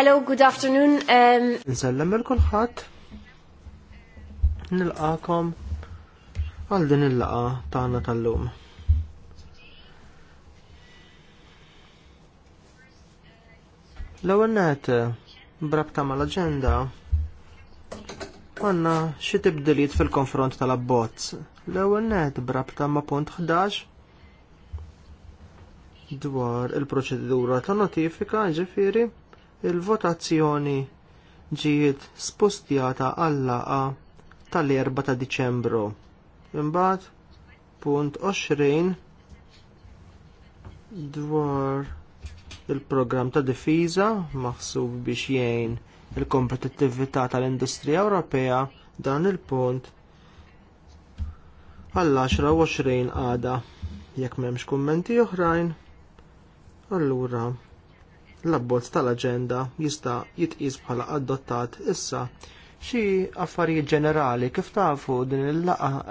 Hello, good afternoon. Um, Nsellem il-kulħat. Nilqakom għal din il-laqa tagħna tal-lum. L-ewwel brabta ma l aġenda għanna xi tibdiliet fil-konfront tal-abbozz. L-ewwel brabta ma' punt 11 dwar il-proċedura ta' notifika ġifiri il-votazzjoni ġiet spostjata għall-laqa tal-4 ta' Diċembru. Imbagħad punt 20 dwar il-programm ta' difiża maħsub biex jgħin il-kompetittività tal-Industrija Ewropea dan il-punt għall-10 20 għada. Jekk m'hemmx kummenti oħrajn, allura l-abbozz tal-aġenda jista' jitqies bħala adottat issa xi affarijiet ġenerali kif tafu din il laqgħa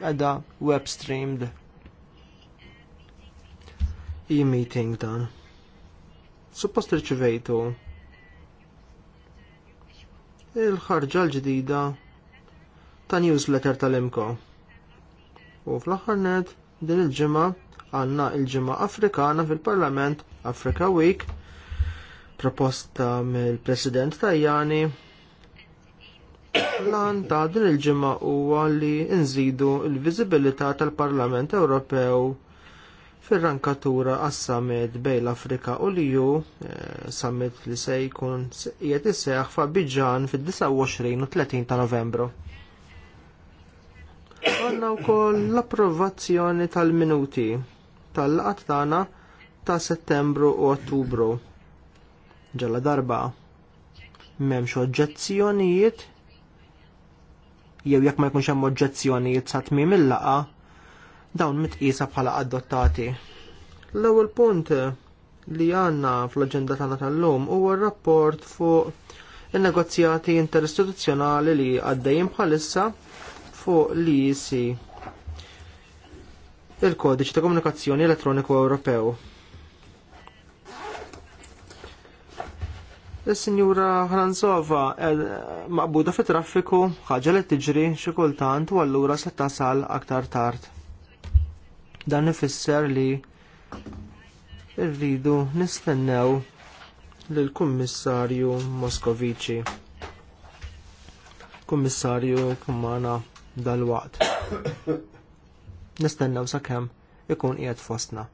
qiegħda eh, web streamed. E-meeting dan. Suppost irċivejtu il-ħarġa l-ġdida ta' newsletter tal-imko. U fl-aħħar net din il-ġimgħa għandna il-ġimgħa Afrikana fil-Parlament Africa Week proposta mill-President Tajani lan ta' din il-ġimgħa huwa li nżidu l-viżibilità tal-Parlament Ewropew fir-rankatura għas-summit bejn l-Afrika u l-EU, eh, summit li se jkun qiegħed fa' Bidġan fid-29 u 30 ta' Novembru. u wkoll l-approvazzjoni tal-minuti tal-laqat tagħna ta' Settembru u Ottubru ġalla darba m'hemmx oġġezzjonijiet jew jekk ma jkunx hemm oġġezzjonijiet sa tmiem il-laqa dawn mitqisa bħala adottati. L-ewwel punt li għandna fl-aġenda tagħna tal-lum huwa r-rapport fuq in-negozjati interistituzzjonali li għaddejjin bħalissa fuq li jisi il-kodiċ ta' komunikazzjoni elettroniku Ewropew. il sinjura Hranzova eh, maqbuda fi traffiku ħaġa li tiġri xi kultant u allura se tasal aktar tard. Dan ifisser li rridu nistennew lill kummissarju Moskovici. Kummissarju kummana dal-waqt. Nistennew sakemm ikun qiegħed fostna.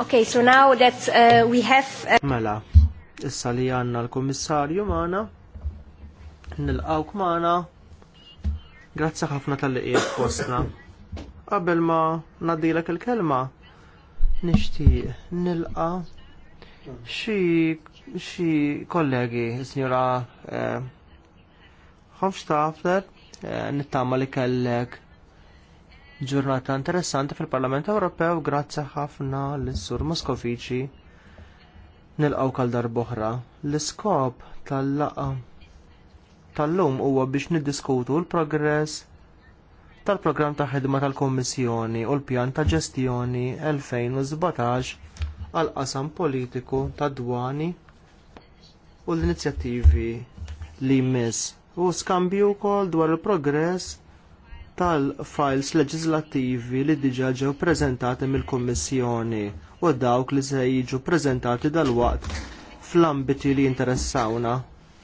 Okay, so now that uh, we have... Uh... Mela, issa li għanna l-Komissarju maħna, nil-għawk maħna, grazzi ħafna tal-li postna. Qabel ma nadilek il-kelma, nil nilqa xi xi kollegi, s-njura eh, Hofstafler, eh, nittama li kellek ġurnata interessanti fil-Parlament Ewropew, grazzi ħafna l-Sur Moskovici nilqaw kal darboħra. L-iskop tal laqgħa tal-lum huwa biex niddiskutu l-progress tal-programm ta' ħidma tal kummissjoni u l-pjan ta' ġestjoni 2017 għall qasam politiku tad dwani u l-inizjattivi li jmiss u skambju wkoll dwar il-progress tal-files leġislattivi li diġà ġew ppreżentati mill-Kummissjoni u dawk li se jiġu ppreżentati dalwaqt fl-ambiti li jinteressawna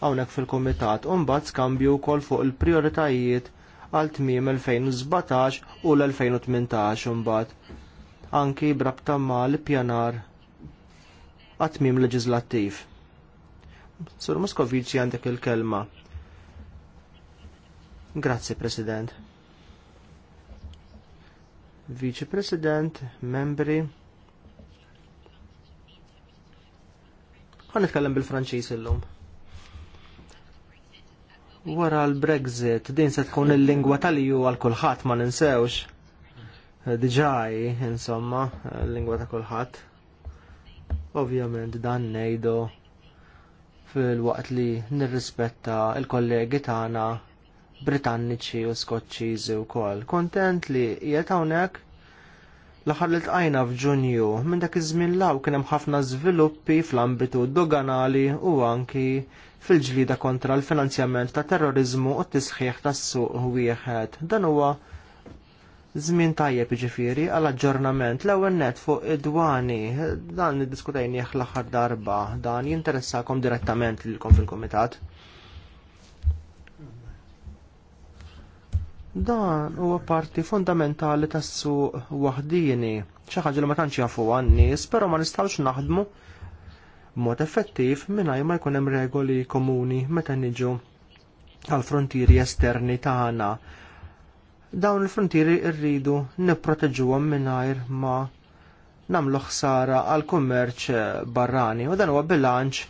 hawnhekk fil-Kumitat u mbagħad skambju wkoll fuq il-prijoritajiet għal tmiem 2017 u l-2018 imbagħad anki brabta mal pjanar għat tmiem leġislattiv. Sur Moskovici għandek il-kelma. Grazzi, President. Vice President, membri. Għan nitkellem bil-Franċis illum. Wara l-Brexit, din se tkun il-lingwa tal-ju għal kulħadd ma ninsewx. Dġaj, insomma, l-lingwa ta' kulħadd. Ovvjament dan ngħidu fil-waqt li nirrispetta il-kollegi tagħna Britanniċi u Skoċċiżi wkoll. Kontent li qiegħed hawnhekk l-aħħar li tqajna f'Ġunju minn dak iż-żmien law kien hemm ħafna żviluppi fl-ambitu doganali u anki fil-ġlida kontra l-finanzjament ta' terrorizmu u t-tisħiħ tas-suq wieħed. Dan huwa Żmien tajjeb ġifiri għal aġġornament l ewwel net fuq id-dwani dan diskutajnieħ l-aħħar darba dan jinteressakom direttament lilkom fil-komitat. Dan huwa parti fundamentali tas-suq waħdini, xi ħaġa li ma tantx jafu għan-nies, però ma nistgħux naħdmu b'mod effettiv mingħajr ma jkun hemm regoli komuni meta niġu għall frontieri esterni tagħna. Dawn il-frontieri rridu nipproteġuhom mingħajr ma nagħmlu ħsara għall kummerċ barrani u dan huwa bilanċ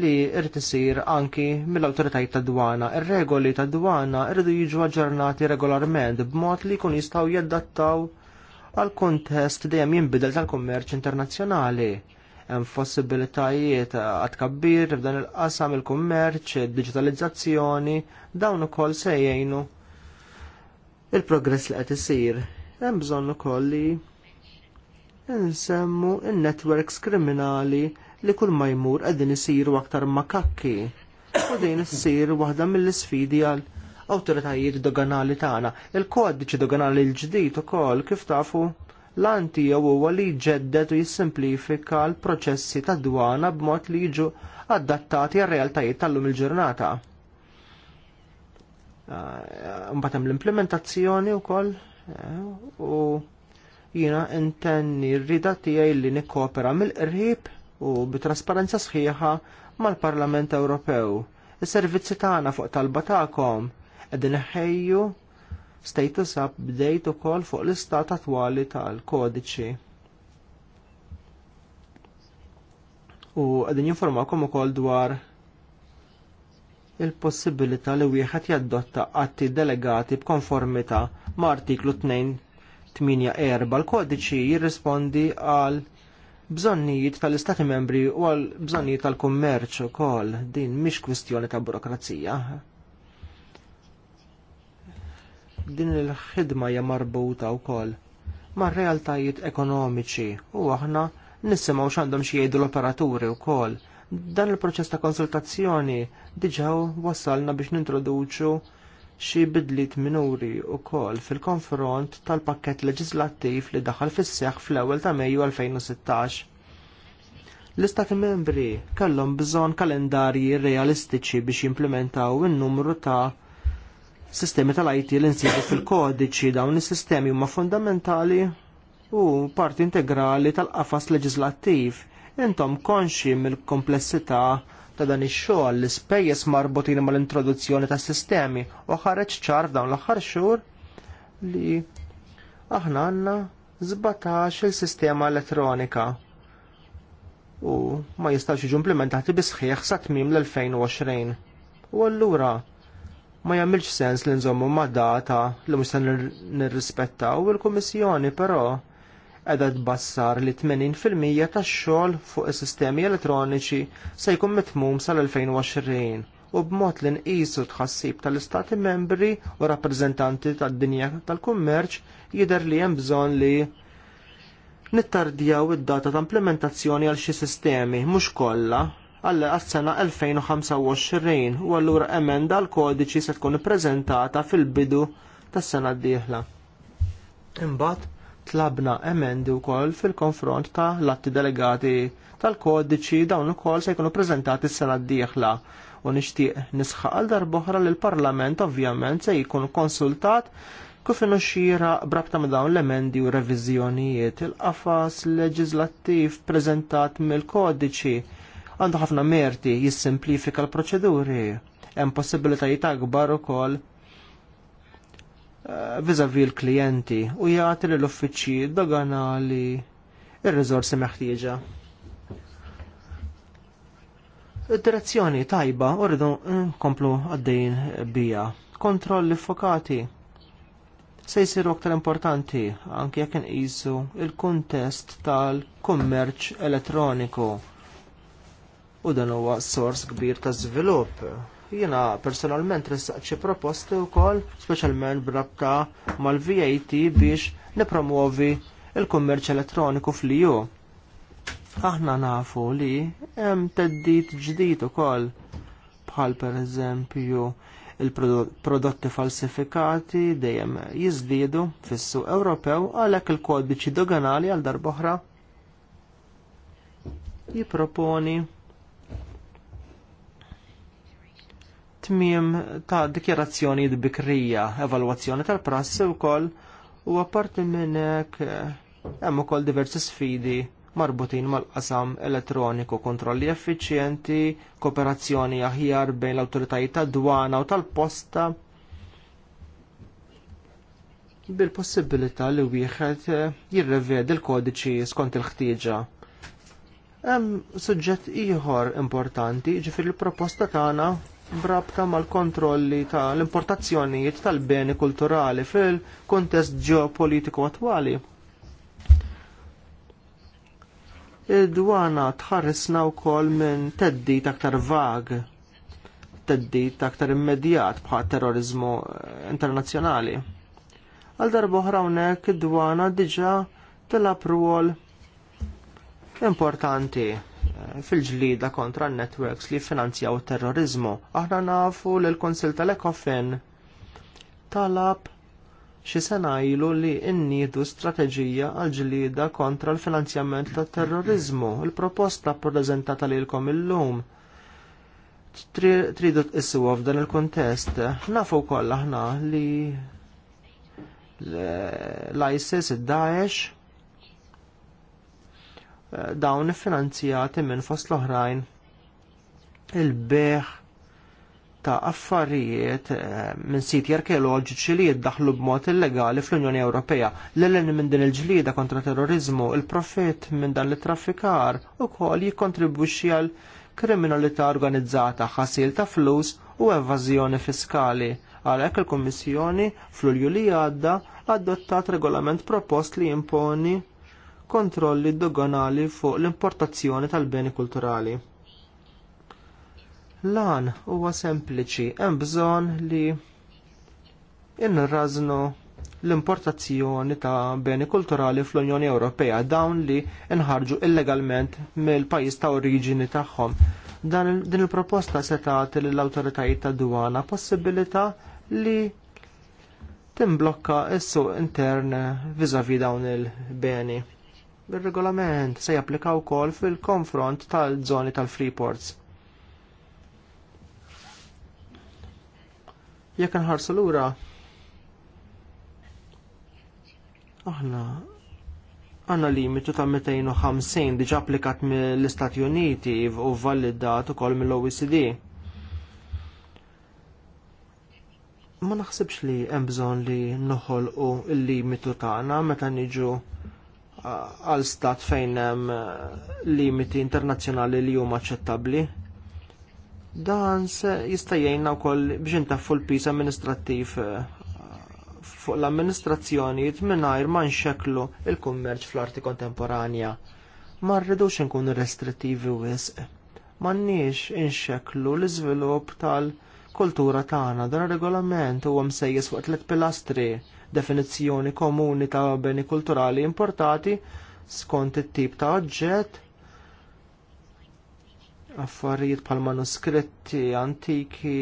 li irrid isir anki mill-awtoritajiet tad dwana. Ir-regoli tad dwana rridu jiġu aġġornati regolarment b'mod li jkun jistgħu jaddattaw għal kuntest dejjem jinbidel tal-kummerċ internazzjonali. Hemm possibilitajiet għad kabbir f'dan il-qasam il-kummerċ, id-diġitalizzazzjoni, dawn ukoll se jgħinu il-progress li qed isir. Hemm bżonn ukoll li insemmu in-networks kriminali li kull ma jmur qegħdin isiru aktar makakki u din issir waħda mill-isfidi għal awtoritajiet doganali tagħna. Il-kodiċi doganali l-ġdid ukoll kif tafu l-anti jew huwa li jġeddet u jissimplifika l-proċessi tad dwana b'mod li jiġu adattati għal realtajiet tal-lum il-ġurnata. Ah, mbagħad hemm l-implementazzjoni wkoll eh, u jiena intenni rridati għaj tiegħi li nikkopera mill-qrib u bit-trasparenza sħiħa mal-Parlament Ewropew. Is-servizzi tagħna fuq talba tagħkom qegħdin iħejju status up bdejt ukoll fuq l-istat attwali tal-kodiċi. U qegħdin jinformakom ukoll dwar il-possibilità li wieħed jaddotta atti delegati b'konformità ma' artiklu 2 8 l-kodiċi jirrispondi għal bżonnijiet tal-Istati membri u għal bżonnijiet tal-kummerċ ukoll din mhix kwistjoni ta' burokrazija. Din il-ħidma hija marbuta wkoll mar realtajiet ekonomiċi u aħna nisimgħu x'għandhom xi jgħidu l-operaturi wkoll. Dan il-proċess ta' konsultazzjoni diġà wassalna biex nintroduċu xi bidliet minuri wkoll fil-konfront tal-pakkett leġislattiv li daħal fis seħħ fl-ewwel ta' Mejju 2016. L-Istati membri kellhom bżonn kalendarji realistiċi biex jimplementaw in-numru ta' sistemi tal-IT li nsibu fil-kodiċi dawn is-sistemi huma fundamentali u parti integrali tal-qafas leġislattiv intom konxi mill-komplessità ta' dan ix-xogħol l-ispejjeż marbutin mal-introduzzjoni ta' sistemi u ħareġ ċar f'dawn l-aħħar xhur li aħna għandna 17 il-sistema elettronika u ma jistax jiġu implementati bi sħiħ sa tmiem l-2020. U allura ma jagħmilx sens li nżommu ma' data li mhux se nirrispettaw il-Kummissjoni però edha tbassar li 80% tax-xogħol fuq is-sistemi elettroniċi se jkun mitmum sal-2020 u b'mod li nqisu tħassib tal-istati membri u rappreżentanti tad-dinja tal-kummerċ jidher li hemm bżonn li nittardjaw id-data ta' implementazzjoni għal xi sistemi mhux kollha għall għas-sena 2025 u allura emenda l-kodiċi se tkun ippreżentata fil-bidu tas-sena d-dieħla. Imbagħad tlabna emendi wkoll fil-konfront ta' l-atti delegati tal-kodiċi dawn ukoll se jkunu preżentati s-sena d-dieħla u nixtieq nisħaq għal darbohra li l-Parlament ovvjament se jkun konsultat kif xira brabta ma' dawn l-emendi u reviżjonijiet il-qafas leġislattiv preżentat mill-kodiċi għandu ħafna merti jissimplifika l-proċeduri. Hemm possibilitajiet akbar ukoll Eh, vizavi l-klijenti u jagħti l uffiċċji doganali ir-riżorsi meħtieġa. Id-direzzjoni tajba u rridu nkomplu għaddejn bija. Kontrolli fokati se jsiru aktar importanti anke jekk inqisu il-kuntest tal-kummerċ elettroniku u dan huwa sors kbir ta' żvilupp Jiena personalment ressaq xi proposti wkoll, speċjalment b'rabta mal-VAT biex nipromuovi il-kummerċ elettroniku fl-EU. Aħna nafu li hemm teddit ġdid ukoll bħal pereżempju il-prodotti falsifikati dejjem jiżdiedu fis-suq Ewropew għalhekk il-kodiċi doganali għal oħra jipproponi tmiem ta' dikjarazzjoni bikrija, evalwazzjoni tal-prassi wkoll u apparti minn hekk eh, hemm ukoll diversi sfidi marbutin mal-qasam elettroniku, kontrolli effiċjenti, kooperazzjoni aħjar bejn l-awtoritajiet tad-dwana u tal-posta bil-possibilità li wieħed eh, jirrevedi l-kodiċi skont il-ħtieġa. Hemm suġġett ieħor importanti, ġifir il-proposta tagħna brabta mal-kontrolli ta' l-importazzjonijiet tal-beni kulturali fil-kontest ġeopolitiku attwali. Id-dwana tħarrisna wkoll minn theddid aktar vag, theddid aktar immedjat bħal terrorizmu internazzjonali. Għal darba oħra hawnhekk id-dwana diġà tilab rwol importanti fil-ġlida kontra n netwerks li finanzjaw terrorizmu. Aħna nafu li l-Konsil tal-Ekofin talab xi sena ilu li nniedu strateġija għal ġlida kontra l-finanzjament tat terrorizmu. Il-proposta ppreżentata lilkom illum tridu tqissuha f'dan il-kuntest. Nafu wkoll aħna li l-ISIS, id-Daesh, dawn iffinanzjati minn fost l-oħrajn il-beħ ta' affarijiet eh, minn siti arkeoloġiċi li jiddaħħlu b'mod illegali fl-Unjoni Ewropea. L-ellen minn din il-ġlida kontra terrorizmu, il-profit minn dan it traffikar u kol jikontribuċi għal kriminalità organizzata, ħasil ta' flus u evażjoni fiskali. Għalhekk il-Kummissjoni fl-Ulju li għadda adottat regolament propost li jimponi kontrolli doganali fuq l-importazzjoni tal-beni kulturali. Lan huwa sempliċi, hemm bżonn li inraznu l-importazzjoni ta' beni kulturali fl-Unjoni Ewropea dawn li nħarġu illegalment mill-pajjiż ta' oriġini tagħhom. Dan din il-proposta se tagħti lill-awtoritajiet tad dwana possibilità li timblokka s-suq intern vizavi dawn il-beni bir regolament se japplika wkoll fil-konfront tal-żoni tal-freeports. Jekk nħarsu lura, aħna għanna limitu ta' 250 diġa applikat mill-Istati Uniti u validat u koll mill-OECD. Ma naħsibx li hemm bżonn li noħolqu l limitu tagħna meta niġu għal stat fejn hemm eh, limiti internazzjonali li huma aċċettabbli. Dan se jista' jgħinna wkoll biex intaffu l-pis amministrattiv eh, fuq l-amministrazzjonijiet mingħajr ma nxekklu l kummerċ fl-arti kontemporanja. Ma rridux nkunu restrittivi wisq. M'għandniex inxekklu l-iżvilupp tal- kultura tagħna dan ir-regolament huwa msejjes fuq tliet pilastri definizzjoni komuni ta' beni kulturali importati skont it-tip ta' oġġett, affarijiet bħal manuskritti, antiki,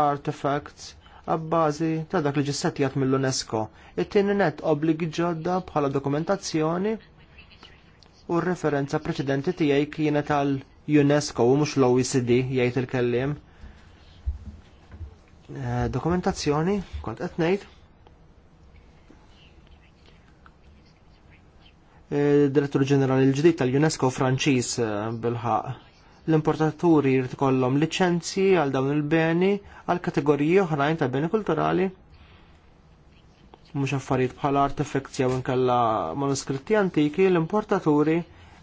artifacts, abbażi ta' dak li ġissetijat mill-UNESCO. It-tieni net obbligi ġodda bħala dokumentazzjoni u r-referenza preċedenti tiegħi kienet għal UNESCO u mhux l-OECD jgħid il-kellim. Eh, dokumentazzjoni, kont qed ngħid, direttur ġenerali l-ġdid tal-UNESCO Franċiż eh, bil-ħaq. L-importaturi jrid ikollhom liċenzji għal dawn il-beni għal kategoriji oħrajn ta' beni kulturali mhux affarijiet bħala artefekti jew inkella manuskritti antiki, l-importaturi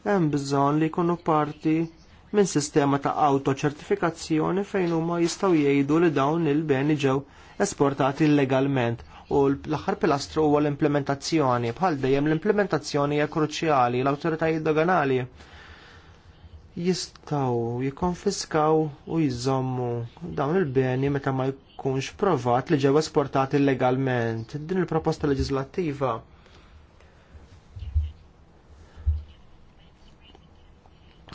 hemm bżonn li jkunu parti minn sistema ta' autoċertifikazzjoni fejn huma jistgħu jgħidu li dawn il-beni ġew esportati illegalment u l-aħħar pilastru huwa l-implementazzjoni. Bħal dejjem l-implementazzjoni hija kruċjali l-awtoritajiet doganali jistgħu jikkonfiskaw u jżommu dawn il-beni meta ma jkunx provat li ġew esportati illegalment. Din il-proposta leġislattiva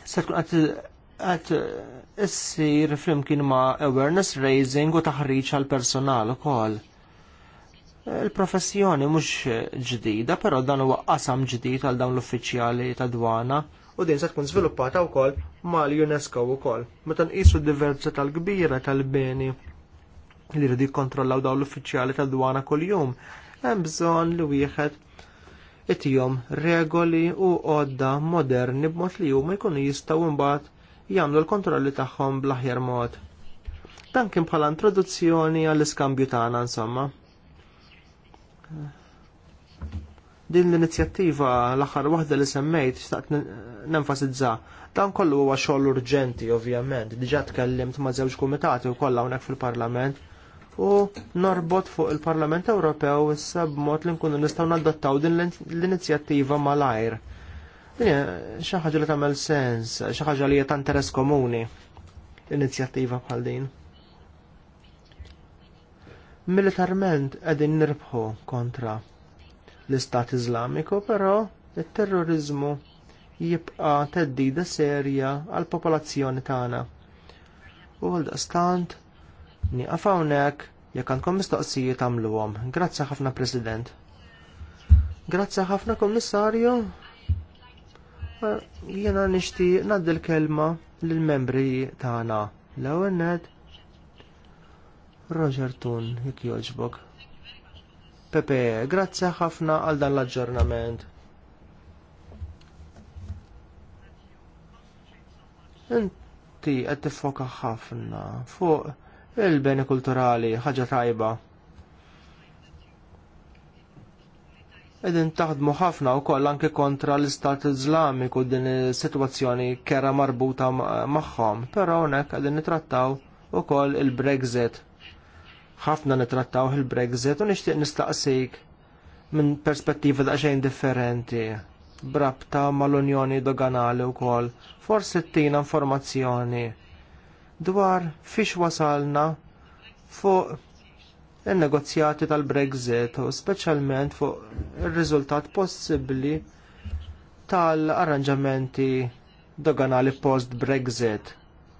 se tkun qed issir flimkien ma' awareness raising u taħriġ għal personal ukoll. Il-professjoni mhux ġdida, però dan huwa qasam ġdid għal dawn l-uffiċjali ta' dwana u din se tkun żviluppata wkoll mal-UNESCO wkoll. Meta nqisu d-diversa tal-kbira tal-beni li jridu jikkontrollaw dawn l-uffiċjali tad dwana kuljum, hemm bżonn li wieħed itihom regoli u għodda moderni b'mod li huma jkunu jistgħu mbagħad jagħmlu l-kontrolli tagħhom bl-aħjar mod. Dan kien bħala introduzzjoni għall-iskambju tagħna insomma. Din l-inizjattiva l-aħħar waħda li semmejt xtaqt nenfasizza dan kollu huwa xogħol urġenti ovvjament. diġa' tkellimt ma' żewġ kumitati wkoll hawnhekk fil-Parlament u norbot fuq il-Parlament Ewropew issa b'mod li nkunu nistgħu nadottaw din l-inizjattiva malajr. Din xi ħaġa li tagħmel sens, xi ħaġa li hija ta' interess komuni l-inizjattiva bħal din. Militarment qegħdin nirbħu kontra l-Istat Islamiku, però il terrorizmu jibqa teddida serja għall popolazzjoni tagħna. U għaldaqstant nieqaf hawnhekk jekk għandkom mistoqsijiet għamluhom. Grazzi ħafna President. Grazzi ħafna Kommissarju. Jiena nixtieq ngħaddi l-kelma lill membri tagħna. L-ewwel Roger Tun, jek joġbok. Pepe, grazzi ħafna għal dan l-aġġornament. Inti qed tiffoka ħafna fuq il-beni kulturali ħaġa tajba. Edin taħdmu ħafna u koll anke kontra l-Istat Iżlamiku din is-sitwazzjoni kera marbuta magħhom, però hawnhekk qegħdin nitrattaw ukoll il-Brexit ħafna nitrattaw il-Brexit u nixtieq nistaqsik minn perspettiva xejn differenti brabta mal-Unjoni Doganali wkoll forsi ttina informazzjoni dwar fiex wasalna fuq in-negozjati tal-Brexit u speċjalment fuq ir-riżultat possibbli tal-arranġamenti doganali post-Brexit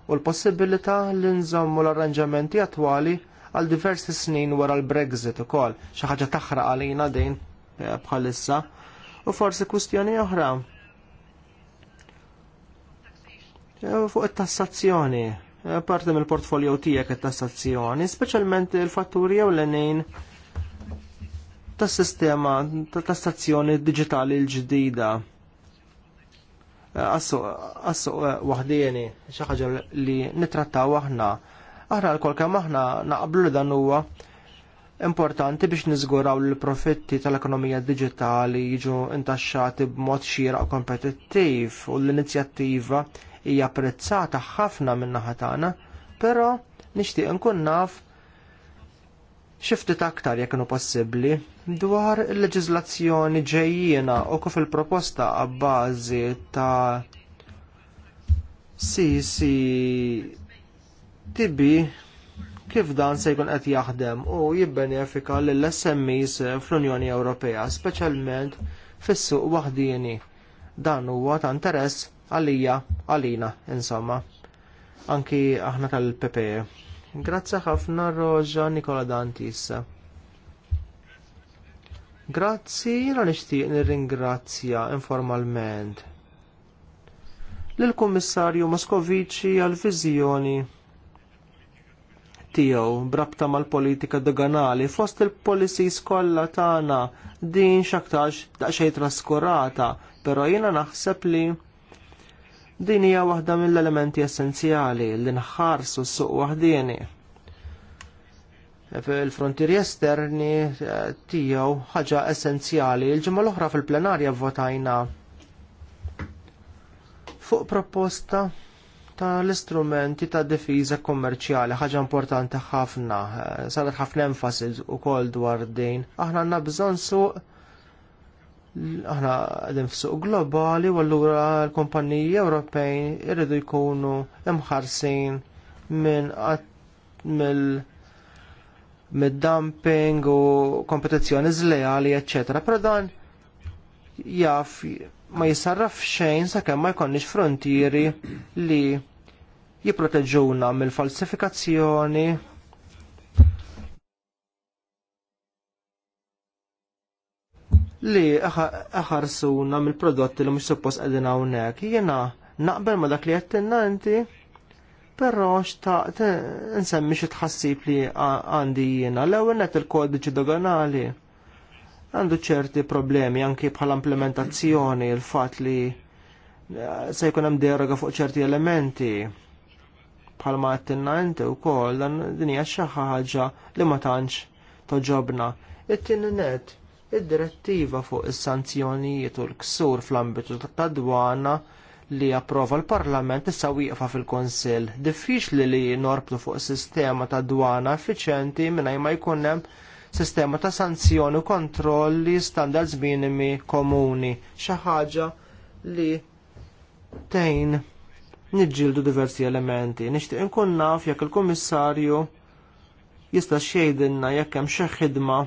u l-possibilità li nżommu l-arranġamenti attwali għal diversi snin wara l-Brexit ukoll, xi ħaġa taħra għalina din eh, bħalissa. U forsi kwistjoni oħra. Eh, fuq it-tassazzjoni, eh, parti mill-portfolio tiegħek it-tassazzjoni, speċjalment il-fatturi jew l enin tas-sistema ta' tassazzjoni digitali l-ġdida. Assu waħdieni xi li nitrattaw aħna Aħna l-kol kemm aħna naqblu li dan huwa importanti biex niżguraw li l-profitti tal-ekonomija digitali jiġu intaxxati b'mod xieraq kompetittiv u l-inizjattiva hija apprezzata ħafna minn naħa tagħna, però nixtieq nkun naf xiftit aktar jekk possibbli dwar il leġiżlazzjoni ġejjina u kif il-proposta għabbażi ta' CC tibi kif dan se jkun qed jaħdem u jibbenefika lill smis fl-Unjoni Ewropea, speċjalment fis-suq waħdieni. Dan huwa ta' interess għalija għalina, insomma. Anki aħna tal-PPE. Grazzi ħafna Roġa Nikola Dantis. Grazzi, jina nixtieq nirringrazzja informalment. Lill kummissarju Moskovici għall viżjoni tiegħu brabta mal-politika doganali fost il-policies kollha tagħna din x'aktarx daqsxejn traskurata, però jiena naħseb li din hija waħda mill-elementi essenzjali li nħarsu s-suq waħdieni. Fil-frontieri esterni eh, tiegħu ħaġa essenzjali. l ġimgħa l-oħra fil-plenarja vvotajna fuq proposta Ta l istrumenti ta' difiża kommerċjali ħaġa importanti ħafna, eh, saret ħafna enfasi kol dwar din. Aħna għandna bżonn suq aħna għedin f'suq globali u allura l-kumpaniji Ewropejn irridu jkunu imħarsin minn mill mid-dumping u kompetizzjoni zlejali, eccetera. Però dan jaf ma jisarraf xejn sakemm ma jkollniex frontieri li jipproteġuna mill-falsifikazzjoni li aħarsuna mill-prodotti li mhux suppost qegħdin hawnhekk. Jiena naqbel ma dak li qed inti, però xtaqt insemmi xi tħassib li għandi jiena l-ewwel net il-kodiċi doganali għandu ċerti problemi anki bħala implementazzjoni il fatt li eh, se jkun hemm deroga fuq ċerti elementi bħalma għattinna inti wkoll dan din hija xi ħaġa li ma tantx toġobna. It-tieni net, id-direttiva fuq is-sanzjonijiet u l-ksur fl-ambitu tad-dwana li approva l-Parlament issa wieqfa fil-Konsill. Diffiċli li, li norbtu fuq sistema ta' dwana effiċenti mingħajr ma jkun hemm sistema ta' sanzjoni u kontrolli standards minimi komuni, xi ħaġa li tejn niġġieldu diversi elementi. Nixtieq inkun naf jekk il-Kummissarju jista' xejdinna jekk hemm xi ħidma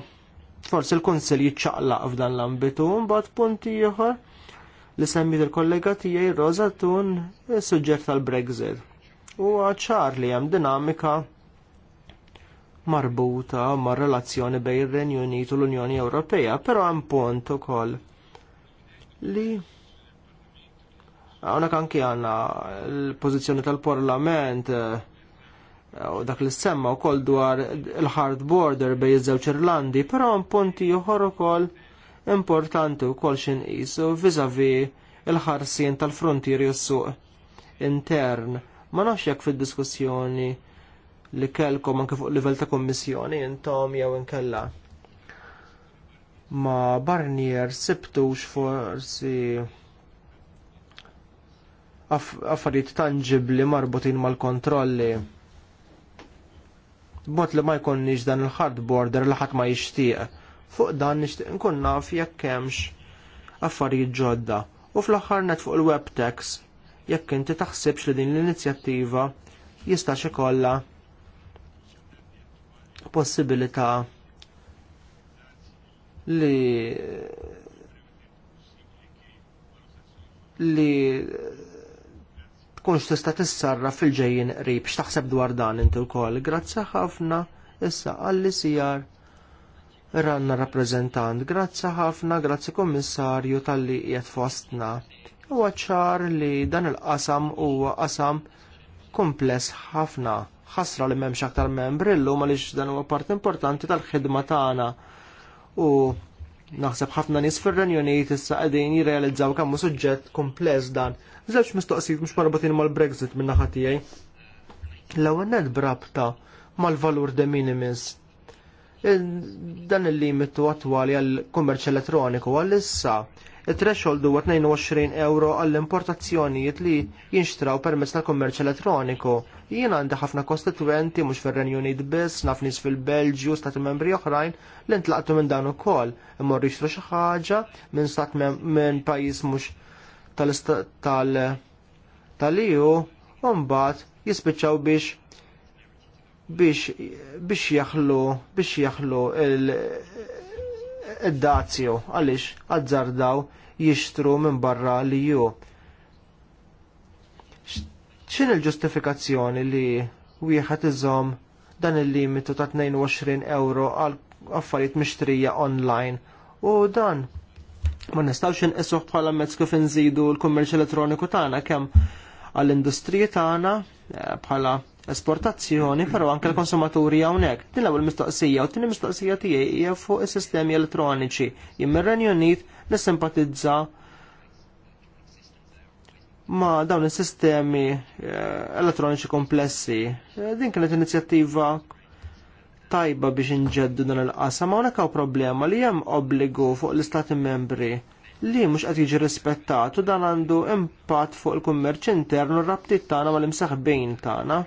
forsi l-Kunsill jiċċaqlaq f'dan l-ambitu, mbagħad punti ieħor li semmit il-kollega tiegħi Rosa Tun is-suġġett tal-Brexit. Huwa ċar li hemm dinamika marbuta mar relazzjoni bejn ir-Renju Unit u l-Unjoni Ewropea, però hemm punt ukoll li hawnhekk anki għandna l-pożizzjoni tal-Parlament eh, u dak li semma wkoll dwar il-hard border bejn iż-żewġ Irlandi, però hemm punti oħor ukoll importanti wkoll x'inqisu viżavi il-ħarsien tal-frontieri u s-suq intern. Ma nafx jekk fid-diskussjoni li kellkom anke fuq livell ta' kommissjoni intom jew inkella. Ma Barnier sibtux forsi affarijiet tangibli marbutin mal-kontrolli. Bot li ma jkunniex dan il-hard border li ħadd ma jixtieq. Fuq dan nixtieq nkun naf jekk hemmx affarijiet ġodda. U fl-aħħar net fuq il-web text jekk inti taħsibx li din l-inizjattiva jista' xi kollha possibilità li li tkunx tista' tissarra fil-ġejjin qrib x'taħseb dwar dan inti wkoll. Grazzi ħafna issa għalli sijar ranna rappreżentant. Grazzi ħafna, grazzi kommissarju tal-li qiegħed fostna. Huwa ċar li dan il-qasam huwa qasam kumpless ħafna ħasra li m'hemmx aktar membri llum għaliex dan huwa part importanti tal-ħidma tagħna. U naħseb ħafna nies fir-Renju issa qegħdin jirrealizzaw kemm hu suġġett kumpless dan. Żewġ mistoqsijiet mhux marbutin mal-Brexit minn naħa tiegħi. L-ewwel net brabta mal-valur de minimis dan il-limitu attwali għall kummerċ elettroniku għall issa Il-threshold huwa 22 euro għall-importazzjonijiet li jinxtraw permezz tal-kommerċ elettroniku. Jien għandi ħafna kostituenti mhux fir-Renju Unit biss, naf nies fil-Belġju, stati membri oħrajn li ntlaqtu minn dan ukoll. Imma rixtru xi ħaġa minn stat minn pajjiż mhux tal-EU u mbagħad jispiċċaw biex biex biex jaħlu biex jaħlu id-dazio għaliex azzardaw jishtru minn barra li ju. ċin il-ġustifikazzjoni li wieħed iżom dan il-limitu ta' 22 euro għal affarijiet mixtrija online u dan ma nistawx inqisuh bħala mezz kif inżidu l-kummerċ elettroniku tagħna kemm għall-industriji tagħna eh, bħala esportazzjoni, però anke l-konsumaturi hawnhekk. Din l-ewwel mistoqsija u tieni mistoqsija tiegħi hija fuq is-sistemi elettroniċi. Jien mir-Renju Unit nissimpatizza ma' dawn is-sistemi eh, elektroniċi komplessi. Eh, din kienet inizjattiva tajba biex inġeddu dan il-qasam hawnhekk hawn problema li hemm obbligu fuq l-istati membri li mhux qed jiġi rispettat u dan għandu impatt fuq il-kummerċ internu u r-rabtiet tagħna mal-imsaħbin tagħna.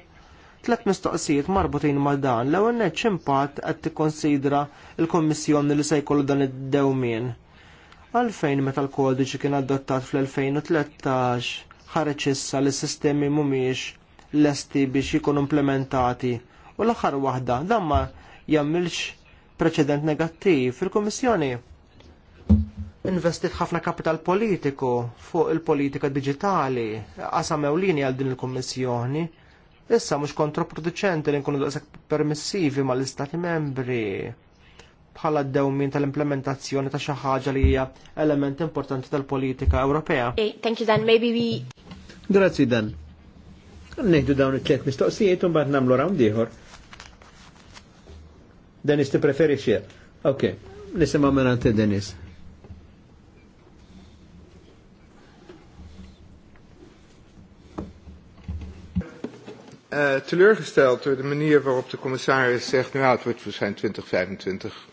Tlet mistoqsijiet marbutin mal dan l-ewwel neċ impatt qed tikkonsidra l-Kummissjoni li se jkollu dan id-dewmien. Għalfejn meta l-kodiċi kien adottat fl-2013 ħareġ issa li s-sistemi mhumiex lesti biex jkunu implementati u l-aħħar waħda dan ma jammilx preċedent negattiv fil-Kummissjoni investit ħafna kapital politiku fuq il-politika digitali, qasam ewlieni għal din il-Kummissjoni Issa mhux kontraproduċenti li nkunu daqshekk permissivi mal-Istati membri bħala d-dewmin tal-implementazzjoni ta' xi ħaġa li hija element importanti tal-politika Ewropea. Thank you Dan, maybe we Grazzi Dan. Nejdu dawn it-tliet mistoqsijiet u mbagħad nagħmlu rawn dieħor. Denis ti preferixxi. Ok, nisimgħu minn Denis. Eh, teleurgesteld door de manier waarop de commissaris zegt, nu uit wordt voor zijn 2025.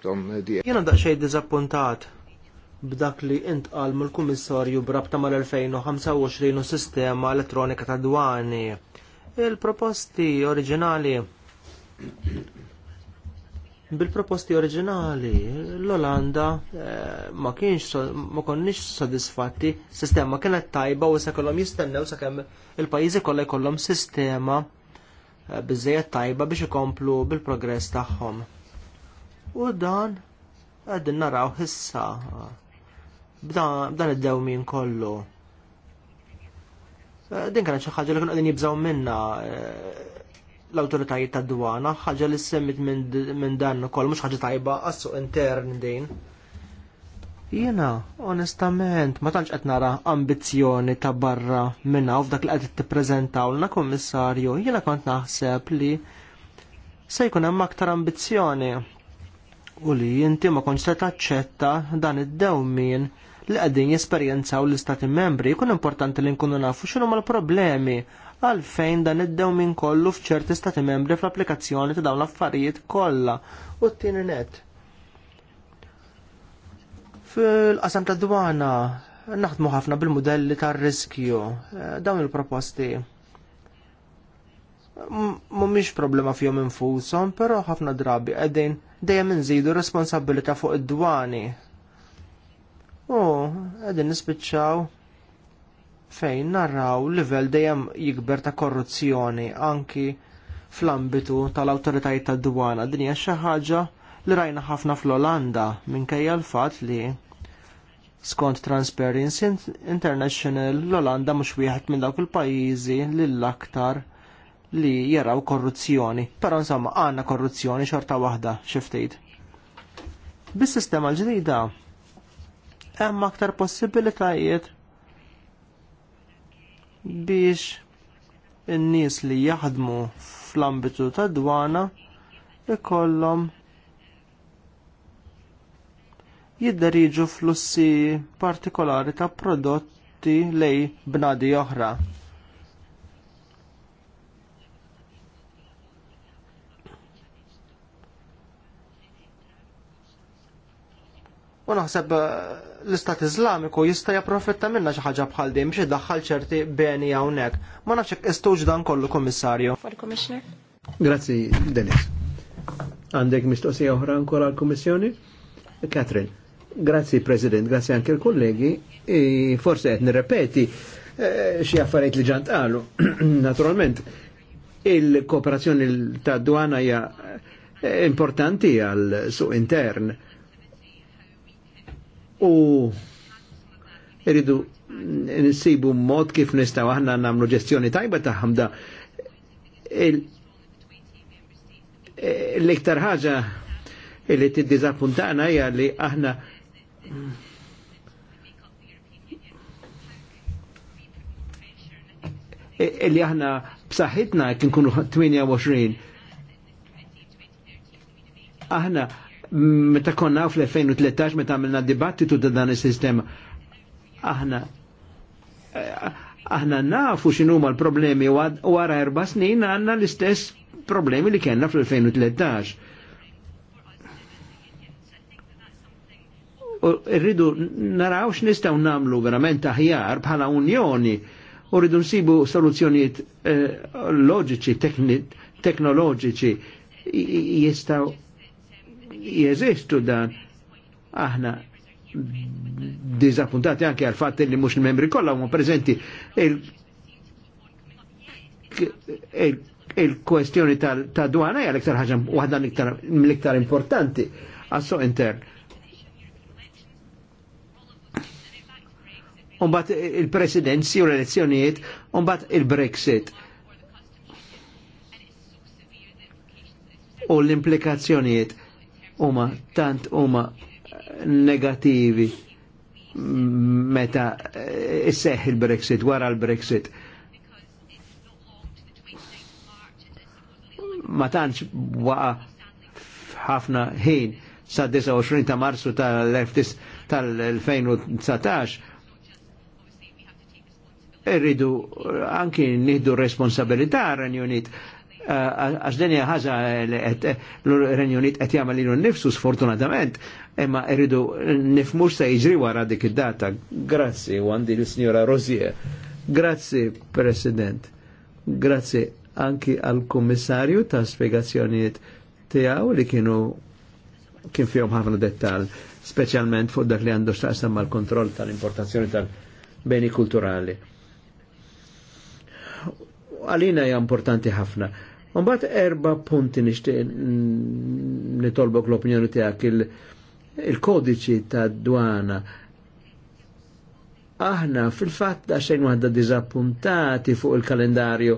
Dan uh, die... Jena daqxej dizappuntat b'dak li int għal mill-Kummissarju brabta mal-2025 u sistema elettronika ta' dwani. Il-proposti oriġinali Bil-proposti oriġinali, l-Olanda eh, ma kienx ma konniex sodisfatti sistema kienet tajba u se jistennew sakemm il pajizi kolla jkollhom sistema eh, bizzejet tajba biex ikomplu bil-progress tagħhom. U dan għaddin naraw hissa b'dan id-dewmin kollu. Eh, din kienet xi ħaġa li kienu qegħdin jibżgħu minna l-autoritajiet tad dwana ħaġa li semmit minn dan ukoll mhux ħaġa tajba għassu intern din. Jena, onestament, ma tantx qed nara ambizzjoni ta' barra minna u f'dak li qed tippreżentawlna kummissarju, jiena kont naħseb li se jkun hemm aktar ambizzjoni u li inti ma kontx se taċċetta dan id-dewmien li qegħdin jesperjenzaw l-istati membri jkun importanti li nkunu nafu x'inhuma l-problemi għalfejn dan id-dew minn kollu fċerti stati membri fl-applikazzjoni ta' dawn l-affarijiet kollha u t-tieni net. Fil-qasam ta' dwana naħdmu ħafna bil-modelli tar-riskju eh, dawn il-proposti mumiex problema fjom infusom, pero ħafna drabi għedin dejjem nżidu responsabilita fuq id-dwani. U għedin nispiċċaw fejn narraw livell dejjem jikber ta' korruzzjoni anki fl-ambitu tal-awtoritajiet tad-dwana. Din hija xi ħaġa li rajna ħafna fl-Olanda minkejja l-fatt li skont Transparency International l-Olanda mhux wieħed minn dawk il-pajjiżi lill-aktar li jaraw korruzzjoni. Però insomma għandna korruzzjoni xorta waħda xi ftit. Bis-sistema l-ġdida hemm aktar possibilitajiet biex in-nies li jaħdmu fl-ambitu tad dwana ikollhom jidderiġu flussi partikolari ta' prodotti lej bnadi oħra. U naħseb eh, l-Istat Iżlamiku jista' japprofetta minna xi ħaġa bħal din biex iddaħħal ċerti beni hawnhekk. Ma nafx hekk istgħux dan kollu, Kummissarju. Grazzi, Denis. Għandek mistoqsija oħra ankora għall-Kummissjoni? Katrin. Grazzi, President, grazzi anke l-kollegi. Forse qed nirrepeti eh, xi affarijiet li ġant qalu. Naturalment, il-kooperazzjoni ta' dwana hija eh, importanti għal suq intern u irridu nsibu mod kif nistaw aħna namlu ġestjoni tajba ta' ħamda l-iktar ħaġa li t-dizappuntana hija li aħna e-, li aħna b'saħħitna kien kunu 28 aħna meta konna fl-2013 meta għamilna dibattitu ta' dan il sistema Aħna aħna nafu x'inhuma l-problemi u wara erba' snin għandna l-istess problemi li kellna fl-2013. U rridu naraw x'nistgħu nagħmlu verament aħjar bħala unjoni u rridu nsibu soluzzjonijiet eh, loġiċi, teknoloġiċi jistgħu jeżistu dan aħna dizappuntati anke għal fatt li mhux il-membri kollha huma preżenti il-kwestjoni ta' dwana hija l-iktar ħaġa waħda l-iktar importanti għas inter intern. Umbat il-presidenzi u l-elezzjonijiet, umbat il-Brexit. U l-implikazzjonijiet huma tant huma negativi meta eh, isseħ il-Brexit, wara l-Brexit. Ma tantx waqa ħafna ħin sa 29 ta' Marzu tal-2019 irridu eh, anki nieħdu responsabilità r Renju Unit għax din hija ħaġa l-Renju Unit qed jagħmel lilu nnifsu sfortunatament, imma rridu nifmux sa jiġri wara dik id-data. Grazzi għandi l-Sinjora Rosie. Grazzi President. Grazzi anki għal kommissarju ta' spiegazzjoniet tijaw li kienu kien fihom ħafna dettal, specialment fuq dak li għandu xtaqsam mal-kontroll tal-importazzjoni tal-beni kulturali għalina hija importanti ħafna bat erba' punti nixtieq nitolbok l-opinjoni tiegħek il-kodiċi il ta' dwana aħna fil-fatt da xejn waħda diżappuntati fuq il-kalendarju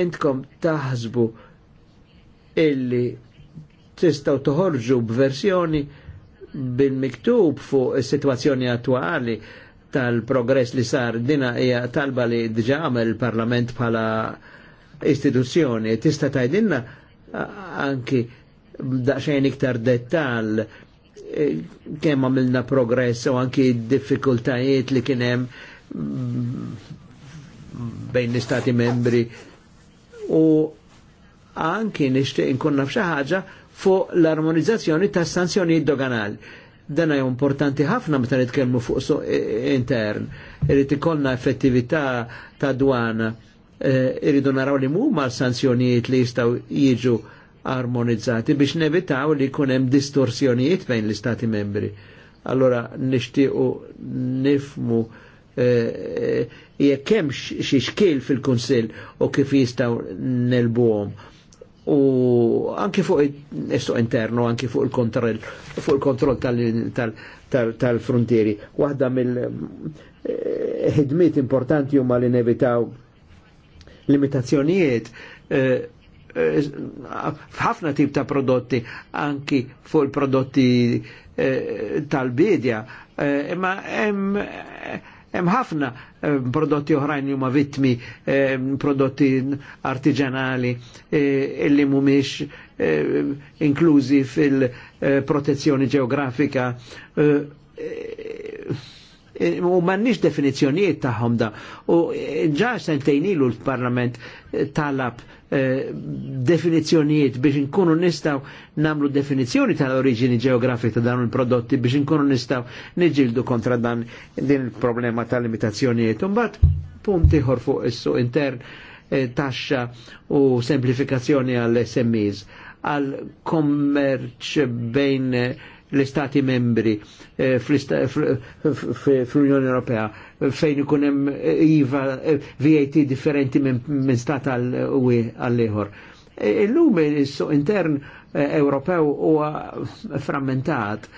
entkom taħsbu illi tistaw toħorġu b'versjoni bil-miktub fuq is-sitwazzjoni attwali tal-progress li sar dina hija talba li diġa għamel il-Parlament bħala istituzzjoni tista' tajdinna anki daċxajn iktar dettal e, kemm għamilna progress u anki diffikultajiet li kien hemm mm, bejn l-istati membri u anki nixtieq inkunna naf ħaġa fuq l-armonizzazzjoni tas sanzjonijiet doganali dan hija importanti ħafna meta nitkellmu fuq suq intern. Irid ikollna effettività ta' dwana Eh, irridu naraw li mumma sanzjonijiet li jistaw jiġu armonizzati biex nevitaw li kunem distorsjonijiet bejn l-istati membri. Allora nishtiqu nifmu eh, jekk hemm xi xkil fil-Kunsill u kif jistgħu nelbuhom. U anki fuq isu internu, anki fuq il-kontroll, fuq il-kontroll tal-frontieri. Waħda mill-ħidmiet eh, importanti huma li nevitaw limitazzjonijiet eh, eh, f'ħafna tip ta' prodotti, anki fuq il-prodotti eh, tal-bidja, imma hemm ħafna prodotti oħrajn huma vittmi, prodotti artiġanali illi mhumiex inklużi fil-protezzjoni ġeografika Eh, u mannix definizjoniet taħħom da. U eh, ġa sentejnilu l-Parlament eh, talab definizjoniet biex nkunu nistaw namlu definizjoni tal-oriġini ġeografika ta' dawn il-prodotti biex nkunu nistaw niġildu kontra dan din il-problema tal-limitazzjonijiet. Umbat, punti ħorfu fuq issu intern taxxa u semplifikazzjoni għall-SMEs għal kommerċ bejn l-Istati membri eh, fl-Unjoni Ewropea fejn ikun hemm eh, IVA eh, VAT differenti minn stat għal ieħor. E, illum is-suq intern Ewropew huwa frammentat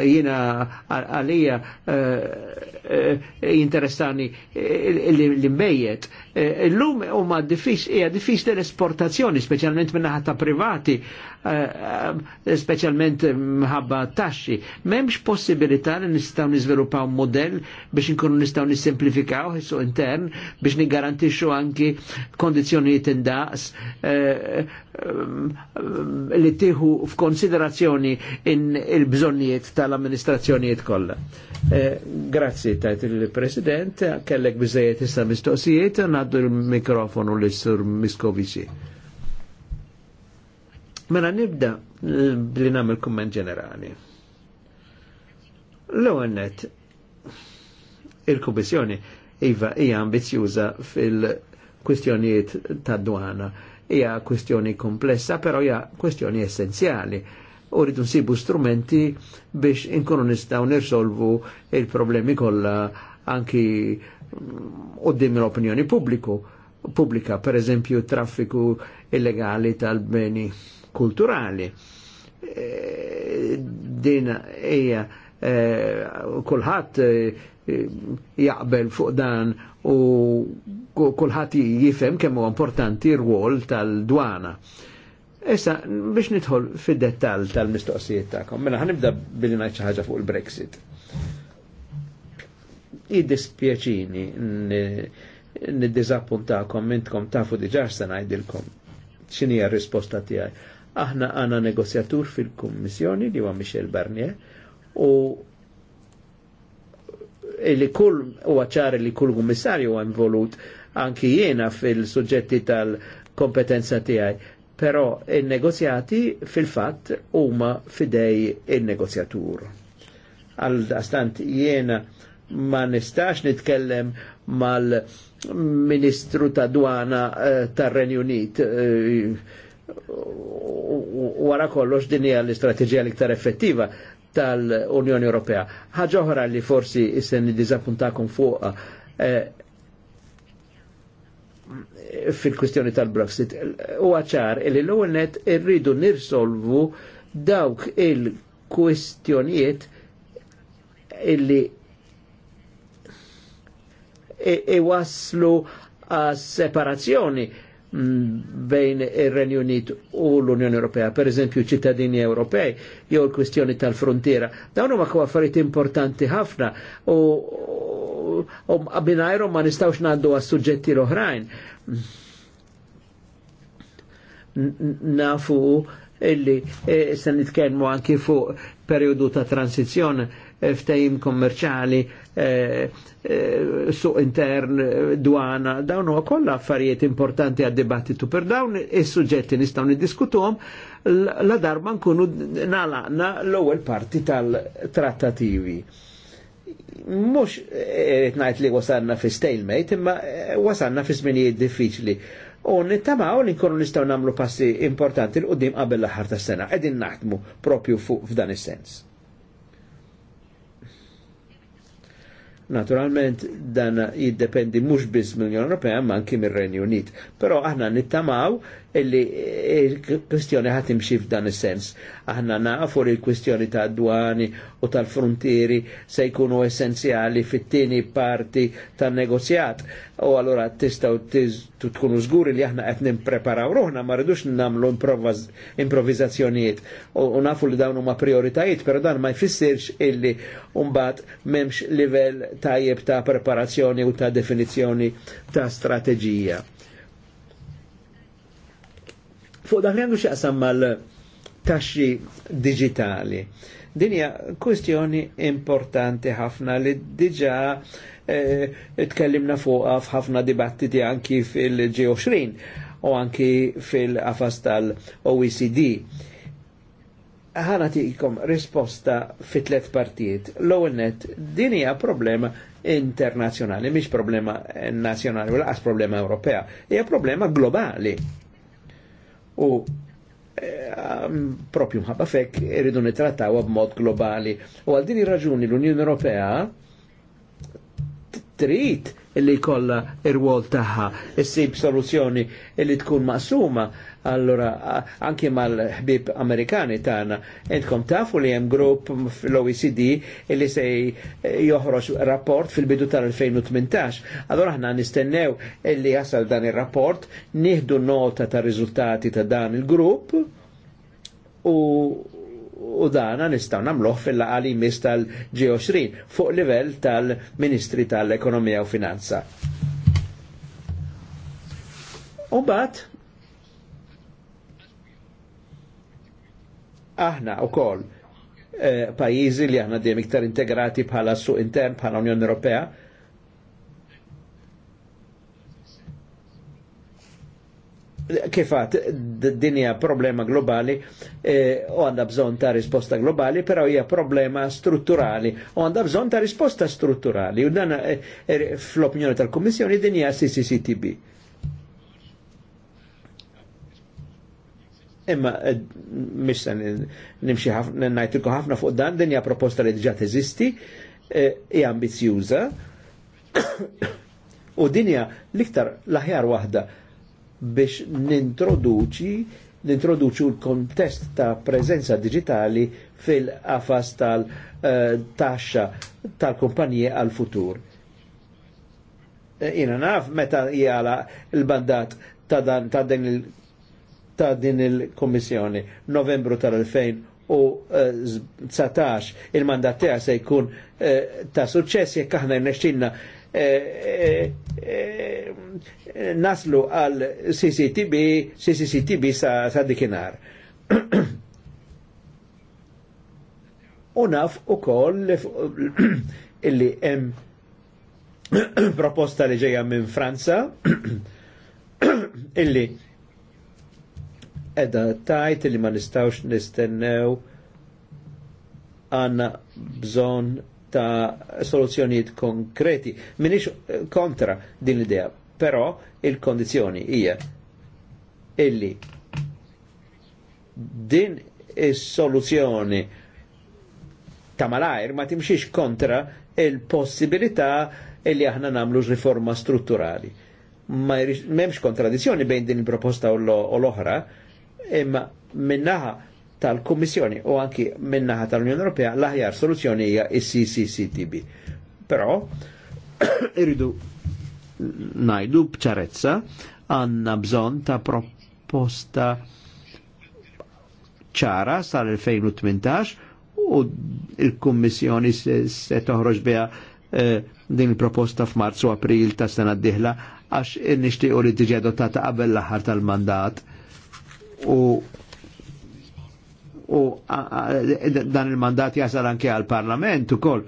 jina għalija uh, uh, interessani l-imbejjet Eh, illum huma diffiċ hija diffiċ l-esportazzjoni, specialment minna ta' privati, eh, eh, specialment mħabba taxxi. M'hemmx possibilità li nistgħu niżviluppaw modell biex inkunu nistgħu nissimplifikaw is intern biex nigarantixxu anki kondizjoni indaqs li tieħu f'konsiderazzjoni il bżonniet tal-amministrazzjonijiet kollha. Grazzi tajt il-President, kellek biżejjed issa mistoqsijiet, naddu il-mikrofonu li sur Miskovici. Mela nibda eh, li namil kumment ġenerali. L-għannet, il-Kommissjoni iva hija ambizjuża fil-kwistjonijiet ta' dwana. Hija kwistjoni komplessa, però hija kwistjoni essenzjali. U rridu nsibu strumenti biex inkunu nistaw nirsolvu il-problemi kollha anki u dim l-opinjoni pubbliku pubblika, per eżempju traffiku illegali tal-beni kulturali. E, din hija e, kulħadd e, jaqbel fuq dan u kulħadd jifhem kemm huwa importanti r-wol tal-dwana. Issa, biex nidħol fid-dettall tal-mistoqsijiet tagħkom, mela ħanibda billi ngħid xi ħaġa fuq il-Brexit id-dispieċini nid-dizappuntakom, intkom tafu diġar se ngħidilkom x'inhi r-risposta tiegħi. Aħna għana negozjatur fil-Kummissjoni li huwa Michel Barnier u li kull u għacħar li kull kummissarju huwa involut anki jiena fil-suġġetti tal-kompetenza tiegħi. Però il-negozjati fil-fatt huma fidej il-negozjatur. Għal-dastant jena ma nistax nitkellem mal-Ministru ta' Dwana eh, tar-Renju Unit eh, wara kollox din hija l-istrateġija l-iktar effettiva tal-Unjoni Ewropea. Ħaġa oħra li forsi se niddiżappuntakom fuq eh, fil-kwistjoni tal-Brexit. U ċar li l-ewwel net irridu nirsolvu dawk il-kwistjonijiet illi iwaslu e, e a separazzjoni mm, bejn ir-Renju Unit u l-Unjoni Ewropea, per eżempju ċittadini Ewropej, jew l-kwistjoni tal-frontiera. Dawn huma kwa affarijiet importanti ħafna u binajrom ma nistgħux ngħaddu għas suġġetti l-oħrajn. Nafu illi e, se nitkellmu anki fuq periodu ta' transizjon ftehim kommerċali Eh, eh, su' intern, dwana, dawn huwa kollha affarijiet importanti għad-dibattitu. Per dawn is-suġġetti nistgħu niddiskutuhom la darba nkunu nalaqna l-ewwel parti tal-trattativi. Mhux qed ngħid li wasanna fi stalemate, imma eh, wasanna fi żminijiet diffiċli. U nittamaw li nkunu nistgħu nagħmlu passi importanti l-qudiem qabel l-aħħar tas-sena. Qegħdin naħdmu propju fuq f'dan is-sens. Naturalment dan jiddependi mhux biss mill-Unjoni Ewropea ma anki mir-Renju Unit. Però aħna nittamaw illi il-kwistjoni ħat imxi f'dan is-sens. Aħna nafu li l-kwistjoni ta' dwani u tal-frontieri se jkunu essenzjali fit-tieni parti tan-negozjat. U allura tistgħu tkunu żguri li aħna qed nippreparaw ruħna ma rridux nagħmlu improvvizazzjonijiet. U nafu li dawn huma prioritajiet, però dan ma jfissirx illi mbagħad m'hemmx livell tajjeb ta' preparazzjoni u ta' definizzjoni ta' strateġija fuq dak li għandu xaqsam mal-taxxi digitali. Dinja kwestjoni importanti ħafna li diġa eh, tkellimna fuq f'ħafna dibattiti anki fil-G20 u anki fil-qafas tal-OECD. Ħana tikom risposta fit tlet partijiet. L-ewwel net, din hija problema internazzjonali, mhix problema nazzjonali u laqas problema Ewropea, hija problema globali u eh, propju mħabba fekk irridu nitrattawa b'mod globali. U għal din ir-raġuni l-Unjoni Ewropea trid illi jkollha ir-wol tagħha issib soluzzjoni illi tkun maqsuma allora anke mal-ħbib Amerikani tagħna intkom tafu li hemm grupp fl-OECD illi se joħroġ rapport fil-bidu tal-2018. Allora aħna nistennew illi jasal dan ir-rapport, nieħdu nota ta' riżultati ta' dan il-grupp u u dana nistaw namluħ fil-laqali mis tal-G20 fuq livell tal-Ministri tal-Ekonomija u Finanza. U bat, aħna u koll eh, pajizi li aħna dejjem iktar integrati bħala suq intern bħala Unjoni Ewropea, kifat dinja problema globali eh, u għanda bżon ta' risposta globali, pero hija problema strutturali u għanda bżon ta' risposta strutturali u dan eh, fl-opinjoni tal komissjoni dinja CCCTB. Imma e, mish nimxi ħafna najtilku ħafna fuq dan dinja proposta li dġat teżisti, e, i ambizjuza, u dinja liktar laħjar wahda biex nintroduċi nintroduċu l-kontest ta' prezenza digitali fil-qafas tal-taxxa eh, tal-kumpanije għal-futur. Eh, Ina naf meta jgħala il-bandat ta' dan ta' din il- ta' din il-Kommissjoni novembru tal-2019 il-mandat tiegħek se jkun eh, ta' suċċess jekk aħna rnexxinna naslu għal CCTB, CCCTB sa, sa dikinar. Unaf u koll illi em proposta li ġeja minn Franza illi edha tajt illi ma nistawx nistennew għanna bżon ta' soluzzjonijiet konkreti. Minix kontra din l-idea, però il-kondizjoni hija illi din is-soluzzjoni ta' malajr ma timxiex kontra il-possibilità illi aħna namlu riforma strutturali. Ma memx kontradizjoni bejn din il-proposta u l-oħra, imma minnaħa tal-Kummissjoni u anki minnaħa tal-Unjoni Ewropea l-aħjar soluzzjoni hija s ccctb Però irridu najdu bċarezza għanna bżon ta' proposta ċara sal-2018 u il-Kummissjoni se toħroġ beha eh, din il-proposta f'Marzu April ta' sena d-dihla għax nishtiqu li tiġi adottata qabel l-aħħar tal-mandat u u dan il-mandat jasal anke għal-parlament u koll.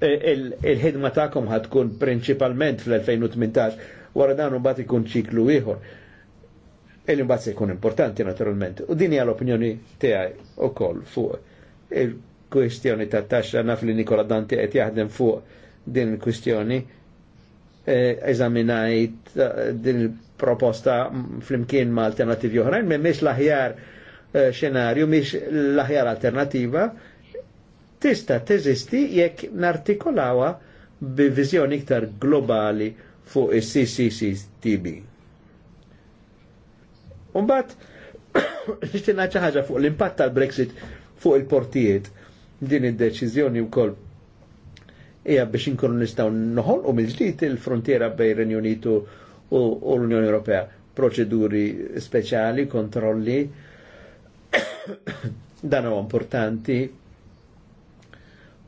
E, il-ħidma il ta'kom ħatkun principalment fl-2018 wara dan u bat ikun ċiklu ieħor. Il-imbat e se jkun importanti naturalment. U din hija l-opinjoni tiegħi ukoll fuq il-kwestjoni ta' taxxa naf li Nikola Danti qed jaħdem fuq din il-kwestjoni Eh, eżaminajt eh, din il-proposta flimkien ma' alternativi oħrajn, minn miex l-aħjar eh, xenarju, miex l-aħjar alternativa, tista teżisti jekk nartikolawa bi viżjoni iktar globali fuq is-CCCTB. Umbat, nishtina ħaġa fuq l-impatt tal-Brexit fuq il-portijiet din id-deċiżjoni wkoll hija biex inkunu nistgħu noħolqu mill-ġdid il-frontiera bejn Renju Unitu u l-Unjoni Ewropea. Proċeduri speċjali, kontrolli, dan huwa importanti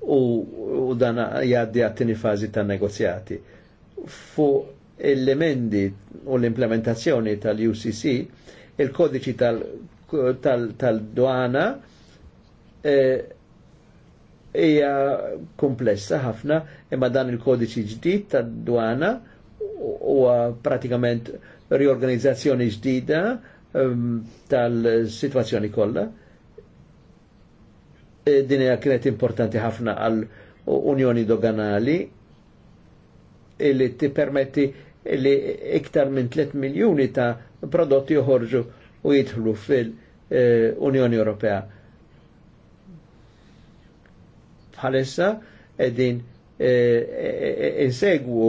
u, u dan jgħaddi għattini fazi ta' negozjati. Fu l-emendi u l-implementazzjoni tal-UCC, il-kodiċi tal-dwana tal, tal, tal dwana eh, hija komplessa ħafna imma dan il-kodiċi ġdid tad-dwana huwa pratikament riorganizzazzjoni ġdida um, tal-sitwazzjoni kollha. E din hija kienet importanti ħafna għal unjoni doganali illi tippermetti li iktar minn 3 miljuni ta' prodotti joħorġu u jidħlu fil-Unjoni e, Ewropea bħalissa edin eh, eh, eh, insegwu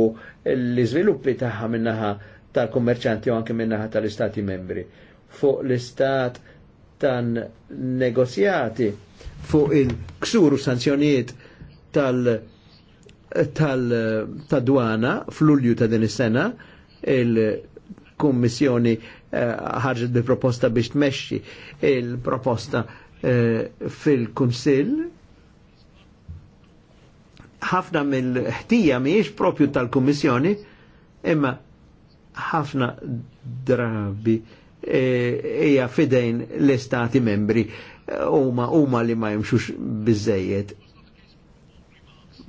l-izviluppi taħħa minnaħa tal-kommerċanti u anke minnaħa tal-istati membri fuq l-istat tan negozjati fuq il-ksuru sanzjoniet tal- tal-dwana fl-ulju ta' din is-sena il-Kummissjoni ħarġet bi proposta biex tmexxi il-proposta fil-Kunsill ħafna mill-ħtija miex propju tal-Kummissjoni, imma ħafna drabi e, hija e, fidejn l-Istati membri huma huma li ma jimxux biżejjed.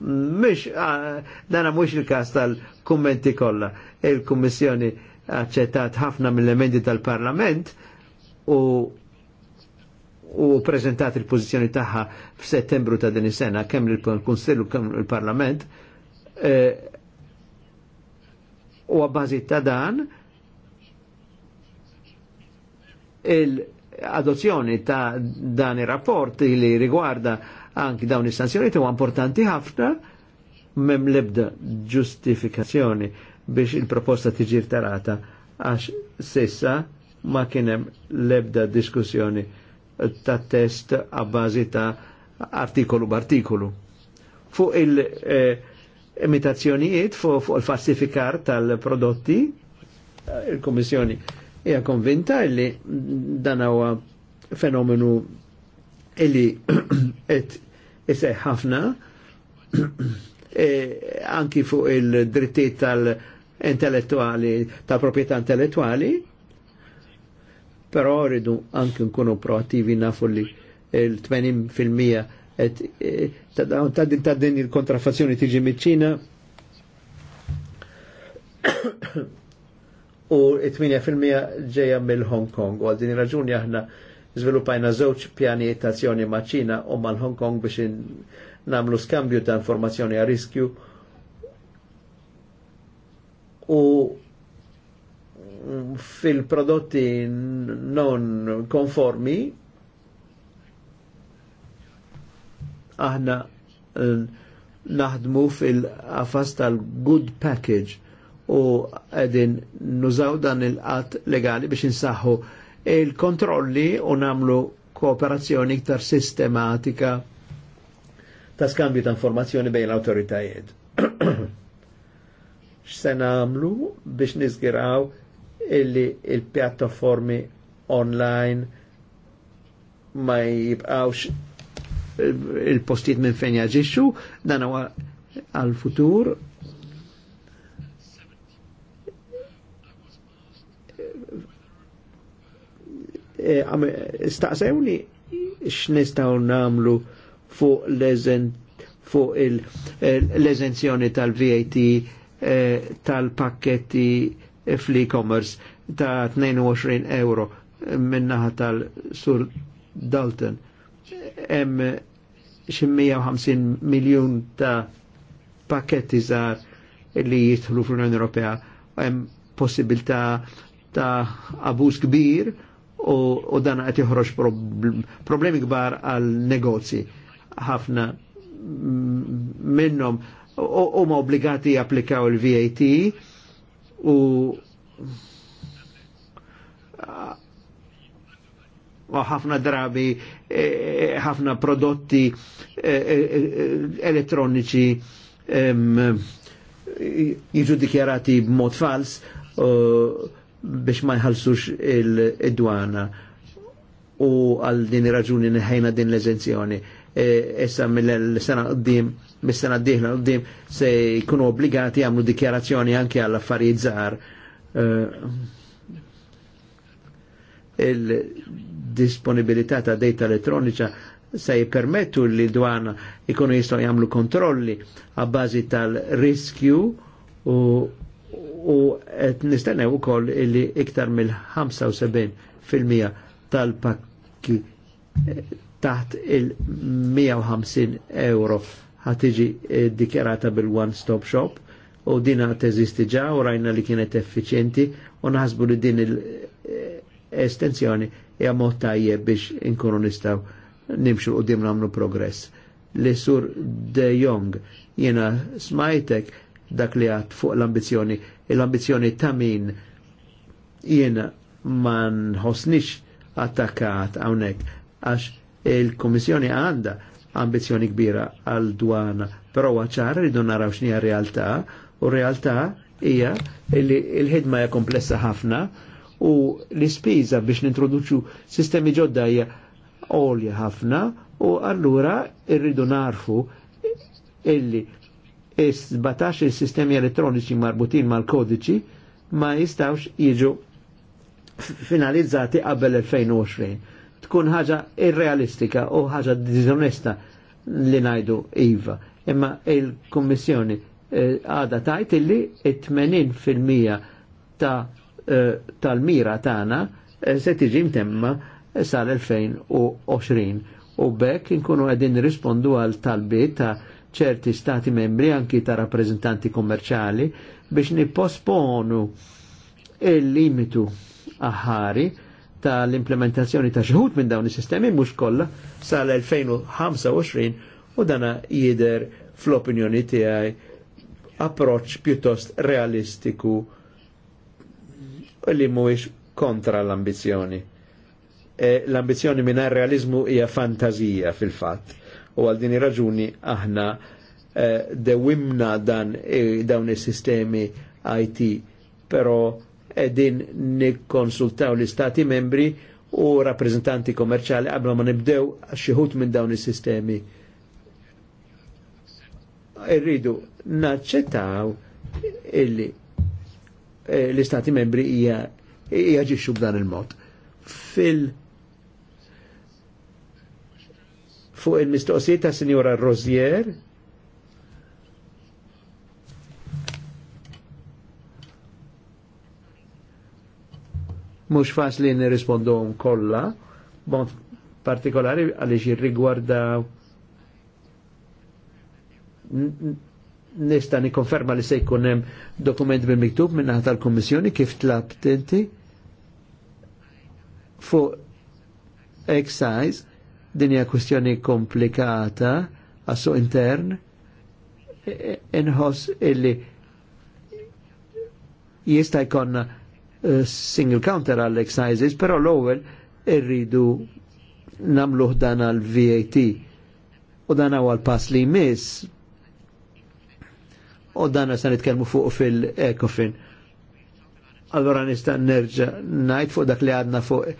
Mhux dana mhux il-każ tal-kummenti kollha. Il-Kummissjoni aċċettat ħafna mill-emendi tal-Parlament u u prezentat il-pozizjoni tagħha f'Settembru ta' din is-sena kemm il-Kunsill u kemm il-Parlament e, u għabbażi ta' dan il-adozzjoni ta' dan ir-rapport li rigwarda anki dawn is sanzjoni huwa importanti ħafna mem lebda ġustifikazzjoni biex il-proposta tiġir tarata għax sissa ma kienem lebda diskussjoni ta' test għabbażi ta' artikolu b'artikolu. Fuq il-imitazzjonijiet, eh, fuq il-falsifikar tal-prodotti, eh, il komissjoni hija konvinta li dan huwa fenomenu illi qed iseħħ ħafna eh, anki fuq il-drittijiet tal-intellettuali, tal-proprjetà intellettuali, tal pero rridu anke nkunu proattivi nafu li il-80% e, ta' din il-kontraffazzjoni tiġi miċ-Ċina u 8% ġeja mill-Hong Kong. U għal din raġuni aħna żviluppajna żewġ pjanijiet ta' azzjoni ma' Ċina u mal-Hong Kong biex namlu skambju ta' informazzjoni a riskju u fil-prodotti non konformi aħna eh, naħdmu fil-qafas tal-good package u għedin nużaw dan il-qat legali biex insaħħu il-kontrolli u namlu kooperazzjoni iktar sistematika ta' skambju ta' informazzjoni bejn l-autoritajiet. X'se namlu biex nizgiraw illi il-pjattaformi online ma jibqawx il-postiet minn fejn jaġixxu, dan huwa għal-futur. E, staqsewni x'nistgħu namlu fuq fuq l-eżenzjoni tal-VAT e, tal-pakketti fl-e-commerce ta' 22 euro minnaħa tal-sur Dalton. Em 150 miljon ta' pakketti zar li jidħlu fl-Unjoni Ewropea Em possibilta' ta' abuż kbir u, u dan qed joħroġ problemi kbar għal negozji ħafna minnhom huma obbligati japplikaw il-VAT u ħafna drabi e, e, ħafna prodotti e, elettroniċi jiġu dikjarati b'mod fals biex ma jħalsux il-dwana u għal din raġuni nħajna din l-eżenzjoni. Issa mill-sena qoddim mis-sena d-dihla l-qoddim se jkunu obbligati għamlu dikjarazzjoni anke għall affarijiet żgħar. Eh, il-disponibilità ta' data elettronika se jipermettu li dwana ikunu jistgħu jagħmlu kontrolli għabbażi tal-riskju u u qed nistennew ukoll illi iktar mill-75% tal-pakki eh, taħt il-150 euro ħatiġi eh, dikjarata bil-one-stop shop u dina teżisti ġa u rajna li kienet effiċenti u naħsbu li din l-estensjoni eh, hija mod tajjeb biex inkunu nistgħu nimxu u dim nagħmlu progress. Li sur De Jong jiena smajtek dak li għat fuq l-ambizjoni, l-ambizjoni ta' min jiena ma nħossnix attakkat hawnhekk għax il-Kummissjoni għandha ambizjoni kbira għal dwana, però ċar rridu naraw x'nija realtà u realtà hija li l-ħidma hija komplessa ħafna u l-ispiża biex nintroduċu sistemi ġodda hija għolja ħafna u allura rridu narfu illi is batax il-sistemi elettroniċi marbutin mal-kodiċi ma jistawx jiġu finalizzati qabel 2020 tkun ħaġa irrealistika u ħaġa dizonesta li najdu IVA. Imma il-Kommissjoni eh, għada tajt illi 80% ta' eh, tal-mira tagħna eh, se tiġi mtemma sal-2020 u bekk inkunu għedin rispondu għal talbiet ta' ċerti stati membri anki ta' rappresentanti kommerċali biex niposponu il-limitu aħari ta' l implementazzjoni ta' xħut minn dawn is-sistemi mhux kollha sal-2025 u dana jider fl-opinjoni tiegħi approċċ pjuttost realistiku li mhuwiex kontra l-ambizzjoni. E, l-ambizzjoni minn realizmu hija fantazija fil-fatt. U għal din raġuni aħna e, dewimna dan e, dawn is-sistemi IT, però din nikkonsultaw l-istati membri u rappresentanti kommerċali qabla ma nibdew xieħut minn dawn is-sistemi. Irridu naċċettaw illi eh, l-istati membri hija ġixxu b'dan il-mod. Fil- fuq il-mistoqsijiet ta' Sinjora Rozier, mux mhux faċli nirrispondhom kolla, bont partikolari għaliex jirrigwardaw nista ni konferma li se jkunem dokument bil miktub minna naħa tal kommissjoni kif tlabt inti fuq excise dinja hija kwestjoni komplikata għassu intern e-, e-, inħoss illi jista' jkollna Eh, single counter għall excises però l-ewwel irridu namluħ dan għal VAT u dan għal pass li miss u dan għasan nitkelmu fuq fil-ECOFIN. Allora nista' nerġa' ngħid fuq dak li għadna fuq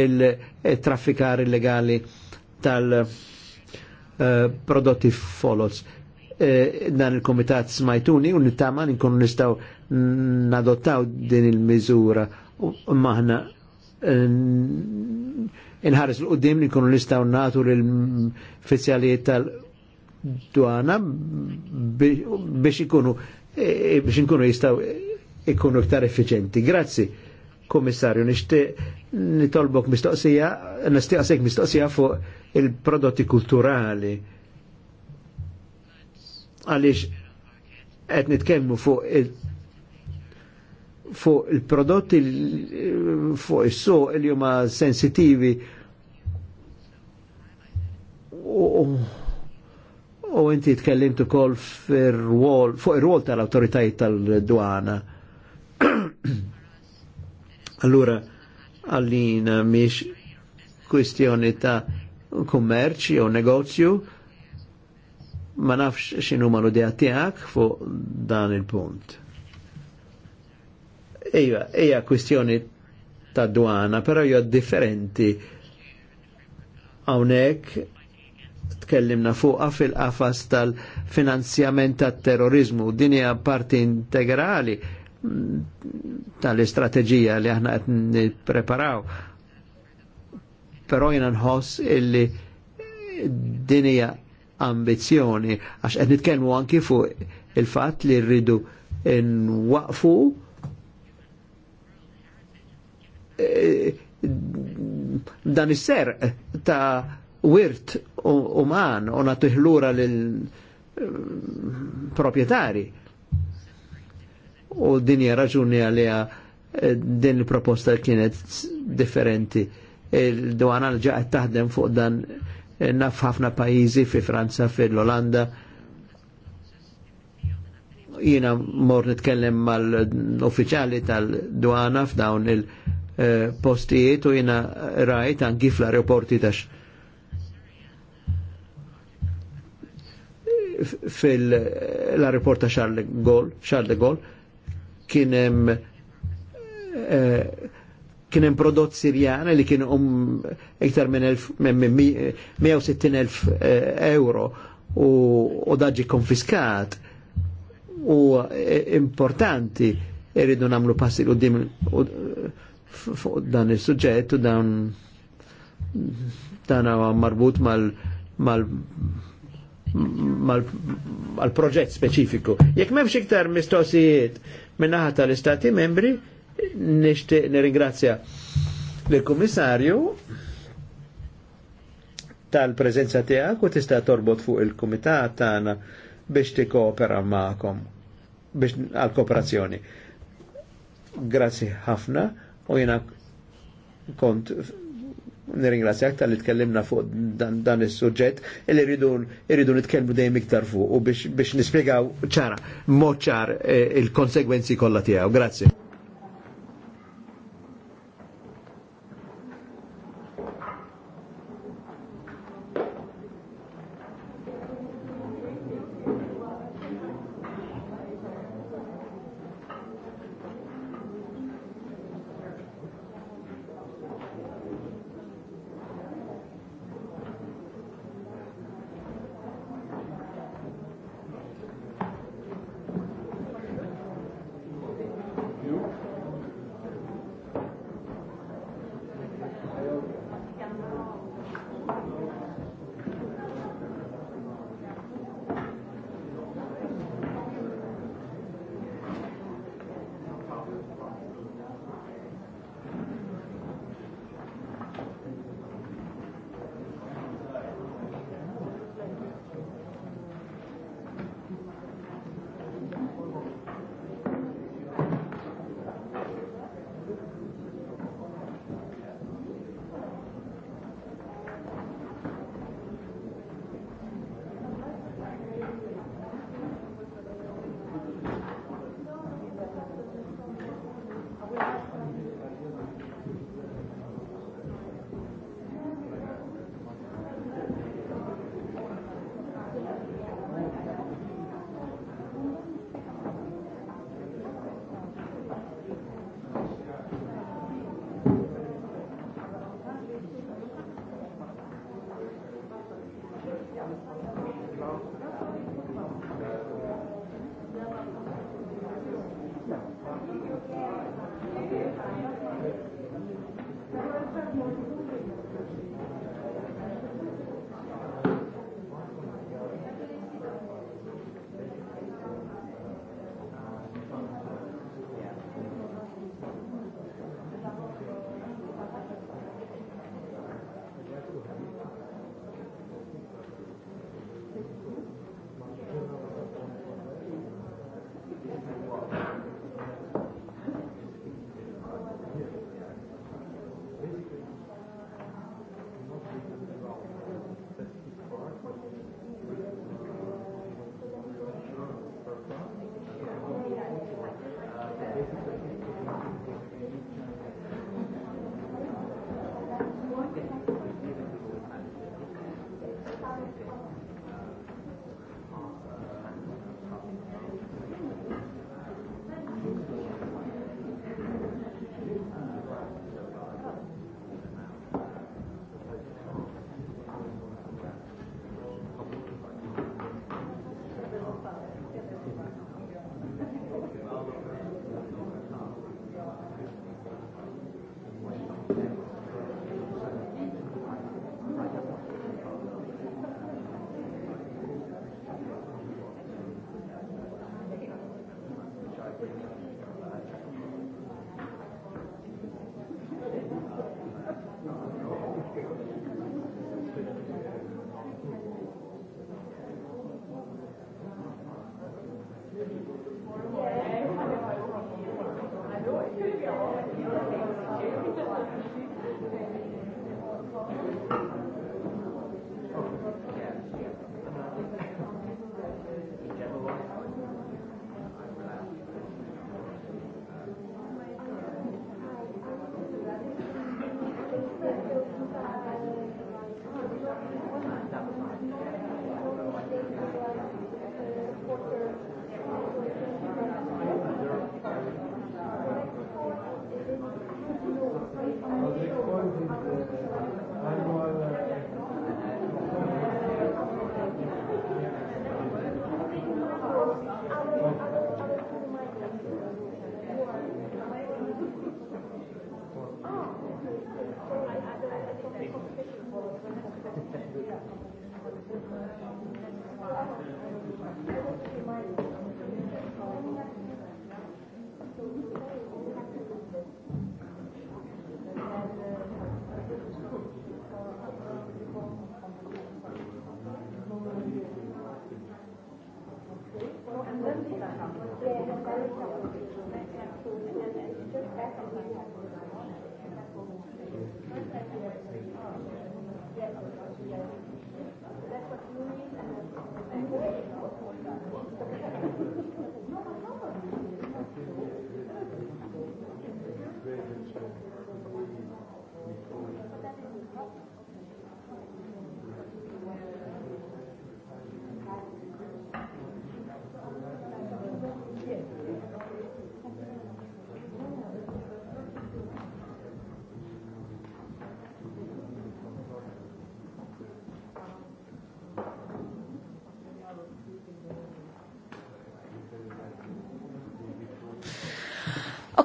il-traffikar illegali tal- eh, prodotti follows. Eh, dan il-komitat smajtuni u nittama nkun nistaw nadottaw din il-mizura u maħna eh, inħares l-qoddim li nistaw natu l-fizzjaliet tal-dwana biex ikunu eh, biex nkunu jistaw ikunu iktar effiċenti. Grazzi, komissarju, nishti nitolbok mistoqsija, nistiqsik mistoqsija fuq il-prodotti kulturali għalix għet nitkemmu fuq il fuq il-prodotti fuq il-so il li huma sensitivi u inti tkellimt ukoll fir fuq il-ruol tal-awtoritajiet tal-dwana. allura għallina miex kwistjoni ta' kummerċi jew negozju, ma nafx xinu ma l-udija tijak fuq dan il-punt. Ejja, ejja kwistjoni ta' dwana, pero jo differenti għawnek tkellimna fuqa fil-qafas tal-finanzjament tat terrorizmu din hija parti integrali tal-istrateġija li aħna qed nippreparaw. Però jiena nħoss illi din hija ambizjoni, għax qed nitkellmu anki fuq il-fatt li rridu nwaqfu e, dan is-ser ta' wirt uman u natu ħlura lil mm, proprietari. U din hija raġuni għalija e, din il-proposta kienet differenti. Il-dwana l-ġaqet taħdem fuq dan Eh, naf ħafna pajizi fi Franza, fi l olanda Jina mor nitkellem mal-uffiċali tal-dwana f'dawn il-postijiet u jina rajt għan kif l aeroporti tax. fil-aeroport ta' Charles de Gaulle, Charles de Gaulle kienem eh, kien hemm prodott Sirjana li kien hum iktar minn 160.000 eh, euro u, u daġi konfiskat u eh, importanti irridu namlu passi u dim fuq dan il suġġett u dan dan marbut mal mal mal proġett speċifiku. Jekk m'hemmx iktar mistoqsijiet naħa tal-istati membri, nishtiq nirringrazzja l komissarju tal-prezenza tiegħek u tista' torbot fuq il-kumitat tagħna biex tikkoopera magħkom biex għal-kooperazzjoni. Grazzi ħafna u jiena kont nirringrazzjak tal-li tkellimna fuq dan, dan is-suġġett il rridu iridu nitkellmu dejjem iktar fuq u biex, biex nispjegaw ċara, mod ċar eh, il-konsegwenzi kollha tiegħu. Grazzi.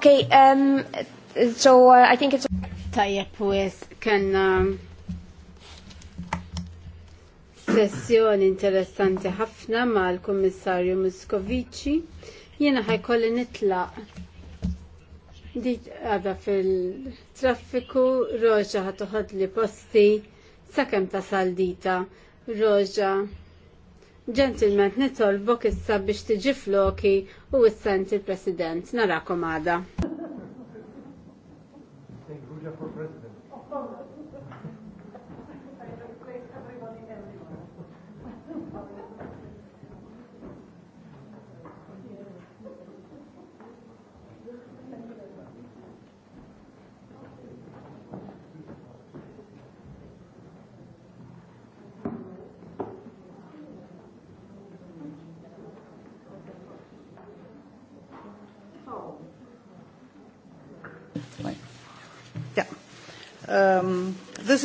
Okay, um, so uh, I think it's... Tajjeb, u kanna sessjoni interessanti ħafna mal kummissarju Muscovici. Jena kolli nitlaq. Dik għada fil-traffiku, roġa ħatuħad li posti, sakemm ta' saldita, roġa Gentilment, nitolbok issa biex tiġi floki u issa inti president Narakom għada.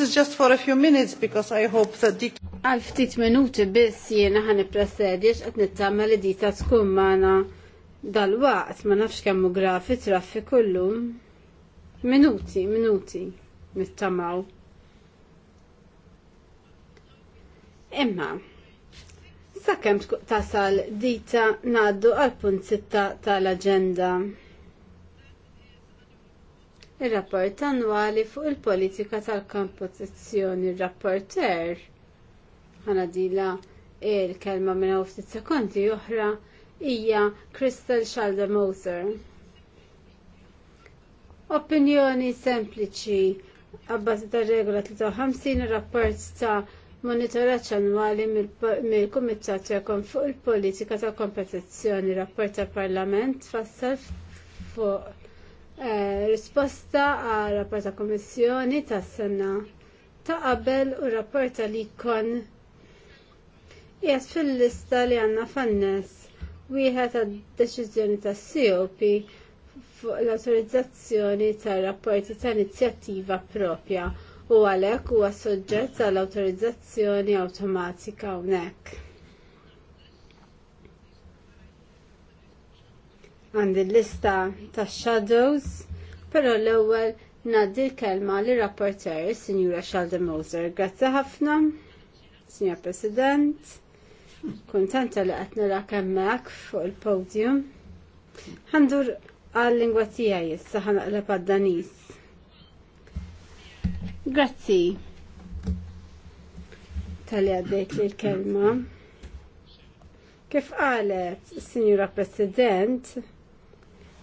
is just for a few minutes because I hope that the... Għal ftit minuti biss jiena ħani ippresedi għat nittama li dita tkun mana dal-waqt ma nafx kemm grafi traffi kullum. Minuti, minuti nittamaw. Imma, sakemm tasal dita ngħaddu għal punt sitta tal-aġenda il-rapport annwali fuq il-politika tal-kompożizzjoni il-rapporter ħanadila il-kelma minn ftit sekondi oħra hija Crystal Schaldemoser. Opinjoni sempliċi għabbażi ta' regola 53 rapport ta' monitoraċ annwali mill-Kumitat Rekon fuq il-politika ta' kompetizzjoni rapport ta' Parlament fassal fuq Eh, risposta għal komissjoni ta' kommissjoni sena ta' qabel u r-rapporta li kon jgħas fil-lista li għanna fannes wieħed għad deċiżjoni ta' COP fuq l-autorizzazzjoni ta' rapporti ta' inizjattiva propja u għalhekk huwa soġġett għall autorizzazzjoni awtomatika hawnhekk. għandi l-lista ta' shadows, pero l-ewwel ngħaddi l-kelma li rapporter signora Sheldon Moser. Grazzi ħafna, Signor President, kuntenta li qed la' hemmhekk fuq il-podium. Ħandur għal-lingwa tiegħi issa ħanaqleb għad-Danis. Grazzi tal-li għaddejt li l-kelma. Kif qalet, Sinjura President,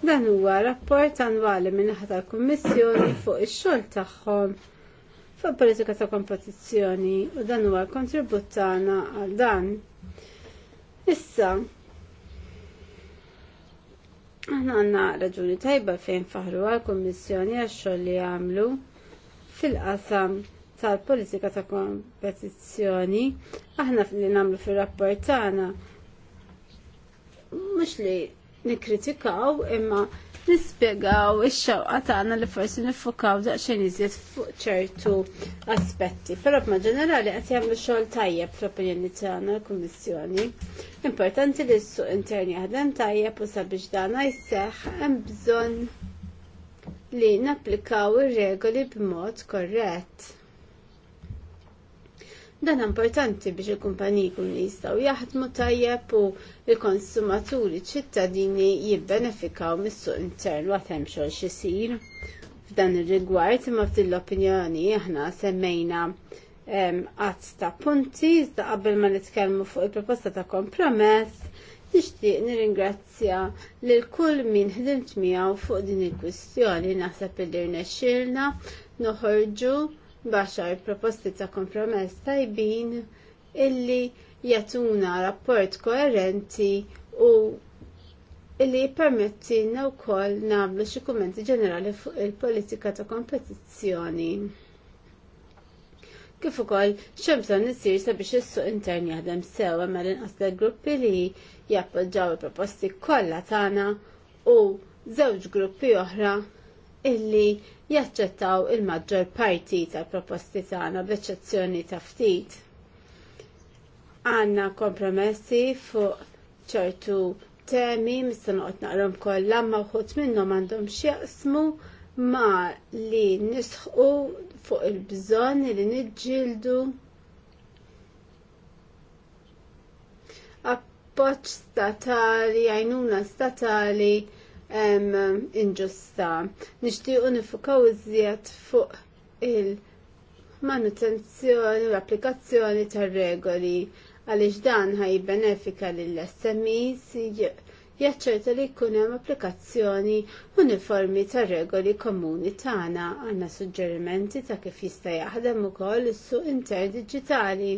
Dan huwa rapport annwali min-naħa tal-Kummissjoni fuq ix-xogħol tagħhom fuq politika ta' kompetizzjoni u dan huwa l-kontribut tagħna għal dan. Issa, Aħna għanna raġuni tajba fejn faħru għal Kummissjoni għax-xogħol li għamlu fil-qasam tal-politika ta' kompetizzjoni. Aħna li nagħmlu fir-rapport tagħna mhux li nikkritikaw imma nispjegaw ix-xewqa tagħna li forsi niffokaw daqsxejn iżjed fuq ċertu aspetti. Però b'ma ġenerali qed jagħmlu xogħol tajjeb fl-opinjoni tagħna l-Kummissjoni. Importanti li s-suq intern jaħdem tajjeb u sabiex dana jseħħ hemm bżonn li napplikaw ir-regoli b'mod korrett. Dan importanti biex il-kumpaniji kun jistaw jaħdmu tajjeb u il-konsumaturi ċittadini jibbenefikaw mis-suq intern wa hemm xogħol xisir. F'dan ir-rigward imma f'dil-opinjoni aħna semmejna qatt ta' punti iżda qabel ma nitkellmu fuq il-proposta ta' kompromess nixtieq nirringrazzja lil kull min ħdimt miegħu fuq din il-kwistjoni naħseb li rnexxielna noħorġu baxar proposti ta' kompromess tajbin illi jatuna rapport koerenti u illi permetti u kol namlu xie kummenti ġenerali fuq il-politika ta' kompetizzjoni kif ukoll xemsa nisir sabiex is-suq intern jaħdem sew mal l-inqas gruppi li jappoġġaw il-proposti kollha tagħna u żewġ gruppi oħra illi jaċċettaw il-maġġor parti tal-proposti tagħna b'eċċezzjoni ta' ftit. Għandna kompromessi fuq ċertu temi mistan noqgħod naqrom kollha ma wħud minnhom għandhom x'jaqsmu ma li nisħu fuq il-bżonn li niġġieldu appoġġ statali, għajnuna statali inġusta. Nixtiequ nifukaw iżjed fuq il-manutenzjoni u l-applikazzjoni tar-regoli għaliex dan ħaj benefika lill-SMEs jaċċerta li jkun hemm applikazzjoni uniformi tar regoli komuni tagħna għandna suġġerimenti ta' kif jista' jaħdem ukoll is-suq intern diġitali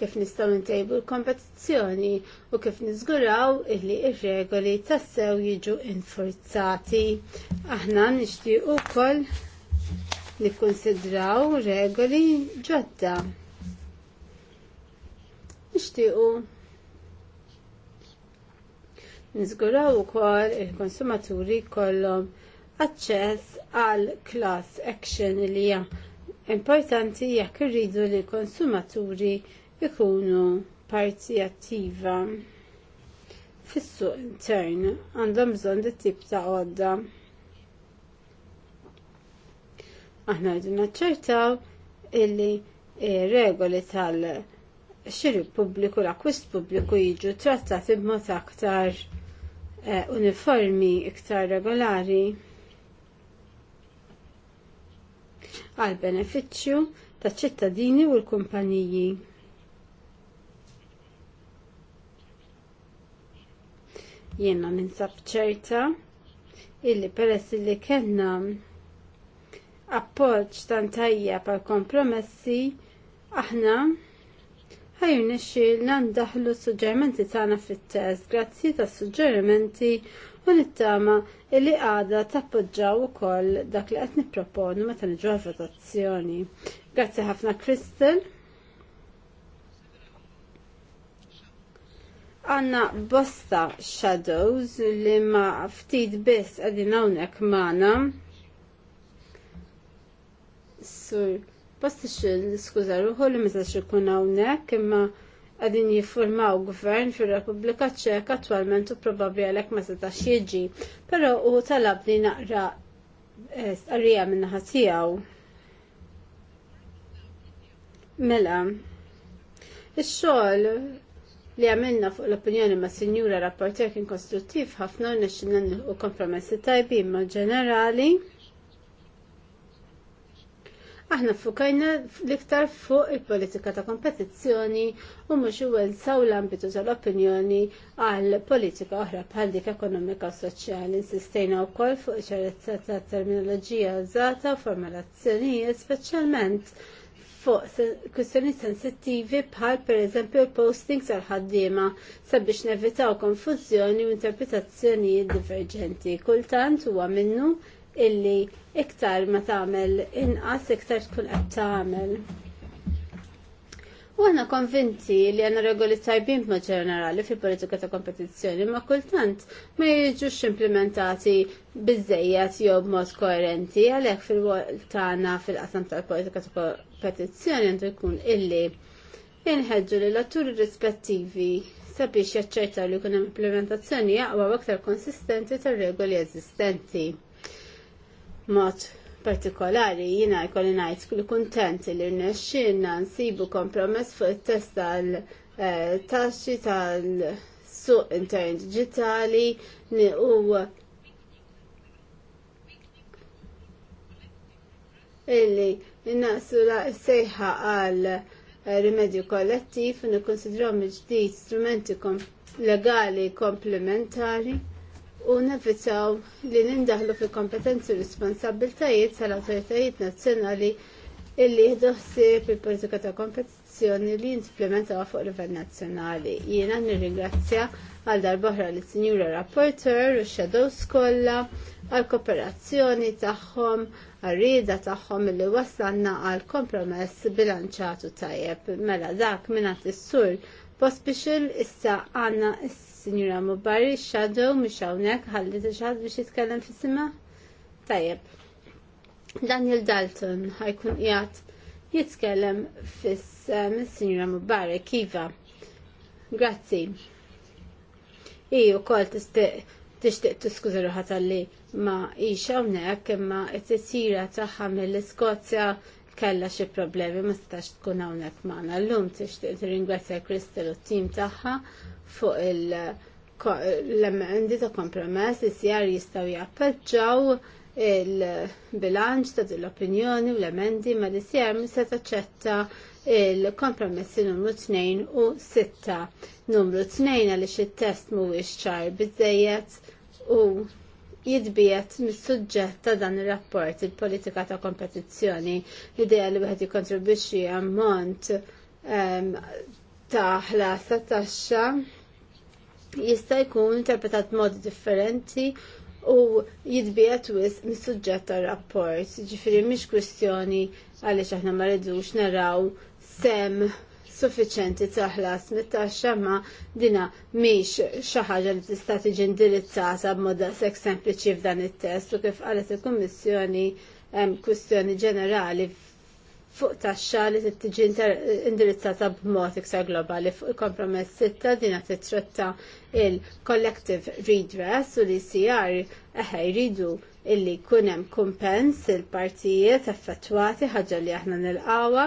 kif nistgħu ntejbu l-kompetizzjoni u kif niżguraw illi ir-regoli tassew jiġu infurzati. Aħna nixtiequ wkoll konsidraw regoli ġodda. Nixtiequ Nizguraw ukoll il-konsumaturi kollom aċċess għal class action li hija importanti jekk irridu li konsumaturi ikunu parti attiva fis-suq intern għandhom bżonn dit tip ta' għodda. Aħna rridu naċċertaw illi regoli tal- xiri pubbliku, l-akwist pubbliku jiġu trattati b'mod aktar eh, uniformi, iktar regolari għal benefiċċju taċ ċittadini u l-kumpaniji. Jiena ninsab ċerta illi peress li kellna appoġġ tantajja tajja pal kompromessi aħna ħajun xilna ndaħlu suġġerimenti tagħna fit tez grazzi tas suġġerimenti u nittama illi għada tappoġġaw ukoll dak li qed nipproponu meta niġu votazzjoni. Grazzi ħafna Kristel. għanna bosta shadows li ma ftit biss għadin hawnhekk magħna. Sur bosta xil skuza ruħu li meta ikun hawnhekk imma għadin jiffurmaw gvern fir-Repubblika Ċeka attualment u probabbli għalhekk ma setax jiġi, però u li naqra eh, starrija minna tiegħu. Mela, ix-xogħol li għamilna fuq l-opinjoni ma' sinjura rapporter kien konstruttiv ħafna nixinna u kompromessi tajbi ma' ġenerali. Aħna fukajna l-iktar fuq il-politika ta' kompetizzjoni u mhux uwel saw l-ambitu tal-opinjoni għal politika oħra bħal dik ekonomika u soċjali. Insistejna wkoll fuq ċerezza ta' terminoloġija użata u formulazzjonijiet speċjalment fuq kwistjoni sensittivi bħal pereżempju l postings tal-ħaddiema sabiex nevitaw konfużjoni u interpretazzjonijiet diverġenti. Kultant huwa minnu illi iktar ma tagħmel inqas iktar tkun qed tagħmel. U konvinti li għana regoli tajbin ma ġenerali fil politika ta' kompetizzjoni, ma kultant ma jiġux implementati bizzejjat jew b'mod koerenti għalhekk fil-tana fil-qasam tal-politika ta' kompetizzjoni għandu jkun illi jinħedġu li l-atturi rispettivi sabiex jaċċertaw li jkun implementazzjoni jaqwa aktar konsistenti tar regoli eżistenti. Mod partikolari jina jkolli najt kull kuntent li rnexxinna nsibu kompromess fuq it-test tal-taxxi tal-suq intern digitali u illi innaqsu la sejħa għal rimedju kollettiv u nikkonsidrom ġdid strumenti legali komplementari u nevitaw li nindaħlu fil kompetenzi u responsabiltajiet tal-autoritajiet nazzjonali illi ħsieb il-politika ta' kompetizzjoni li jimplementaw fuq livell nazzjonali. Jiena nirringrazzja għal darbohra li sinjura rapporteur u shadows kollha għal kooperazzjoni tagħhom, għal tagħhom li waslanna għal kompromess bilanċatu tajjeb. Mela dak minn is-sur Pospixil issa għandna issa Signora Mubari, Shadow, mhix hawnhekk, ħalli t-xad biex jitkellem fi sima? Tajjeb. Daniel Dalton ħajkun qiegħed jitkellem fis-sem Signora Mubari, kiva. Grazzi. Iju wkoll tixtieq tiskuża ruħa tal-li ma ix hawnhekk imma t-tisira tagħha mill-Iskozja kella xi problemi ma stax tkun hawnhekk magħna. Llum tixtieq tirringrazzja Kristel u t-tim tagħha fuq l-emendi ta' kompromess li sjar jistaw jappeġġaw il-bilanċ ta' l-opinjoni u l-emendi ma' li sjar se taċċetta il-kompromessi numru 2 u 6. Numru 2 għaliex it-test mhuwiex ċar biżejjed u jidbiet mis-suġġett ta' dan ir-rapport il politika ta' kompetizzjoni, l-idea li wieħed jikkontribwixxi ammont ta' ta' taxxa jista' jkun interpretat mod differenti u jitbiet wis mis-suġġett tar-rapport. Ġifieri mhix kwistjoni għaliex aħna ma rridux naraw sem suffiċenti taħlas mit-taxxa ma dina miex xi ħaġa li tista' tiġi indirizzata b'mod daqshekk sempliċi f'dan it-test u kif qalet il-Kummissjoni hemm kwistjoni ġenerali fuq taxxa li tiġi indirizzata b'mod iktar globali fuq il-kompromess sitta dina titratta il-collective redress u li CR eħe jridu illi kunem kumpens il-partijiet effettwati ħaġa li aħna nil-qawa.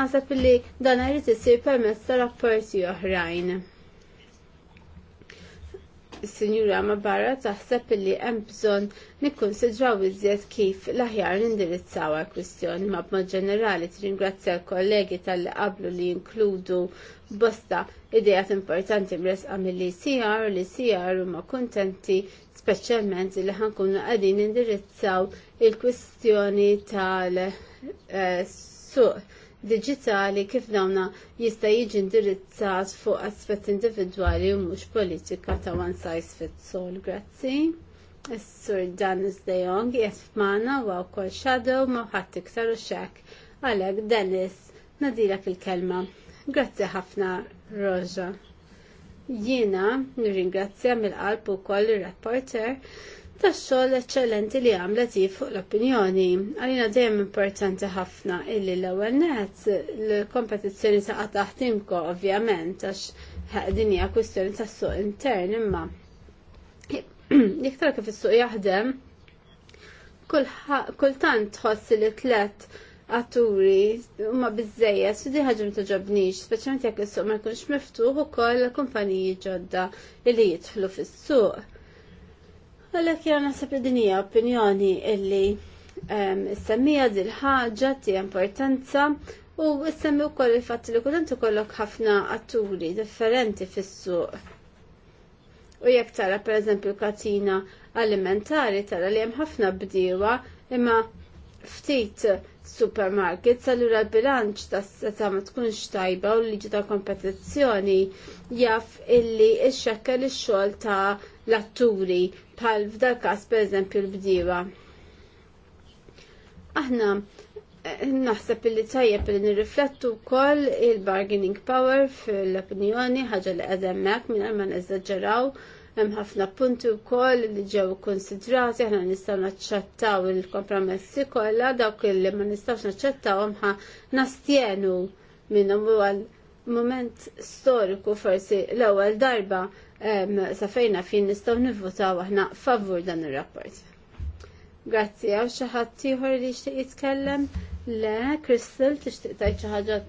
Nasab illi dan jrid isir permezz ta' rapporti oħrajn. Is-Sinjura Mabara taħseb li hemm bżonn nikkunsidraw iżjed kif l-aħjar nindirizzaw għall-kwistjoni ma b'mod ġenerali tringrazzja l-kollegi tal-li qablu li jinkludu bosta idejat importanti mresqa mill CR li CR huma kuntenti speċjalment li ħankunu għadin indirizzaw il-kwistjoni tal-suq eh, digitali kif dawna jista' jiġi indirizzat fuq aspett individwali u mhux politika ta' one size fits all. Grazzi. Is-sur Danis De Jong qed f'magħna u wkoll shadow ma ħadd iktar u xek. Għalhekk Dennis, nadilek il-kelma. Grazzi ħafna Roja. Jiena nirringrazzja mill-qalb ukoll ir-rapporter tax-xogħol eċċellenti li għamlet hi fuq l-opinjoni. Għalina dejjem importanti ħafna illi l-ewwel net l-kompetizzjoni ta' taħtimko ovvjament għax din hija kwistjoni tas-suq intern imma iktar kif is-suq jaħdem kultant tħoss li tlet atturi huma bizzejja su di ħaġa taġobnix, speċjalment jekk is-suq ma jkunx miftuħ ukoll kumpaniji ġodda li jidħlu fis-suq Għalhekk jiena naħseb id din hija opinjoni illi ehm, semmija dil ħaġa ti importanza u semmi wkoll il fat li kultant kollok ħafna atturi differenti fis-suq. U jekk tara pereżempju katina alimentari tara li hemm ħafna bdiewa imma ftit supermarkets allura l-bilanċ s seta ma tkunx tajba u l-liġi ta' kompetizzjoni jaf illi ix-xekkel ix-xogħol ta' l-atturi bħal f'dak każ pereżempju l-bdiewa. Aħna eh, naħseb li tajjeb li nirriflettu wkoll il-bargaining power fil-opinjoni ħaġa li qed hemmhekk ma neżaġġeraw hemm ħafna punti wkoll li ġew konsidrati aħna nistgħu naċċettaw il-kompromessi kollha dawk li ma nistgħux naċċettawhom ħa nastjenu minnhom huwa moment storiku forsi l-ewwel darba safejna fin nistgħu nivvotaw aħna favur dan ir-rapport. Grazzi, għaw xaħat tiħor li xtiq jitkellem? Le, Crystal, tixtiq tajt xaħġa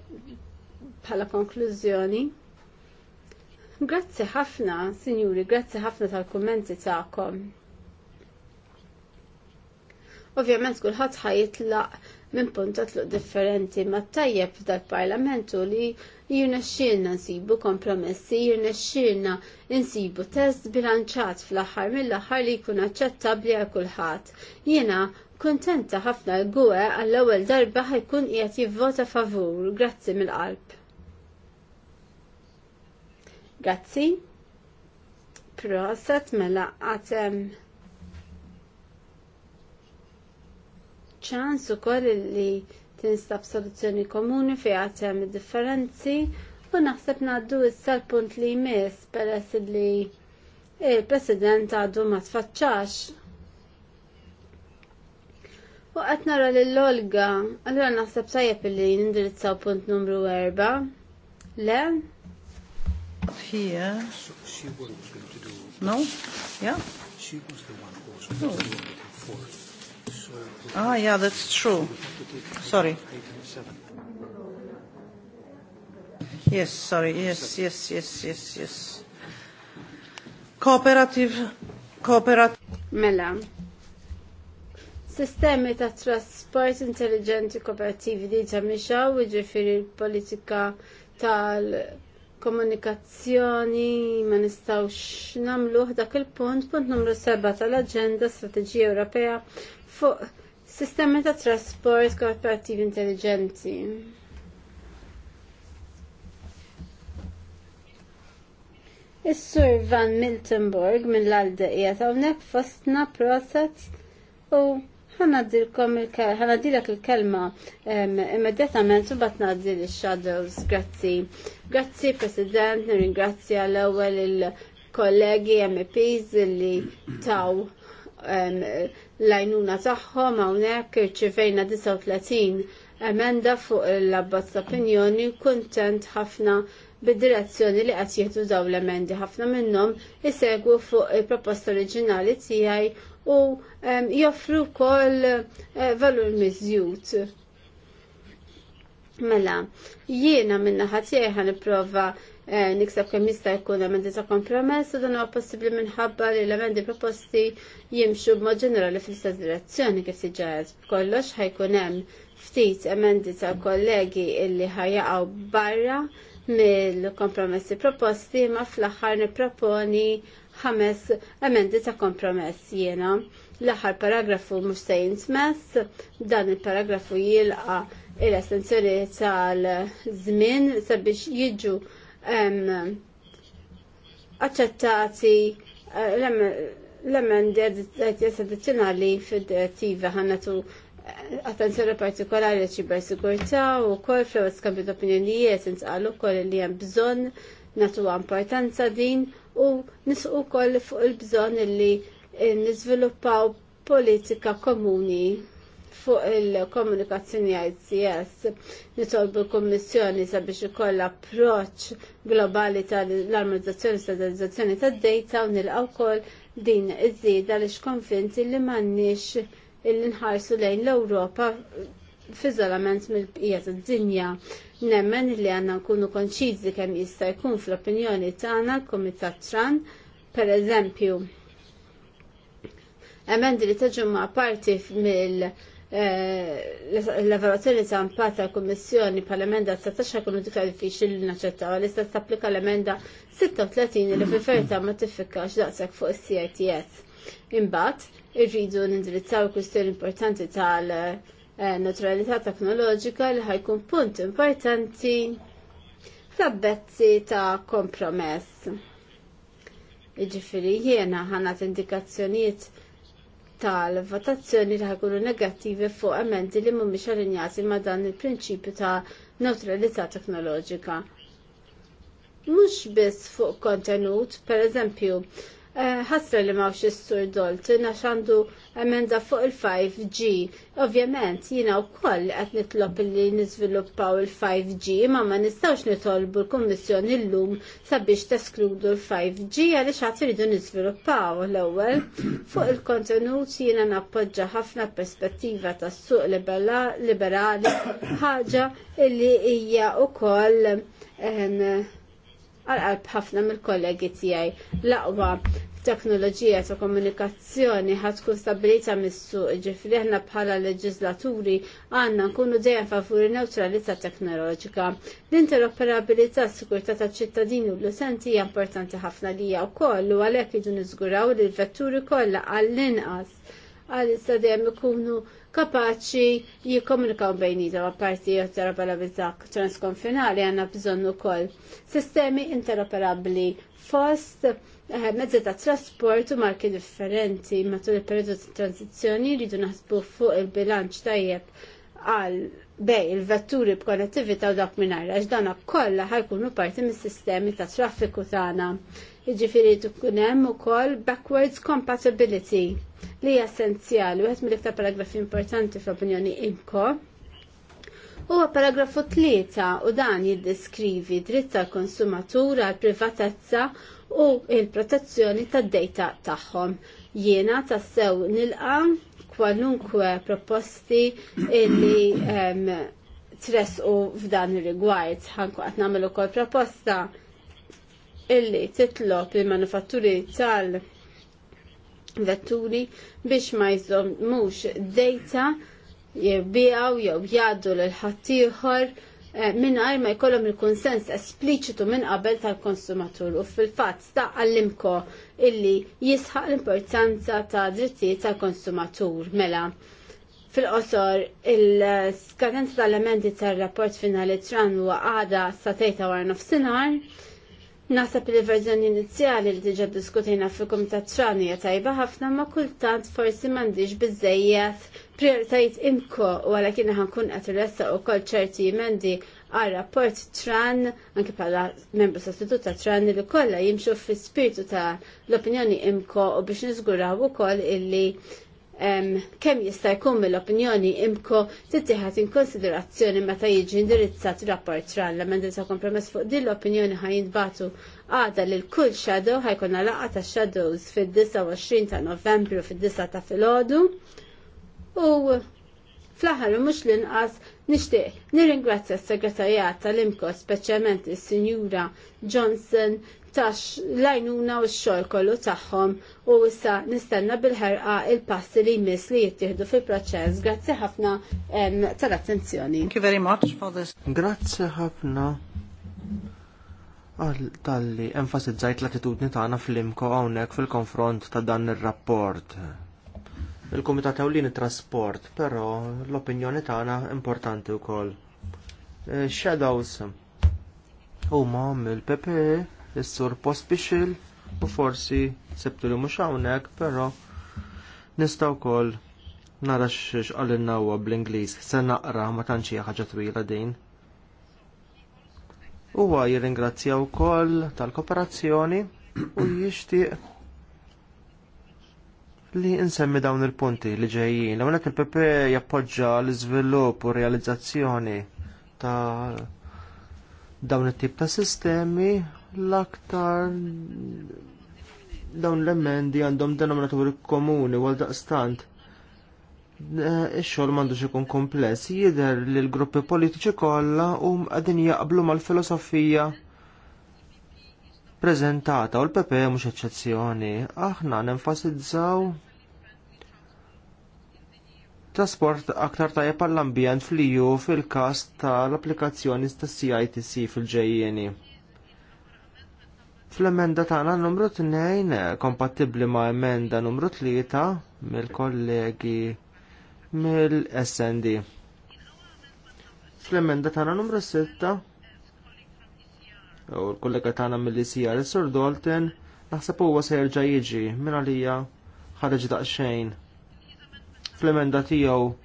bħala konklużjoni. Grazzi ħafna, signori, grazzi ħafna tal-kommenti tagħkom. Ovvjament kulħadd ħajitlaq minn puntat luq differenti ma tajjeb dal-parlamentu li jirna xilna nsibu kompromessi, jirna xilna nsibu test bilanċat fl-axar mill-axar li jkun aċċettabli għal kulħadd. Jiena kuntenta ħafna l-gwe għall-ewwel darba ħajkun qiegħed jivvota favur, grazzi mill-qalb. Grazzi. Proset mela għatem. ċans ukoll li tinstab soluzzjoni komuni fi għatem differenzi u naħseb naddu s l-punt li jmiss peress li il-President għadu ma tfaċċax. U għat nara l-Olga, għallura naħseb tajjeb li nindirizzaw punt numru 4. Le? Here. No? Yeah? She was the one who was Ah, yeah, that's true. Sorry. Yes, sorry. Yes, yes, yes, yes, yes. Cooperative, cooperative. Mela. Sistemi ta' trasport intelligenti kooperativi diġa u ġifiri l-politika tal-komunikazzjoni ma nistawx namluħ dak il-punt, punt numru 7 tal-Aġenda Strategija Ewropea fuq Sistemi ta' trasport kooperativi intelligenti. Is-Sur Van Miltenborg mill alde ta' hawnhekk fostna proċess u ħanadilkom il-kelma immedjatament u bat ngħaddil shadows Grazzi. Grazzi President, nirringrazzja l-ewwel il-kollegi MPs li taw l-għajnuna tagħhom hawnhekk irċivejna 39 emenda fuq l-abbozz opinjoni kuntent ħafna bid-direzzjoni li qed jieħdu daw l-emendi ħafna minnhom isegwu fuq il-proposta oriġinali tiegħi u joffru wkoll eh, valur miżjud. Mela, jiena minna naħa nipprova prova Eh, niksab kemm jista' jkun emendi ta' kompromess u dan huwa possibbli minħabba li l-emendi proposti jimxu b'mod ġenerali fl-istess direzzjoni kif siġaħet. Kollox ħajkun hemm ftit emendi ta' kollegi illi ħajjaqgħu barra mill-kompromessi proposti ma fl-aħħar nipproponi ħames emendi ta' kompromess jiena. L-aħħar paragrafu mhux se jintmess, dan il-paragrafu jilqa l-estensjoni tal-żmien sabiex jiġu aċċettati eh, l-emendi addizzjonali fid-direttiva ħannatu eh, attenzjoni partikolari ċibersigurtà u kol fl skambju d-opinjonijiet intqalu kol li hemm bżonn natu importanza din u nisqu kol fuq il-bżonn li niżviluppaw politika komuni fuq il-komunikazzjoni ICS nitolbu l-Kommissjoni sabiex ikoll approċ globali tal-armonizzazzjoni standardizzazzjoni tad-data u nilqgħu wkoll din iż-żieda li xkonvinti li m'għandniex illi nħarsu lejn l-Ewropa f'iżolament mill-bqija tad-dinja. Nemmen li għandna nkunu konċiżi kemm jista' jkun fl-opinjoni tagħna l-Kumitat Tran, per eżempju, emendi li teġu ma' parti mill Eh, l-evaluazzjoni ta' impatt tal kummissjoni pal-emenda 19 kunu dikla diffiċli li naċċettaw li ista tapplika l-emenda 36 li fil-verità ma tiffikax daqshekk fuq is-CITS. Imbagħad irridu nindirizzaw kwistjoni importanti tal-neutralità teknoloġika li ħajkun punt importanti fl ta' kompromess. Jiġifieri jiena ħanat indikazzjonijiet tal-votazzjoni li ħakunu negattivi fuq emendi li mhumiex allinjati ma' dan il-prinċipju ta' neutralità teknoloġika. Mhux biss fuq kontenut, per eżempju, ħasra li mawx is-sur Dalton għax għandu emenda fuq il-5G. Ovvjament, jina u koll għat nitlob li nizviluppaw il-5G, ma ma nistawx nitolbu l kommissjon il lum sabiex teskludu l-5G għalix għat rridu nizviluppaw l-ewel. Fuq il-kontenut jina nappoġġa ħafna perspettiva ta' suq liberali, ħaġa li hija u koll ehm, għal-qalb ħafna mill-kollegi tiegħi l-aqwa teknoloġija ta' komunikazzjoni ħad tkun stabilita mis-suq, ġifri aħna bħala leġislaturi għandna nkunu dejjem favuri neutralità teknoloġika. L-interoperabilità s-sigurtà tal-ċittadini u l-utenti hija importanti ħafna lija wkoll u għalhekk jiġu niżguraw li l-vetturi kollha għall-inqas għal dejjem ikunu kapaċi jikkomunikaw bejnietom apparti interoperabilità transkonfinali għandna bżonn ukoll sistemi interoperabbli fost eh, mezzi ta' trasport u marki differenti matul il-periodu ta' tranzizzjoni rridu naħsbu fuq il-bilanċ tajjeb għal bej il-vetturi b'konnettività u dak mingħajr għax dan kollha ħajkunu parti mis-sistemi ta' traffiku tagħna. Jiġifieri tkun hemm ukoll backwards compatibility li hija essenzjali, wieħed mill-iktar paragrafi importanti fl-opinjoni imko. Huwa paragrafu tlieta u dan jiddeskrivi dritt tal-konsumatur għal privatezza u il-protezzjoni tad-dejta tagħhom. Jiena tassew nilqa kwalunkwe proposti illi um, u f'dan ir-rigward ħanku qed nagħmel ukoll proposta illi titlob il-manufatturi tal- vetturi biex ma mux dejta jibbijaw jew jaddu l ħaddieħor eh, għar ma jkollhom il-konsens espliċitu minn qabel tal-konsumatur u fil-fatt sta għallimko illi jisħaq l-importanza ta' drittijiet tal-konsumatur mela. Fil-qosor, il-skadenza tal-elementi tal-rapport finali tran huwa għada sa' tejta għar nofsinar. Naħseb li verżjoni inizjali li diġa diskutina fil kumitat Trani tajba ħafna ma kultant forsi m'għandix bizzejjat prioritajt imko u għala kien ħankun qed u kol ċerti emendi għal rapport Tran anke bħala membru Sostitu ta' Tran li kollha jimxu fi spiritu ta' l-opinjoni imko u biex niżguraw ukoll illi kemm jista' jkun mill-opinjoni imko tittieħed in konsiderazzjoni meta jiġi indirizzat rapport tra l-emendi ta' kompromess fuq din l-opinjoni ħajintbatu għada li l-kull shadow ħajkun laqgħa ta' shadows fid-29 ta' Novembru fid-9 ta' filgħodu u fl-aħħar mhux l-inqas Nishtiq nirringrazzja s-segretarjat tal-imko speċjalment is-Sinjura Johnson tax lajnuna u x-xogħol kollu tagħhom u issa nistenna bil-ħerqa il-passi li jmiss li jittieħdu fil-proċess. Grazzi ħafna tal-attenzjoni. Thank you very much for this. Grazzi ħafna għal tal-li enfasizzajt l-attitudni tagħna fil imko hawnhekk fil-konfront ta' dan ir-rapport. Il-Kumitat Ewlieni Trasport, però l-opinjoni tagħna importanti wkoll. Eh, shadows huma mill-PP e is-sur Post Pospixil u forsi sebtu li mhux hawnhekk, però nistgħu wkoll nara x'għalilna qalilna bl-Ingliż. Se naqra ma tantx hija ħaġa twila din. Huwa jirringrazzja wkoll tal-kooperazzjoni u jixtieq li insemmi dawn il-punti li ġejjin. Hawnhekk il-PP e jappoġġa l-iżvilupp u realizzazzjoni ta' dawn it-tip ta' sistemi l-aktar dawn l-emendi għandhom denominatori komuni għal daqstant. E, ix-xogħol m'għandux ikun kompless, jidher li l-gruppi politiċi kollha u qegħdin jaqblu mal-filosofija preżentata u l-PP mhux eċċezzjoni. Aħna nenfasizzaw trasport aktar tajjeb għall-ambjent fl fil-każ tal-applikazzjoni tas-CITC fil-ġejjeni Fl-emenda tagħna numru 2 kompatibbli ma' emenda numru 3 mill-kollegi mill-SND. Fl-emenda tagħna numru 6 u l-kollega tagħna mill-ICR Sur Dalton naħseb huwa se jerġa' jiġi minn għalija ħareġ daqsxejn. Fl-emenda tiegħu 8 eh,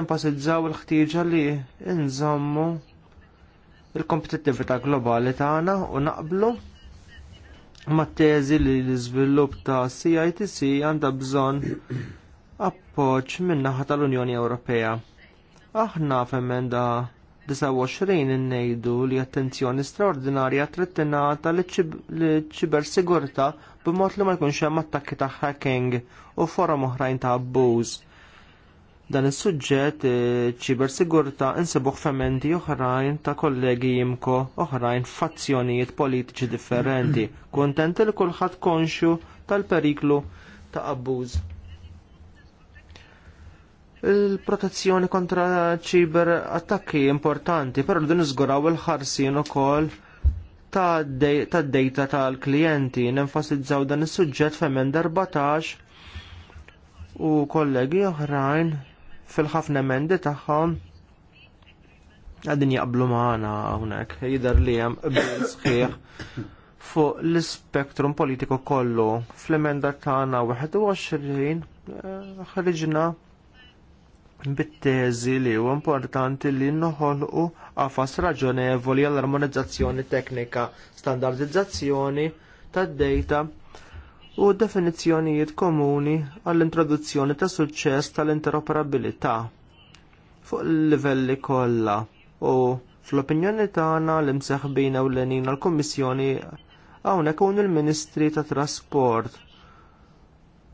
nenfasizzaw il-ħtieġa li inżammu il-kompetittività globali tagħna u naqblu ma' teżi li l-iżvilupp ta' CITC għandha bżonn appoġġ min-naħa tal-Unjoni Ewropea. Aħna f'emenda 29 innejdu li attenzjoni straordinarja trittinata l-ċibersigurta b'mod li ma jkunx hemm attakki ta' hacking u forom oħrajn ta' abbuż Dan is-suġġett eh, sigurtà insibuh fementi oħrajn ta' kollegi jimko oħrajn fazzjonijiet politiċi differenti. Kontent li kulħadd konxju tal-periklu ta' abbuż. Il-protezzjoni kontra ċiber attakki importanti, però din iżguraw il ħarsien ukoll ta' data tal-klijenti. Nenfasizzaw dan is-suġġett f'emenda 14 u kollegi oħrajn fil-ħafna emendi tagħhom għadin jaqblu maħna hawnhekk, jidher li hemm qbil sħiħ fuq l-spektrum politiku kollu fl-emenda tagħna 21 eh, ħriġna bit-teżi li huwa importanti li nħolqu għafas raġonevoli għall-armonizzazzjoni teknika, standardizzazzjoni tad-data u definizzjonijiet komuni għall-introduzzjoni ta' suċċess tal-interoperabilità fuq il-livelli kollha u fl-opinjoni tagħna l-imseħbin ewlenin għall-Kummissjoni hawnhekk hawn il-Ministri tat Trasport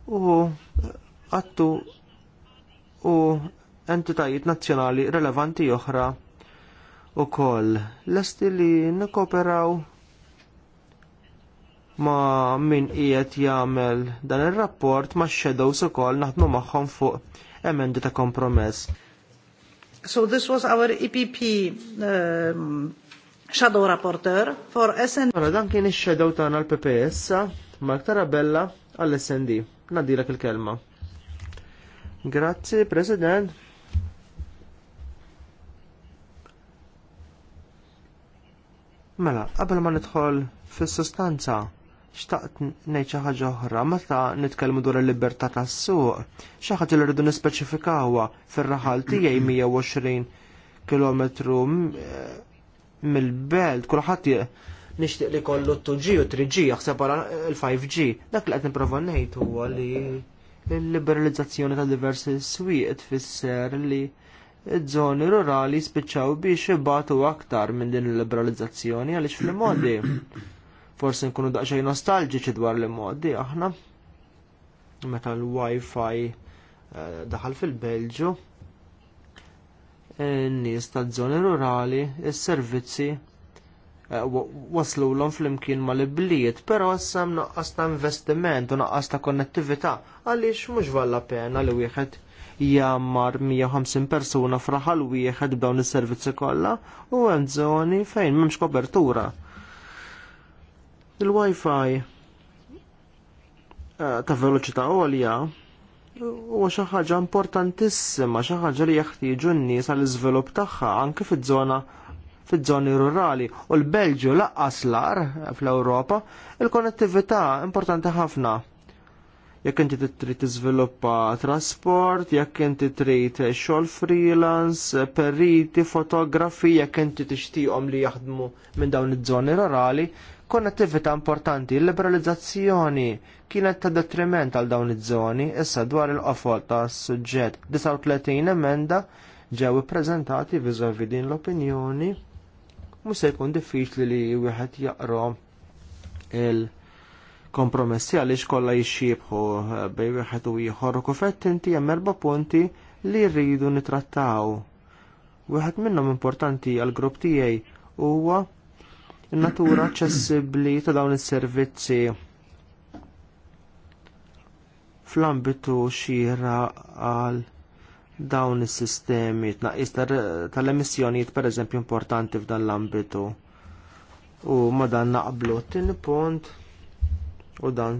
u għattu u entitajiet nazzjonali relevanti oħra u koll. Lesti li nikoperaw ma min qiegħed jagħmel dan ir-rapport ma' shadows ukoll naħdmu magħhom fuq emendi ta' kompromess. So this was our EPP um, shadow rapporteur for SND. Ora mela, dan kien ix-shadow tagħna l-PPS Mark Tarabella għall-SND. Nadilek il-kelma. Grazzi, President. Mela, qabel ma nidħol fis-sustanza xtaqt ngħid xi ħaġa oħra meta nitkellmu dwar il-libertà tas-suq, xi ħaġa li rridu nispeċifikawha fir-raħal tiegħi 120 km eh, mill-belt, kulħadd nixtieq li kollu 2G u 3G jaħseb għal il-5G. Dak li qed nipprova ngħid huwa li l-liberalizzazzjoni ta' diversi swieq tfisser li ż żoni rurali spiċċaw biex ibatu aktar minn din il-liberalizzazzjoni għaliex fil-modi Forse nkunu daqxej nostalġiċi dwar li modi aħna. Meta l-Wi-Fi eh, daħal fil-Belġu. Nies ta' zoni rurali, il servizzi eh, waslu l-om fl-imkien ma l-bliet, pero għassam naqqas ta' investiment u naqqas ta' konnettività, għalix mux valla pena li wieħed jammar 150 persuna fraħal wieħed b'dawn is-servizzi kollha u hemm żoni fejn m'hemmx kopertura. Il-Wi-Fi eh, ta' veloċità għolja huwa xi ħaġa importantissima, xi ħaġa li jeħtieġu n-nies għall iżvilupp tagħha anke fiż-żona fiż-żoni rurali u l-Belġju laqqas lar fl-Ewropa, il-konnettività importanti ħafna jekk inti trid tiżviluppa trasport, jekk inti trid xogħol freelance, periti, fotografi, jekk inti tixtieqhom li jaħdmu minn dawn iż-żoni rurali, konnettività importanti, liberalizzazzjoni kienet ta' detriment għal dawn iż-żoni issa dwar il-qofol ta' suġġett. 39 emenda ġew ippreżentati viżavi din l-opinjoni. Mhux se jkun diffiċli li wieħed jaqrom il- kompromessi għaliex kollha jixxiebħu eh, bej wieħed u ieħor u kufett inti hemm erba' punti li rridu nitrattaw. Wieħed minnhom importanti għall grupp tiegħi huwa n-natura aċċessibbli ta' dawn is-servizzi fl-ambitu xira għal dawn is-sistemi tnaqqis tal-emissjonijiet pereżempju importanti f'dan l-ambitu. U madan naqblu tin punt u dan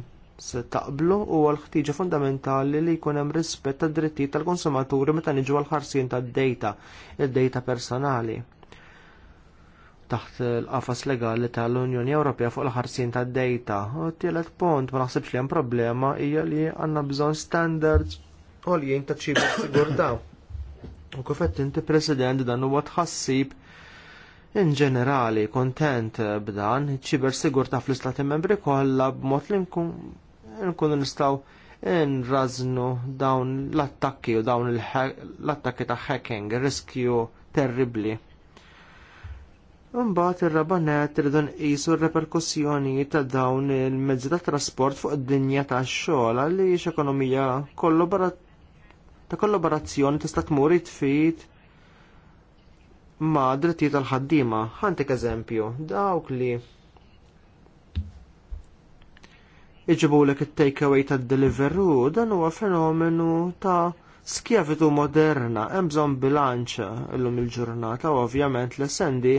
se taqblu u għal-ħtiġa fundamentali li jkun hemm rispett tad drittijiet tal-konsumaturi meta niġu għal ħarsien tad-dejta, id-dejta personali. Taħt l-qafas legali tal-Unjoni Ewropea fuq il-ħarsien tad-dejta. U t tielet punt ma naħsibx li hemm problema hija li għandna bżonn standards għoljien ta' ċiber sigurtà. U kif qed inti President dan huwa tħassib In ġenerali, kontent b'dan, ċiber sigur ta' fl-istati membri kollha b'mod li nkunu nistgħu nraznu dawn l-attakki u dawn l-attakki ta' hacking, riskju terribli. Imbagħad ir-rabanet irridu nqisu r-reperkussjoni ta' dawn il-mezzi ta' trasport fuq id-dinja tax-xogħol għaliex ekonomija ta' kollaborazzjoni tista' tmur it-tfid ma drittijiet tal ħaddima Ħantek eżempju, dawk li iġibu l il takeaway tad deliveru dan huwa fenomenu ta' skjavitu moderna, hemm bżonn bilanċ illum il-ġurnata u ovvjament l sendi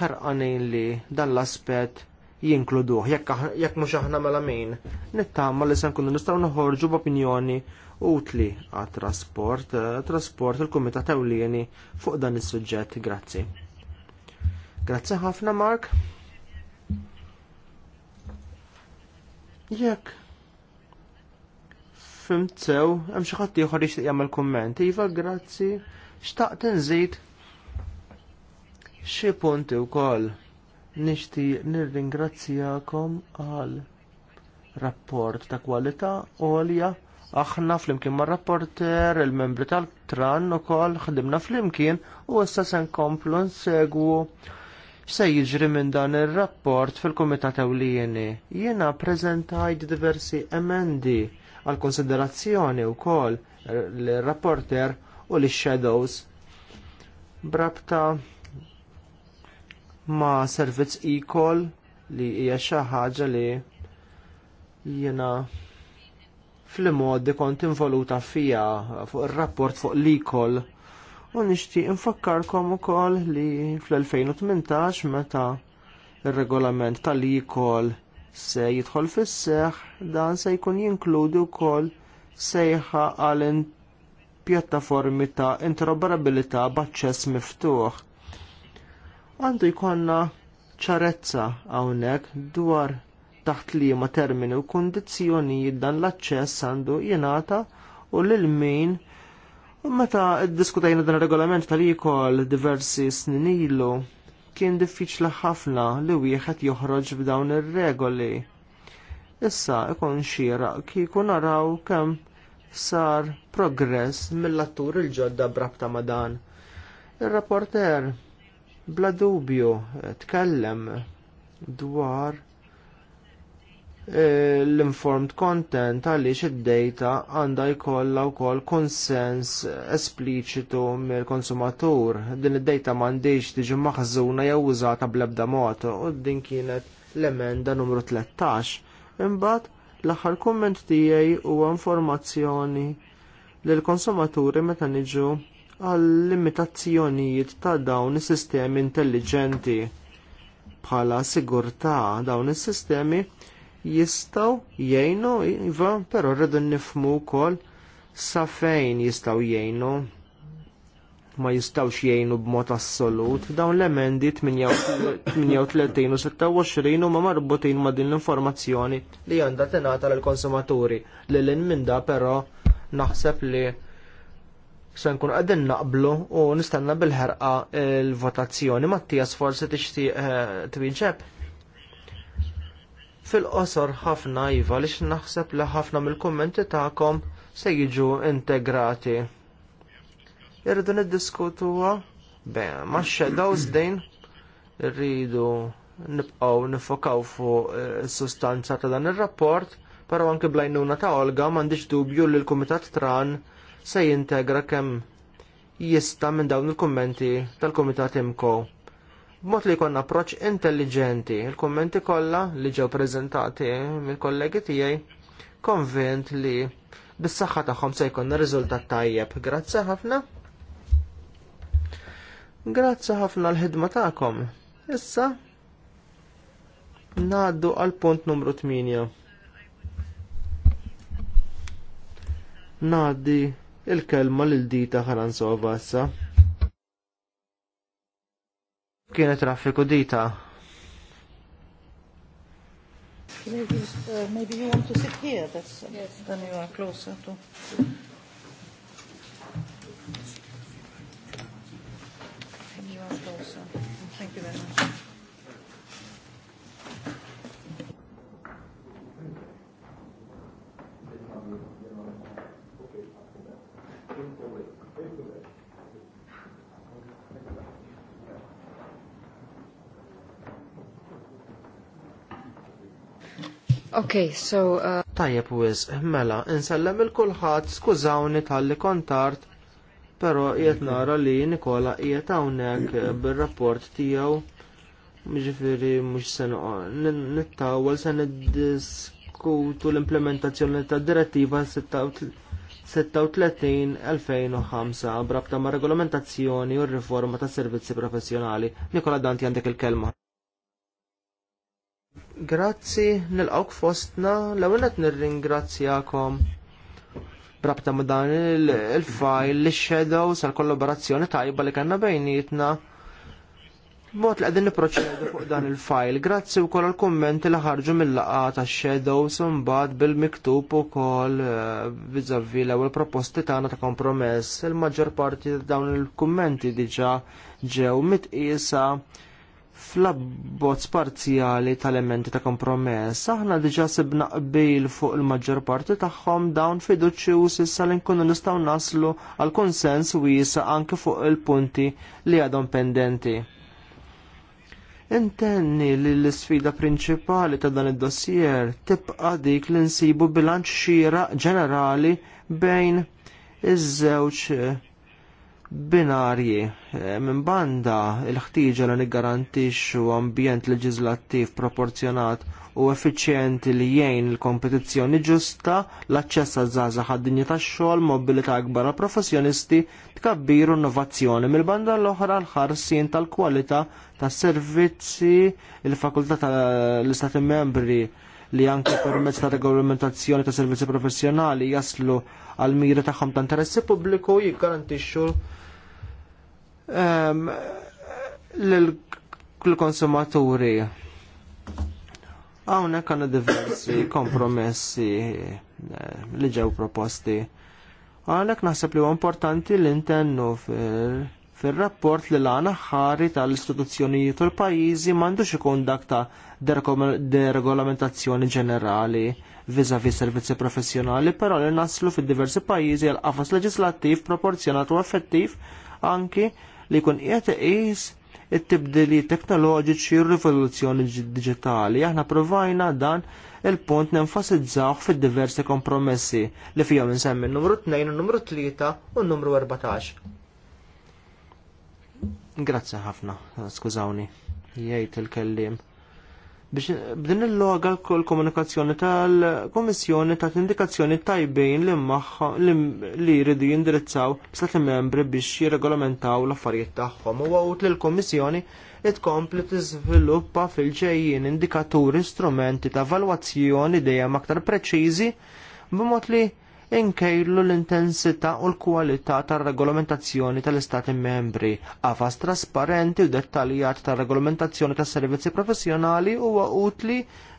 ħerqanin li dan l-aspett jinkluduh, jekk mhux aħna mela min, nittama li se nkunu nistgħu noħorġu b'opinjoni utli għat trasport, trasport il-Kumitat Ewlieni fuq dan is-suġġett. Grazzi. Grazzi ħafna Mark. Jekk fimt sew, hemm xi ħadd ieħor jixtieq jagħmel kumment. Iva, grazzi. Xtaqt inżid xi punti wkoll. Nixtieq nirringrazzjakom għal rapport ta' kwalità għolja Aħna flimkien mar rapporter il-membri tal-tran ukoll ħdimna flimkien u issa se nkomplu nsegwu se jiġri minn dan ir-rapport fil komitat Ewlieni. Jiena prezentajt diversi emendi għal konsiderazzjoni wkoll l-rapporter u l-shadows brabta ma' servizz e li hija xi ħaġa li jiena fl li kont involuta fija fuq ir rapport fuq l-ikol u nixtieq infakkarkom ukoll li fl-2018 meta r regolament tal-ikol se jidħol fis seħħ dan se jkun jinkludi wkoll sejħa għal pjattaformi ta' interoperabilità b'aċċess miftuħ. Għandu jkollna ċarezza hawnhekk dwar taħt li ma termini u kundizzjonijiet dan l-aċċess għandu jingħata u lil min meta diskutajna dan regolament tal-ikol diversi snin ilu kien diffiċli ħafna li wieħed joħroġ b'dawn ir-regoli. Issa ikun xieraq kieku naraw kemm sar progress mill-attur il-ġodda brabta ma' dan. Ir-rapporter bla dubju tkellem dwar Eh, l-informed content għaliex id-data għandha jkollha wkoll konsens espliċitu mill-konsumatur. Din id-data m'għandix tiġi maħżuna jew użata bl-ebda mod u din kienet l-emenda numru 13. Imbagħad l-aħħar kumment tiegħi huwa informazzjoni lill konsumaturi meta niġu għall-limitazzjonijiet ta' dawn is-sistemi intelligenti bħala sigurtà dawn is-sistemi jistaw jgħinu, iva, pero rridu nifmu kol sa fejn jistaw jgħinu ma jistawx jgħinu b'mod assolut. Dawn l-emendi 38 u 26 ma marbutin ma din l-informazzjoni li għandha tingħata lill konsumaturi li l minn da naħseb li se nkun qegħdin naqblu u nistenna bil-ħerqa l-votazzjoni. Mattias forsi tixtieq eh, twinċeb fil-qosor ħafna iva li naħseb li ħafna mill-kummenti tagħkom se jiġu integrati. Irridu niddiskutuha ma' shadows din irridu nibqgħu nifokaw fuq is-sustanza eh, ta' dan ir-rapport, però bl blajnuna ta' Olga m'għandix dubju li l-Kumitat Tran se jintegra kemm jista' minn dawn il-kummenti tal-Kumitat Imko. B'mod li jkollna approċċ intelligenti, il-kummenti kollha li ġew preżentati mill-kollegi tiegħi konvint li bis-saħħa tagħhom se jkollna riżultat tajjeb. Grazzi ħafna. Grazzi ħafna l-ħidma tagħkom. Issa ngħaddu għal punt numru 8. Ngħaddi il-kelma lil Dita Ħaransova issa kienet traffiku dita. Maybe, uh, maybe you want to sit here, that's, yes. then you are closer to... Thank you very much. Okay, so... Uh... Tajjeb wiz, mela, insellem il-kulħat, skużawni tal-li kontart, pero jiet nara li Nikola jiet hawnhekk bir-rapport tiegħu jiġifieri mhux se nittawel se niddiskutu l-implementazzjoni tad direttiva 36-2005 brabta ma' regolamentazzjoni u r-riforma tas servizzi professjonali. Nikola Danti għandek il-kelma. Grazzi, nilqawk fostna, l-għunet nir-ringrazzjakom brabta ma dan il-fajl li shadow sal-kollaborazzjoni tajba li kanna bejnietna. Mod li għedin niproċedu fuq dan il-fajl, grazzi u koll kummenti kommenti li ħarġu mill-laqa ta' shadow sumbad bil-miktub u koll eh, vizavi l ewwel proposti tagħna ta' kompromess. Il-maġġor parti ta' dawn il-kommenti diġa ġew mitqisa fl-abbozz parzjali tal-elementi ta' kompromess, aħna diġa sibna qbil fuq il-maġġor parti tagħhom dawn fiduċi u s'issa li nkunu nistgħu naslu għal konsens wiesa anke fuq il-punti li għadhom pendenti. Intenni li l-sfida prinċipali ta' dan id-dossier tibqa' dik li nsibu bilanċ xira ġenerali bejn iż-żewġ binarji eh, minn banda il-ħtiġa li niggarantixxu ambjent leġislattiv proporzjonat u effiċjenti li jgħin il-kompetizzjoni ġusta, l-aċċess għaż-żgħażagħ għad-dinja tax-xogħol, mobilità akbar għal professjonisti, tkabbir u innovazzjoni mill-banda l-oħra l-ħarsien tal-kwalità tas-servizzi, il-fakultà tal-Istati Membri li anke permezz ta' regolamentazzjoni ta' servizzi professjonali jaslu għal mira tagħhom ta' interessi pubbliku jiggarantixxu ehm, l-konsumaturi. Għawna kanna diversi kompromessi eh, li ġew proposti. Għalhekk naħseb li huwa importanti l intennu fil- fir-rapport li l għan ħari tal-istituzzjonijiet u l-pajjiżi m'għandux ikun dak ta' deregolamentazzjoni ġenerali viżavi servizzi professjonali, però li naslu fid-diversi pajjiżi għal qafas leġislattiv proporzjonat u effettiv anki li jkun qiegħed iqis it-tibdili teknoloġiċi u rivoluzzjoni digitali. Aħna provajna dan il-punt nenfasizzawh fid-diversi kompromessi li fihom insemmi n-numru 2, n-numru 3 u n-numru 14. Grazzi ħafna, skużawni, jgħid il-kellim. Biex b'din il-loga l komunikazzjoni tal-Komissjoni ta' indikazzjoni tajbin li maħħa li jridu jindirizzaw stati membri biex jirregolamentaw l-affarijiet tagħhom u għawt li l-Komissjoni tkompli tiżviluppa fil-ġejjin indikaturi strumenti ta' valwazzjoni dejjem aktar preċiżi b'mod li inkejlu l-intensità u l-kwalità tar-regolamentazzjoni tal-Istati membri. Afas trasparenti u dettaljat tar-regolamentazzjoni tas-servizzi professjonali huwa utli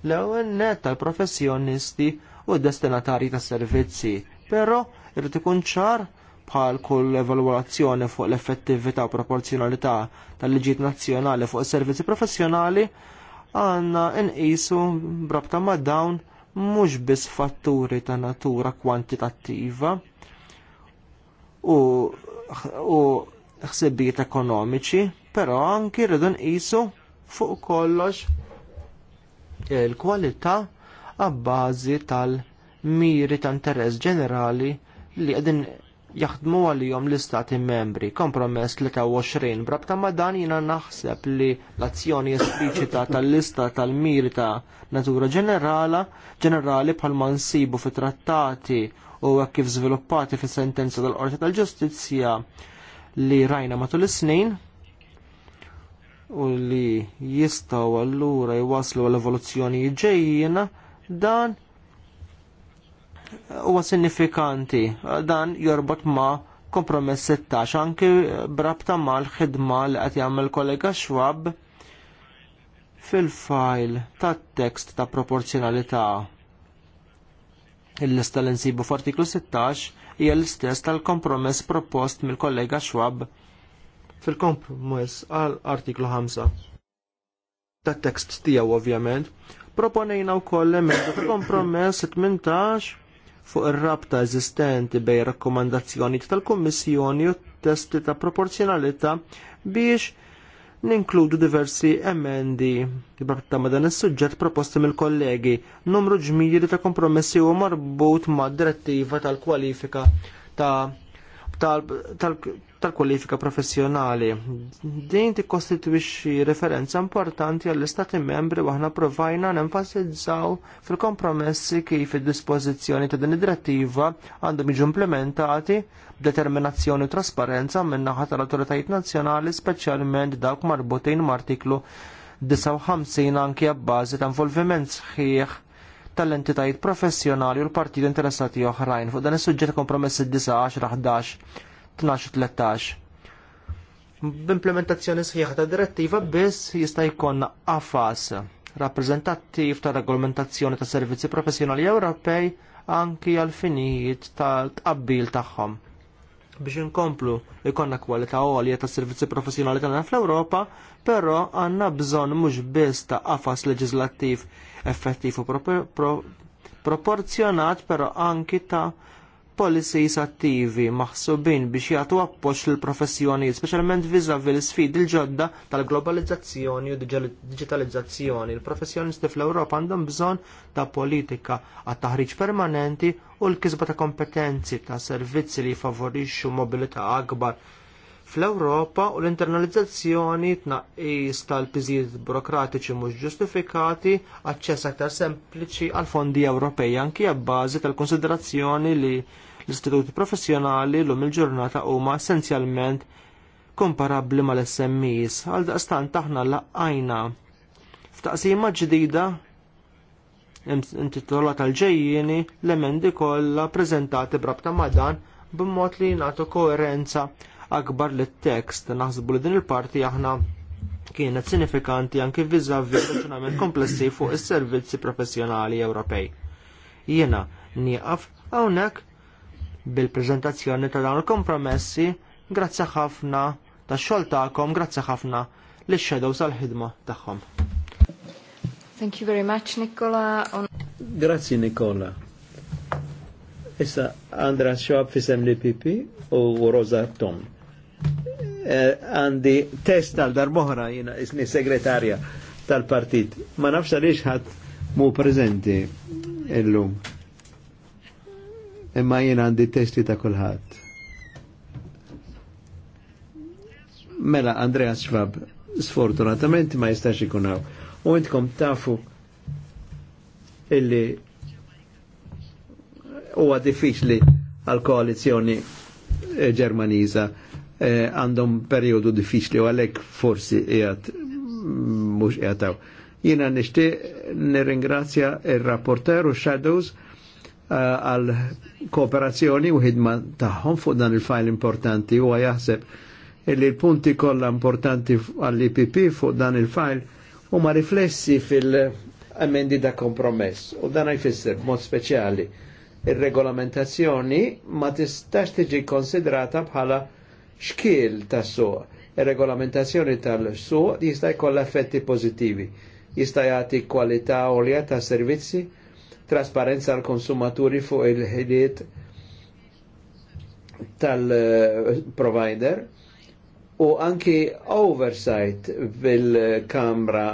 l-ewwel net tal-professjonisti u d-destinatari tas-servizzi. Però irid ikun ċar bħal kull evalwazzjoni fuq l-effettività u proporzjonalità tal-liġijiet nazzjonali fuq is-servizzi professjonali għandna nqisu brabta ma' dawn mhux biss fatturi ta' natura kwantitattiva u, u ħsibijiet ekonomiċi, però anki rridu nqisu fuq kollox il-kwalità għabbażi tal-miri ta' interess ġenerali li qegħdin jaħdmu għalihom l-istati membri. Kompromess 23 brabta ma dan jiena naħseb li l-azzjoni espliċita tal-lista tal-miri ta' natura ġenerala ġenerali bħalma nsibu fi trattati u hekk kif żviluppati fis sentenza tal-Qorti tal-Ġustizzja li rajna matul is-snin u li jistgħu allura jwaslu għall evoluzzjoni ġejjina dan huwa sinifikanti. Dan jorbot ma' kompromess 16 anki brabta mal-ħidma li qed jagħmel kollega Schwab fil file tat-tekst ta' proporzjonalità. Il-lista li nsibu f'artiklu 16 hija l-istess tal-kompromess propost mill-kollega Schwab fil-kompromess għal artiklu 5. Tat-tekst tiegħu ovvjament, proponejna wkoll emendu fil-kompromess 18 fuq ir-rabta eżistenti bej rakkomandazzjoni tal-Kummissjoni u testi ta' proporzjonalità biex ninkludu diversi emendi rabta ma' dan is-suġġett proposti mill-kollegi. Numru ġmieli ta' kompromessi u marbut ma' direttiva tal-kwalifika ta' tal-, tal, tal tal-kwalifika professjonali. Din tikkostitwixxi referenza importanti għall-Istati membri u aħna provajna nenfasizzaw fil-kompromessi kif id-dispożizzjoni ta' din id-direttiva għandhom jiġu implementati b'determinazzjoni u trasparenza min naħa tal-awtoritajiet nazzjonali speċjalment dawk marbutin mal-artiklu 59 anki għabbażi ta' involviment sħiħ tal-entitajiet professjonali u l-partiti interessati oħrajn fuq dan is-suġġett kompromess id-9 11 12-13. B'implementazzjoni sħiħa ta' direttiva biss jista' jkollna afas rappreżentattiv ta' regolamentazzjoni ta' servizzi professjonali Ewropej anki għal finijiet ta' tqabbil tagħhom. Biex inkomplu ikonna kwalità għolja ta' servizzi professjonali tagħna fl-Ewropa, però għandna bżonn mhux biss ta' qafas leġislattiv effettiv u proporzjonat, però anki ta' policies attivi maħsubin biex jagħtu appoġġ lill professjonijiet speċjalment viżavi l-isfidi l-ġodda tal-globalizzazzjoni u digitalizzazzjoni. Il-professjonisti fl-Ewropa għandhom bżonn ta' politika għat taħriġ permanenti u l-kisba ta' kompetenzi ta' servizzi li jfavorixxu mobilità akbar fl-Ewropa u l-internalizzazzjoni tnaqqis tal-piżijiet burokratiċi mhux ġustifikati, aċċess aktar sempliċi għal fondi Ewropej anki bbażi tal-konsiderazzjoni li l-istituti professjonali lum il-ġurnata huma essenzjalment komparabbli mal-SMEs għal daqstant aħna laqajna. f'taqsima ġdida intitolata tal ġejjini l-emendi kollha preżentati brabta madan b'mod li nagħtu koerenza akbar li t-tekst. Naħsbu li din il-parti aħna kienet sinifikanti anki vizavi raġunament komplessi fuq is-servizzi professjonali Ewropej. Jiena nieqaf hawnhekk bil-preżentazzjoni ta' dawn il-kompromessi grazzi ħafna tax xogħol tagħkom, grazzi ħafna li shadows għall ħidma tagħhom. Thank you very much, Nicola. On... Grazzi, Nicola. Issa Andra Schwab fisem l u Rosa Tom. Eh, għandi test tal darboħra jina isni segretarja tal-partit. Ma nafx għaliex ħadd mu prezenti illum. Imma jina għandi testi ta' kulħadd. Mela Andreas Schwab, sfortunatament ma jistax ikun hawn. U intkom tafu illi huwa diffiċli għal koalizjoni eh, Ġermaniża Eh, għandhom eh, periodu diffiċli u għalek forsi jgħat mux mm, jgħataw. Jina nishti nirringrazzja il-rapporter u shadows eh, għal uh, kooperazzjoni u ħidma taħħom fuq dan il-fajl importanti u jaħseb illi l-punti kolla importanti għall-IPP fuq dan il-fajl u ma riflessi fil-emendi da kompromess u dan għajfisser mod speċjali il-regolamentazzjoni ma tistax tiġi konsidrata bħala xkiel ta' suq Ir-regolamentazzjoni tal-suq jista' jkollha effetti pożittivi. Jista' jagħti kwalità għolja ta' servizzi, trasparenza għal konsumaturi fuq il-ħiliet tal-provider u anki oversight bil-kamra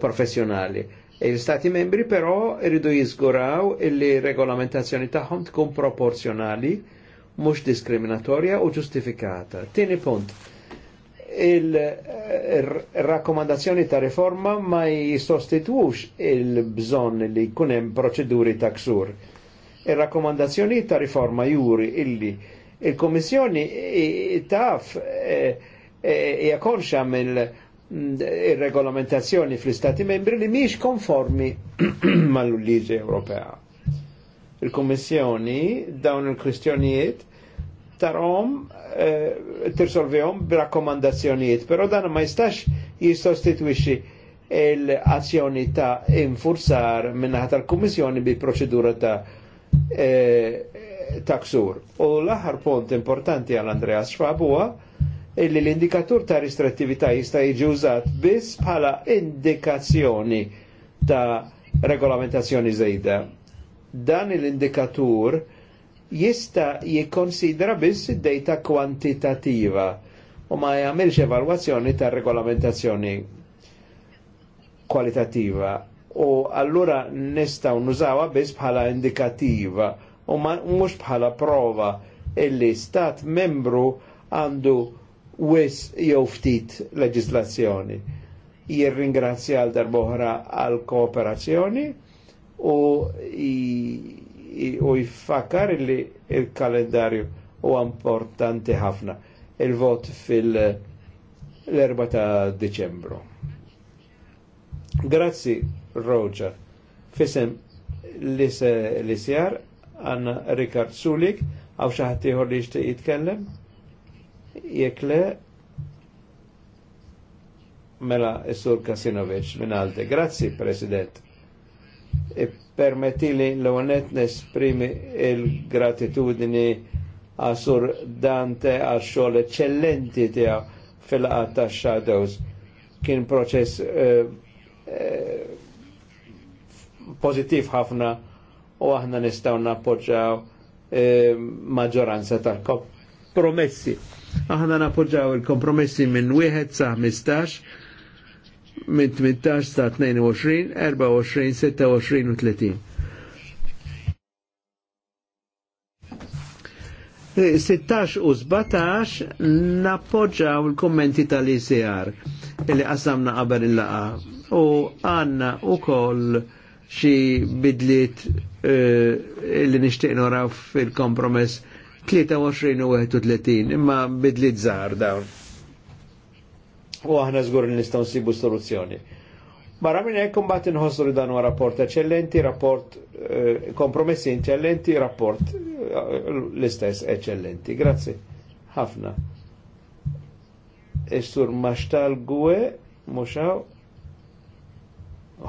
professjonali. Il-Stati membri però irridu jizguraw illi regolamentazzjoni tagħhom tkun proporzjonali mhux diskriminatorja u ġustifikata. Tieni punt, il-rakkomandazzjoni eh, ta' riforma ma jistostitwux il-bżon li kunem proċeduri ta' ksur. Il-rakkomandazzjoni ta' riforma juri illi il-Komissjoni taf eh, eh, hija konxa il mm, regolamentazzjoni fl-Istati membri li miex konformi mal-liġi Ewropea il-Kommissjoni dawn il-kwistjonijiet tarom eh, tirsolvihom b'rakkomandazzjonijiet, però dan ma jistax jistostitwixi l-azzjoni ta' infurzar minnaħat tal-Kummissjoni bi proċedura ta' eh, taksur. U l-aħħar punt importanti għal Andreas Schwab huwa illi l-indikatur ta' ristrettività jista' jiġi użat biss bħala indikazzjoni ta' regolamentazzjoni żejda dan l-indikatur jista jikkonsidra biss id-data kwantitativa u ma jagħmilx evalwazzjoni ta' regolamentazzjoni kwalitativa u allura nistgħu nużawha biss bħala indikattiva u mhux bħala prova illi stat membru għandu wis jew ftit leġislazzjoni. Jirringrazzja għal darbohra għal kooperazzjoni u jfakkar li il-kalendarju u importanti ħafna il-vot fil-4 ta' Deċembru. Grazzi, Roger. Fisem l-isjar għanna Rikard Sulik, għaw xaħatiħor li jishtiq jitkellem, jekle mela Sur Kasinovic minn Alde. Grazzi, President permettili l-onet nesprimi il-gratitudini għasur Dante għal xogħol eccellenti tiegħu fil-qat ta' Shadows. Kien proċess eh, eh, pozitif ħafna u aħna nistgħu nappoġġaw eh, maġġoranza tal-kompromessi. Aħna nappoġġaw il-kompromessi minn wieħed sa' 15 minn 18 sa 22, 24, 26 u 30. E, 16 u 17 nappoġġaw il-kommenti tal-ICR li qasamna qabel il-laqa u għanna u koll xi bidliet e, li nixtieq noraw fil-kompromess 23 u 31 imma bidliet żgħar dawn u aħna zgur li nistgħu nsibu soluzzjoni. Mara minn hekk kumbat nħossu li dan huwa rapport eccellenti, rapport eh, kompromessi eccellenti, rapport eh, l-istess eccellenti. Grazie. ħafna. is maċtal Gwe muxaw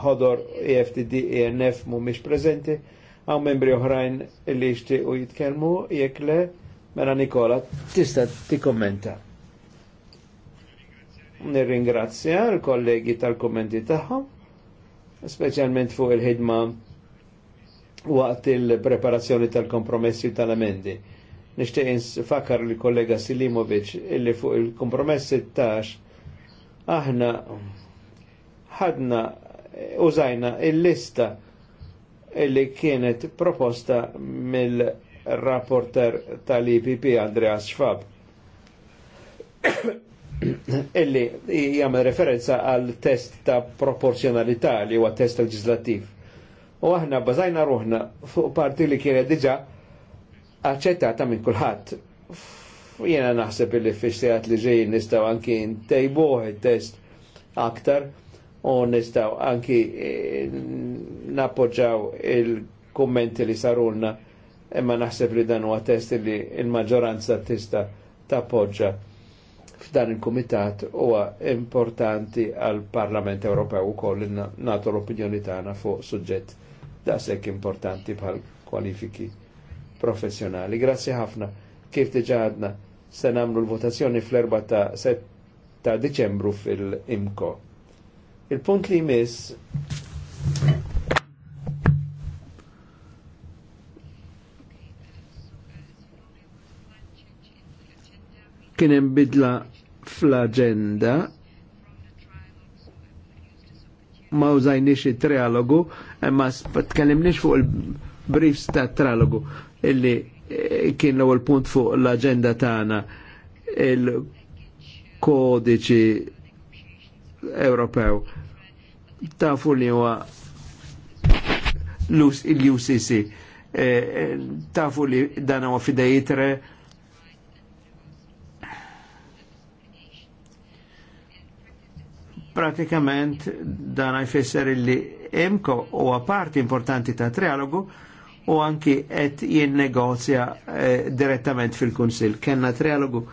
ħodor EFTD, ENF mu miex prezenti, għaw membri uħrajn li jixtiequ u jitkelmu, jekle, mela Nikola tista' ti kommenta nirringrazzja l-kollegi tal-kommenti tagħhom, speċjalment fuq il-ħidma waqt il-preparazzjoni tal-kompromessi tal-amendi. Nishtiq fakar li kollega Silimovic illi fuq il-kompromessi tax aħna ħadna użajna il-lista illi kienet proposta mill-rapporter tal-IPP Andreas Schwab illi jgħamil referenza għal test ta' proporzjonalità li huwa test leġislativ. U aħna bażajna ruħna fuq parti li kienet diġa aċċettata minn kulħadd. Jiena naħseb illi fix li ġej nistgħu anki ntejbuh it-test aktar u nistgħu anki e, nappoġġaw il-kummenti li sarulna imma naħseb li dan huwa test li l-maġġoranza tista' tappoġġa. Ta f'dan il-Kumitat huwa importanti għal Parlament Ewropew ukoll nagħtu l-opinjoni tagħna fuq suġġett da'sek importanti bħal kwalifiki professjonali. Grazzi ħafna. Kif diġa għadna se nagħmlu l-votazzjoni fl-4 ta' 7 ta' Diċembru fil imko Il-punt li jmiss kien hemm bidla fl-agenda ma użajniex il-trialogu, ma tkellimniex fuq il-briefs ta' trialogu illi eh, kien l-ewwel punt fuq l-aġenda tagħna il-kodiċi Ewropew tafu li huwa l-UCC eh, eh, tafu li dan huwa fidejitre pratikament dan jfisser illi imko u għaparti importanti ta' trialogu u anki qed jinnegozja eh, direttament fil-Kunsil. Kenna trialogu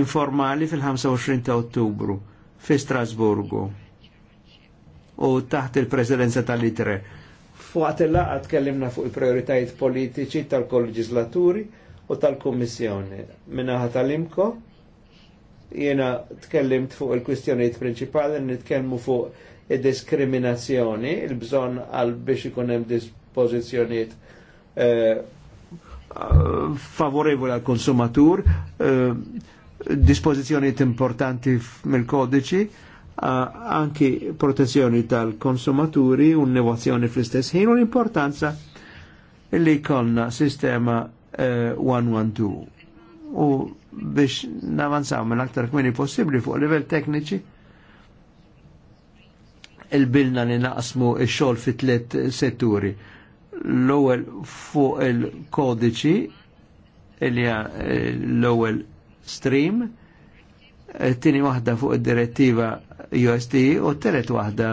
informali fil-25 ta' Ottubru fi Strasburgu u taħt il-presidenza tal-ITRE. Fuqat il-laqa tkellimna fuq il-prioritajiet politiċi tal-kolleġislaturi u tal-Kommissjoni. Minnaħa tal-IMKO, Jena tkellimt fuq il kwistjoniet principali nitkellmu fuq id-diskriminazzjoni, il-bżon għal biex ikunem hemm eh, favorevoli għal konsumatur, eh, dispozizjoniet importanti mill-kodiċi, eh, anki protezzjoni tal-konsumaturi, un-nevazzjoni fl-istess ħin u l-importanza li konna sistema 112. Eh, biex navanzaw minn aktar kmini possibli fuq livell tekniċi il-bilna li naqsmu il-xol fi tlet setturi l-ewwel fuq il-kodiċi li eh, l-ewwel stream eh, tini waħda fuq id-direttiva USD u e t-telet waħda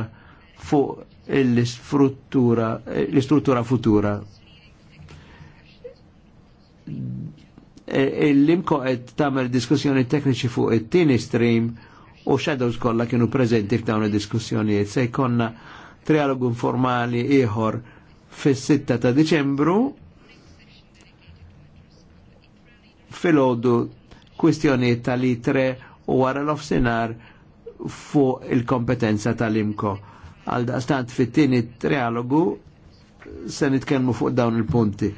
fuq l-istruttura eh, futura l-imko qed tagħmel diskussjoni tekniċi fuq it-tieni stream u shadows kollha kienu prezenti f'dawn il diskussjonijiet se jkollna trialogu informali ieħor fis-6 ta' Deċembru fil-ħodu kwistjoni tal-itre u wara l-ofsinar fuq il-kompetenza tal-imko. Għal daqstant fit-tieni trialogu se nitkellmu fuq dawn il-punti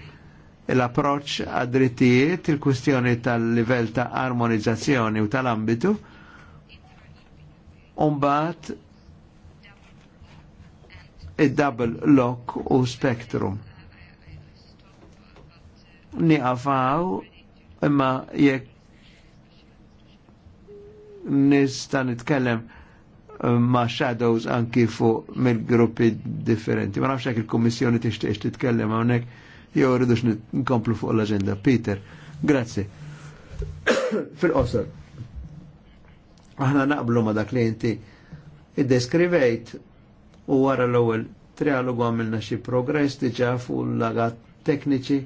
l-approċ għad-drittijiet, il-kustjoni tal-livell ta' armonizzazzjoni u tal-ambitu, umbat id-double lock u spectrum. Niqafaw imma jekk nista nitkellem eh, ma' shadows anki fuq mill-gruppi differenti. Ma nafx il-Kummissjoni tixtieq titkellem hawnhekk jew rridux nkomplu fuq l agenda Peter, grazzi. Fil-qosor, aħna naqblu ma dak li inti id-deskrivejt u wara l-ewwel trialogu għamilna xi progress diġà fuq l-lagat tekniċi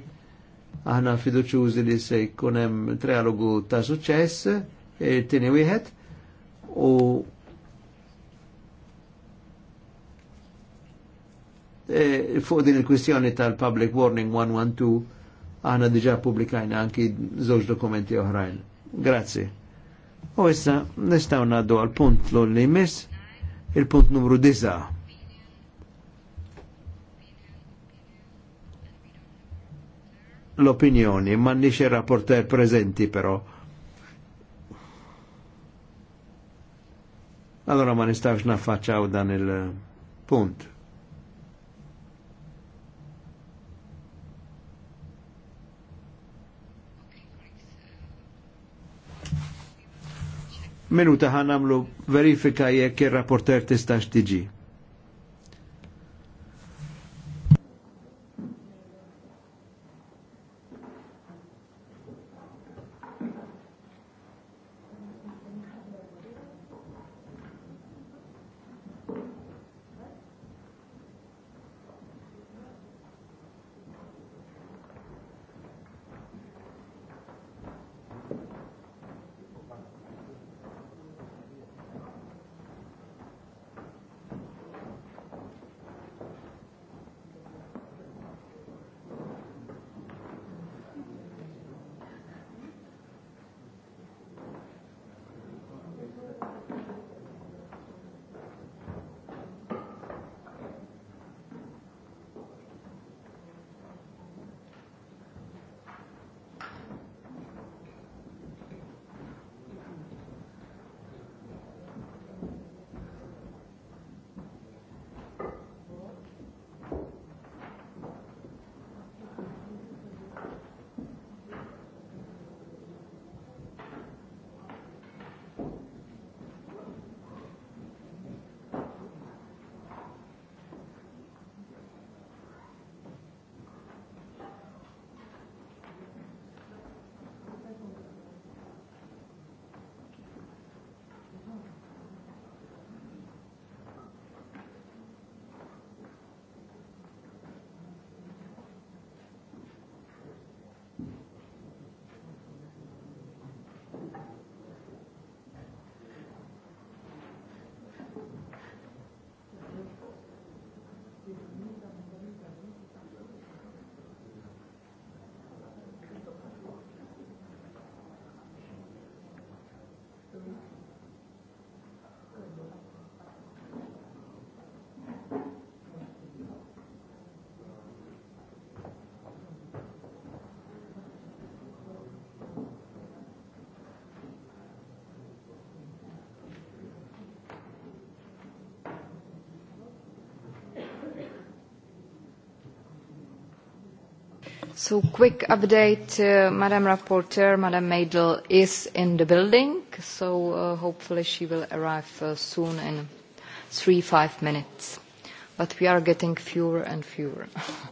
aħna fiduċużi li se jkun hemm trialogu ta' suċċess, it-tieni e, wieħed u E, fuq din il-kwistjoni tal-Public Warning 112 għana diġa publikajna anki zoġ dokumenti oħrajn. Grazzi. U issa nistaw naddu għal punt l li mis, il-punt numru 9. L-opinjoni, ma nix il-rapporter prezenti però. Allora ma nistax naffaċċaw dan il-punt. minuta ħanamlu verifika jekk ir rapporter tistax tiġi. So quick update, uh, Madam Rapporteur, Madam Maidel is in the building, so uh, hopefully she will arrive uh, soon in three, five minutes. But we are getting fewer and fewer.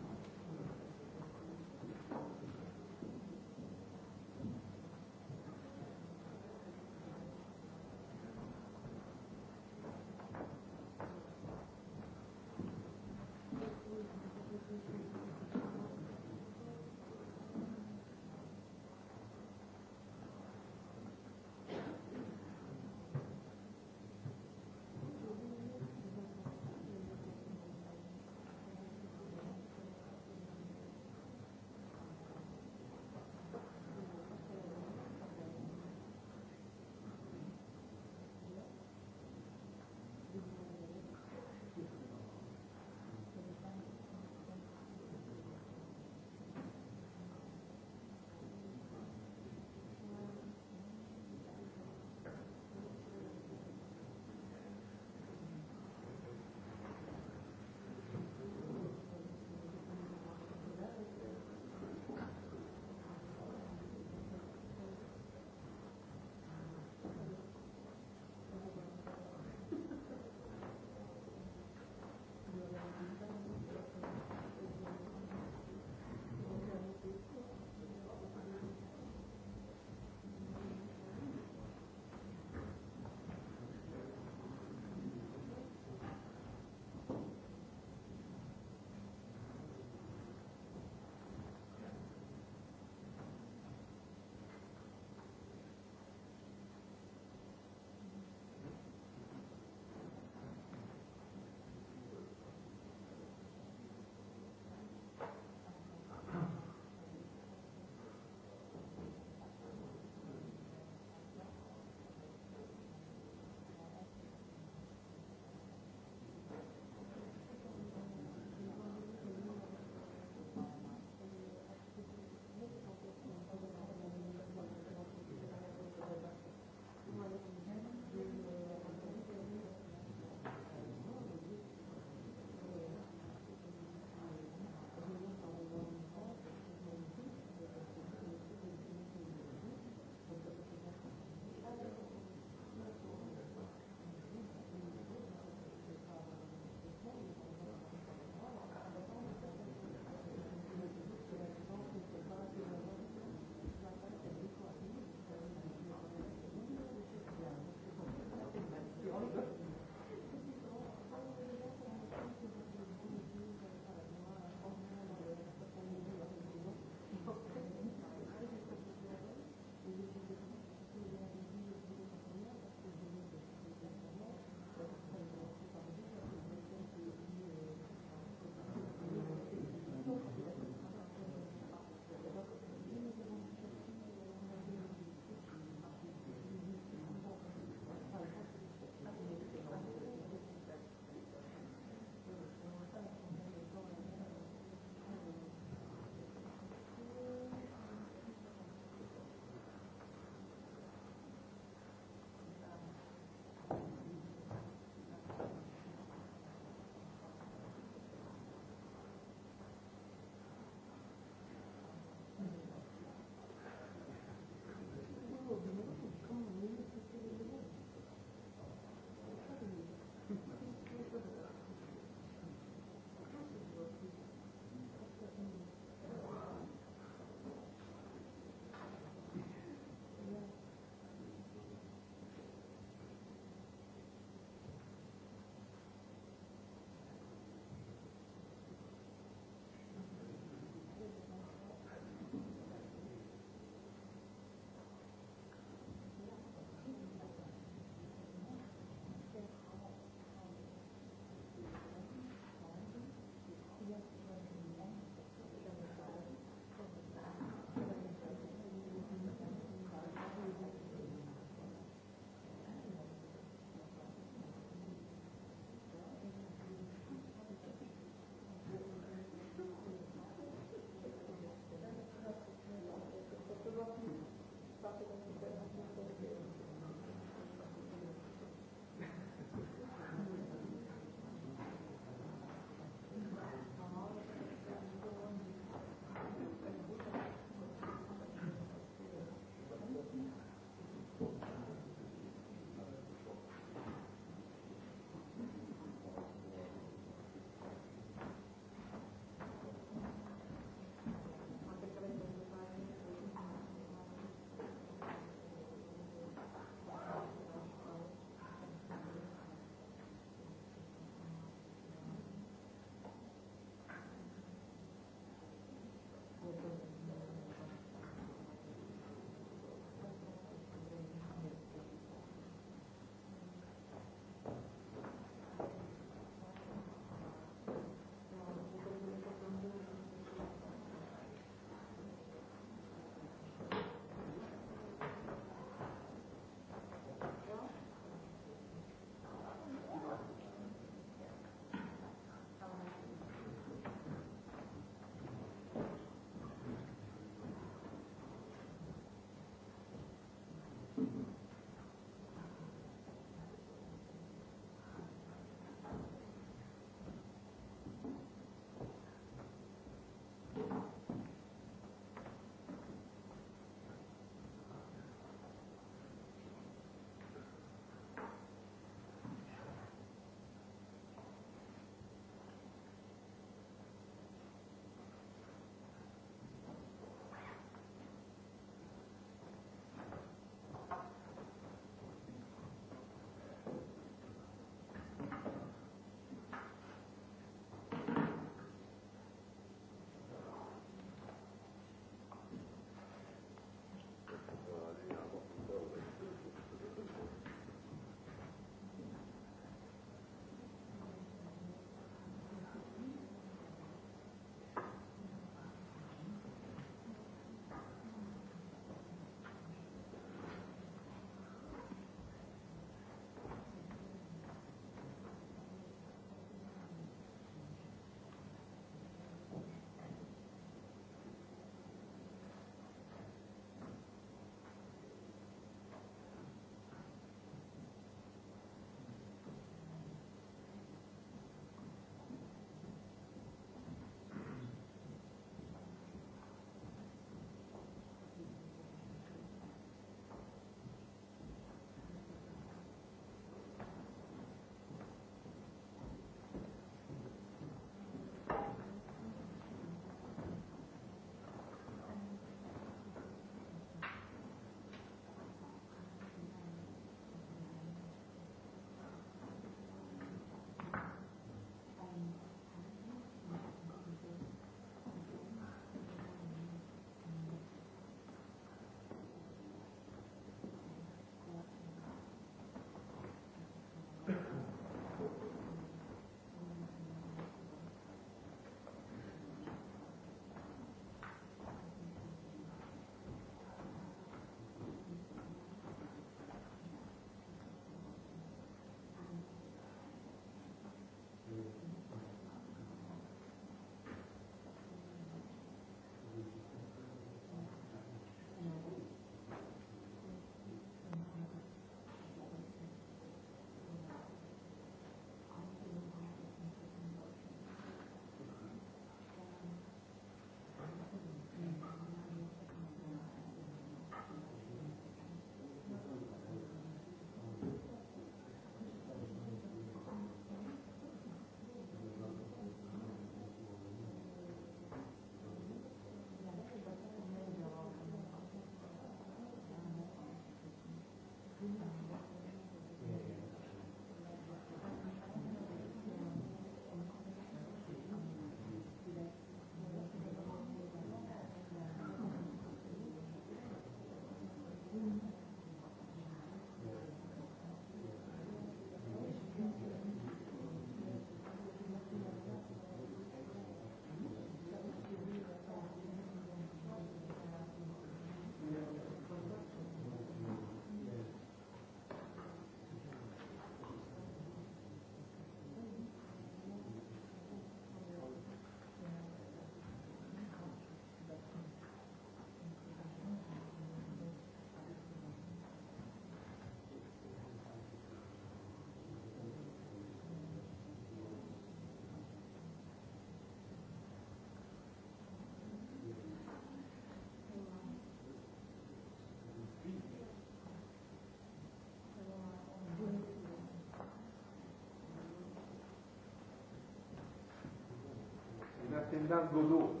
tinnam gudur.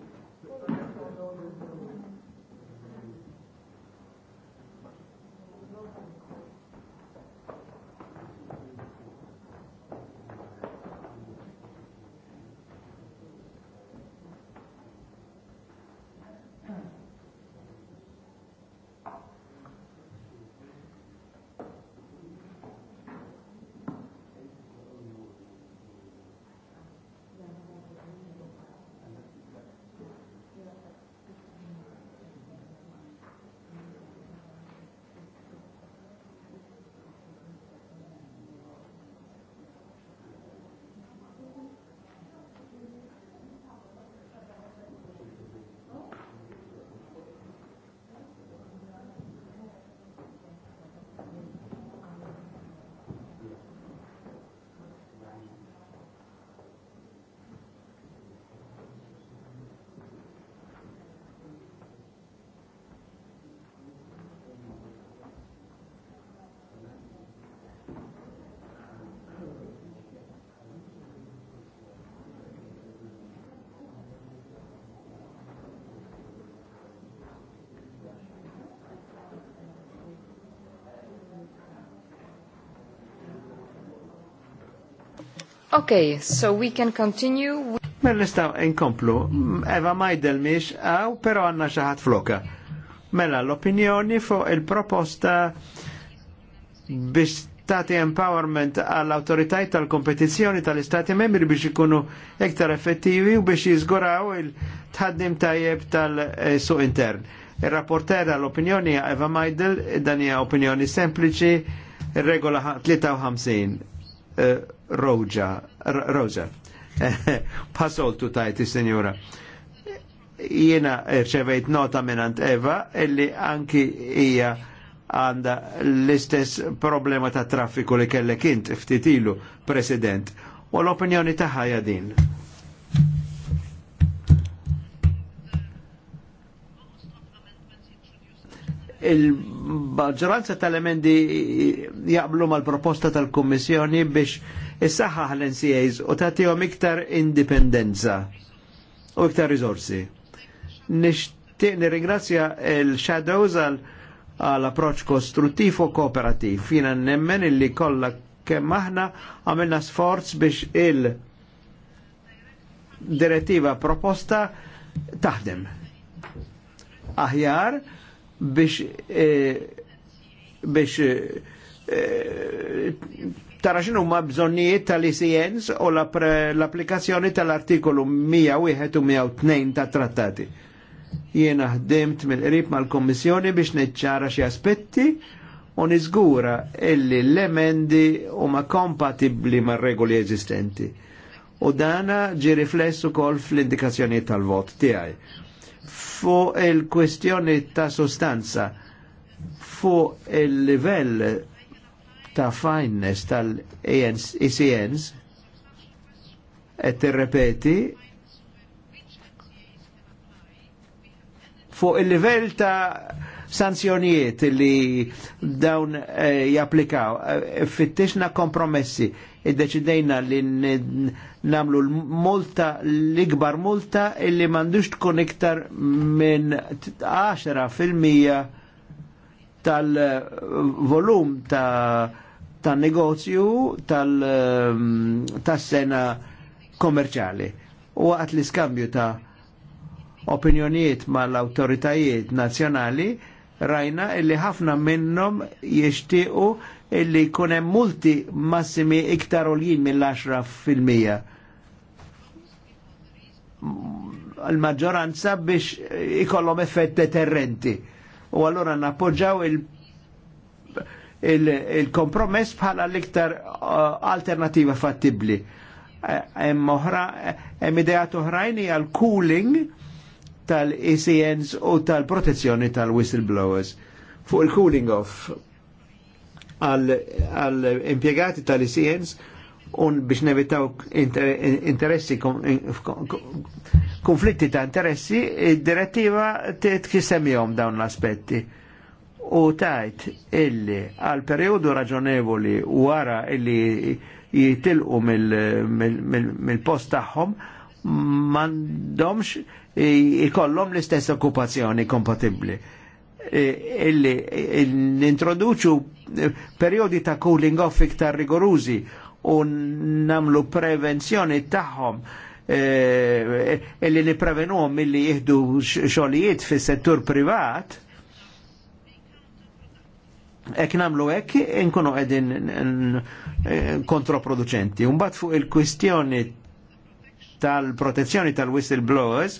Okay, so we can continue. Mel nistaw inkomplu, Eva Majdel miex, għaw, pero għanna xaħat floka. Mela l-opinjoni fuq il-proposta biex tati empowerment għall autoritajt tal-kompetizjoni tal-istati membri biex ikunu ektar effettivi u biex jizguraw il-tħaddim tajjeb tal-suq intern. Il-rapporter għall-opinjoni Eva Majdel, dan hija opinjoni sempliċi, regola 53 Eh, Roja. Eh, Pasoltu tajti, senjura. Jiena rċevejt nota minant Eva, illi anki hija għanda l-istess problema ta' traffiku li kellek int, ftitilu, president. U l-opinjoni taħħa din. il-maġġoranza tal-emendi jaqblu mal-proposta tal-Kommissjoni biex issaħħaħ l-NCAs u tagħtihom iktar indipendenza u iktar rizorsi. Nixtieq nirringrazzja il-Shadows għal-approċ kostruttiv u kooperativ. Fina nemmen illi kollha kemm aħna għamilna sforz biex il-direttiva proposta taħdem. Aħjar, biex e, biex e, tara xinu ma bżonnijiet tal-ICNs u l-applikazzjoni tal-artikolu 101 u 102 ta' trattati. Jiena ħdimt mill-qrib mal-Kommissjoni biex neċċara xi aspetti u niżgura illi l-emendi huma kompatibbli mar-regoli eżistenti. U dana ġi riflessu kol fl-indikazzjoni tal-vot tiegħi fuq il-kwestjoni ta' sostanza, fuq il-livell ta' fineness tal-ECNs, et repeti fuq il-livell ta' sanzjonijiet li dawn eh, japplikaw. Eh, fittixna kompromessi id-deċidejna li namlu l-multa, l-ikbar multa illi mandux tkun iktar minn 10% tal-volum ta' ta' negozju tal-sena kommerċali. U għat l-iskambju ta' opinjonijiet ma' l-autoritajiet nazjonali rajna illi ħafna minnom jishtiqu illi kunem multi massimi iktar oljin mill-10 fil-mija. L-maġġoranza biex ikollhom effett deterrenti. U allora nappoġġaw il- kompromess il bħala l-iktar uh, alternativa fattibli. Eh, hemm uh, ideat oħrajn hija cooling tal-ECNs u tal-protezzjoni tal-whistleblowers. Fuq il-cooling off, għal impiegati tal-ICNs un biex nevitaw interessi konflitti ta' interessi, id-direttiva tkissemmihom dawn l-aspetti. U tajt illi għal periodu raġonevoli wara illi jitilqu mill-post tagħhom m'għandhomx ikollhom l-istess okkupazzjoni kompatibbli Eh, illi eh, introduċu eh, periodi ta' cooling off iktar rigorużi u namlu prevenzjoni tagħhom illi niprevenuhom milli jihdu xogħlijiet fis-settur privat ek namlu ek, nkunu għedin kontraproducenti. Umbat fuq il-kwistjoni tal-protezzjoni tal-whistleblowers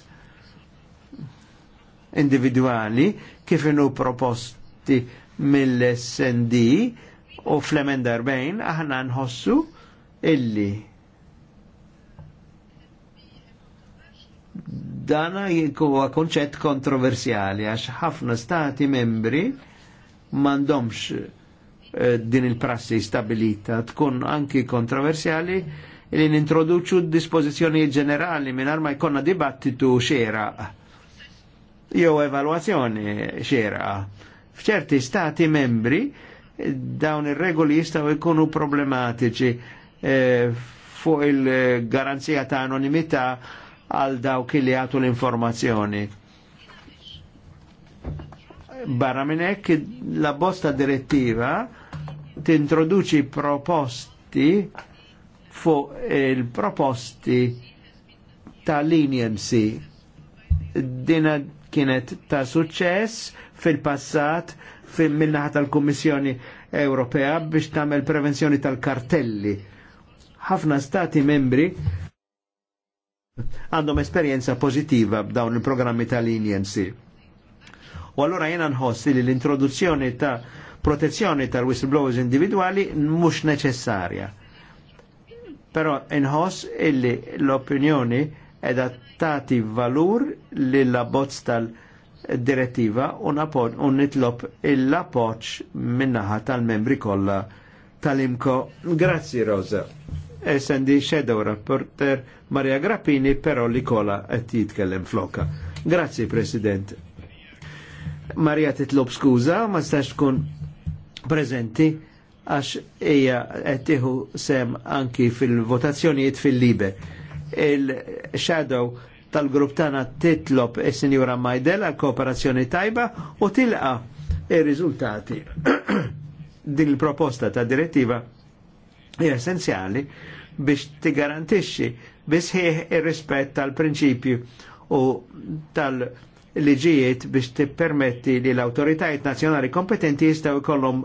individuali, kif inu proposti mill-SND u fl-emenda 40 aħna nħossu illi dana huwa konċett kontroversjali għax ħafna stati membri mandomx eh, din il-prassi stabilita tkun anki kontroversjali li nintroduċu dispożizzjoni ġenerali minn ma jkonna dibattitu xera jew evalwazzjoni xera. F'ċerti stati membri dawn ir-regoli jistgħu jkunu problematiċi eh, fuq il-garanzija ta' anonimità għal dawk li jagħtu l-informazzjoni. Barra minn hekk la bosta direttiva tintroduċi proposti fuq il-proposti tal leniency. Dina kienet ta' suċċess fil-passat fil minnaħa tal-Kummissjoni Ewropea biex tagħmel prevenzjoni tal-kartelli. Ħafna stati membri għandhom esperjenza pożittiva b'dawn il-programmi tal inc U allura jena nħossi li l-introduzzjoni ta' protezzjoni tal-whistleblowers individuali mhux neċessarja. Però nħoss illi l-opinjoni edha tati valur la abbozz tal-direttiva u nitlob il-appoċ minnaħa tal-membri kollha tal-imko. Grazzi Rosa. Essendi Shadow Rapporter Maria Grappini però li kola qed jitkellem floka. Grazzi President. Maria titlob skuza, ma stax tkun prezenti għax et qed sem anki fil-votazzjonijiet fil-libe il-shadow tal-grupp tana titlob il-Sinjura Majdela għal kooperazzjoni tajba u tilqa il-rizultati din il-proposta ta' direttiva hija essenzjali biex tigarantixxi bisħieħ ir-rispett tal-prinċipju u tal-liġijiet biex tippermetti li l-autoritajiet nazzjonali kompetenti jistgħu jkollhom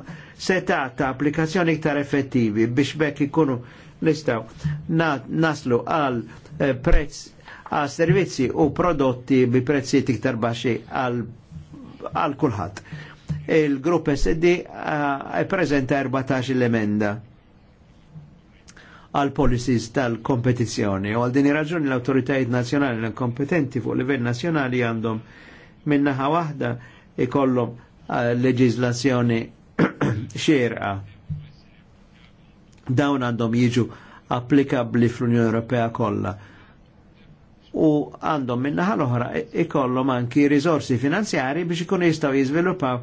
seta ta' applikazzjoni iktar effettivi biex bekk ikunu nistaw na, naslu għal eh, prezz għal servizzi u prodotti bi prezzi tiktar baxi għal, għal kulħat. Il-grupp SD eh, prezenta 14 l-emenda għal policies tal-kompetizjoni u għal dini raġuni l-autoritajiet nazjonali l kompetenti fuq livell nazjonali għandhom minnaħa wahda ikollhom eh, leġislazzjoni xerqa dawn għandhom jiġu applikabli fl-Unjoni Ewropea kollha. U għandhom minnaħa l-oħra ikollhom anki risorsi finanzjari biex ikun jistgħu jiżviluppaw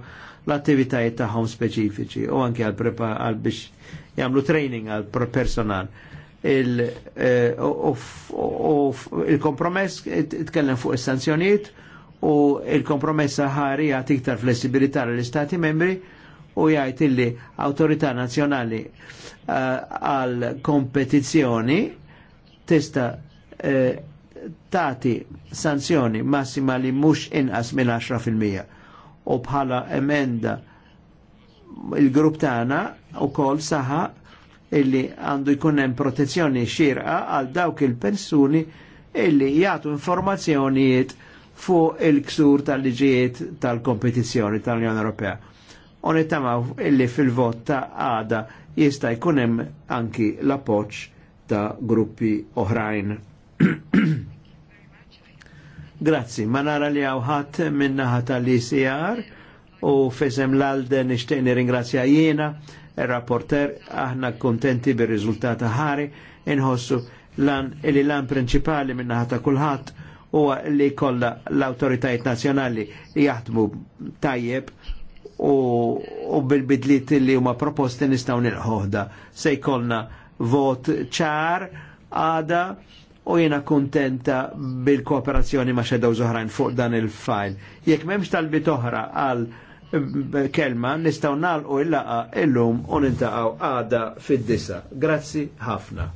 l-attivitajiet tagħhom speċifiċi u anki għal biex jagħmlu training għal personal. Eh, il-kompromess tkellem fuq is-sanzjonijiet u il-kompromess ħari jagħti iktar flessibilità l istati membri u jgħid illi awtorità nazzjonali Eh, għal kompetizzjoni tista' eh, tati sanzjoni massima li mhux inqas minn 10% u bħala emenda il-grupp tagħna ukoll saħa illi għandu jkun hemm protezzjoni xirqa għal dawk il-persuni illi jagħtu informazzjonijiet fuq il-ksur tal-liġijiet tal-kompetizzjoni tal-Unjoni Ewropea. Unittamaw illi fil-vot ta' għada jista' jkun hemm anki l-appoġġ ta' gruppi oħrajn. Grazzi, ma nara li għawħat minnaħa tal-ICR u fesem l-alde nishtejni ringrazzja jiena, il-rapporter, aħna kontenti bil-rizultat ħari, inħossu lan il lan prinċipali minnaħa ta' kulħadd u li kolla l-autoritajiet nazjonali jaħdmu tajjeb u bil-bidliet li huma proposti nistgħu nilħoħda. Se jkollna vot ċar għada u jena kontenta bil-kooperazzjoni ma' xedaw zoħrajn fuq dan il-fajl. Jekk memx talbit oħra għal eh, kelma nistaw nalqu il-laqa illum u nintaqaw għada fid-disa. Grazzi ħafna.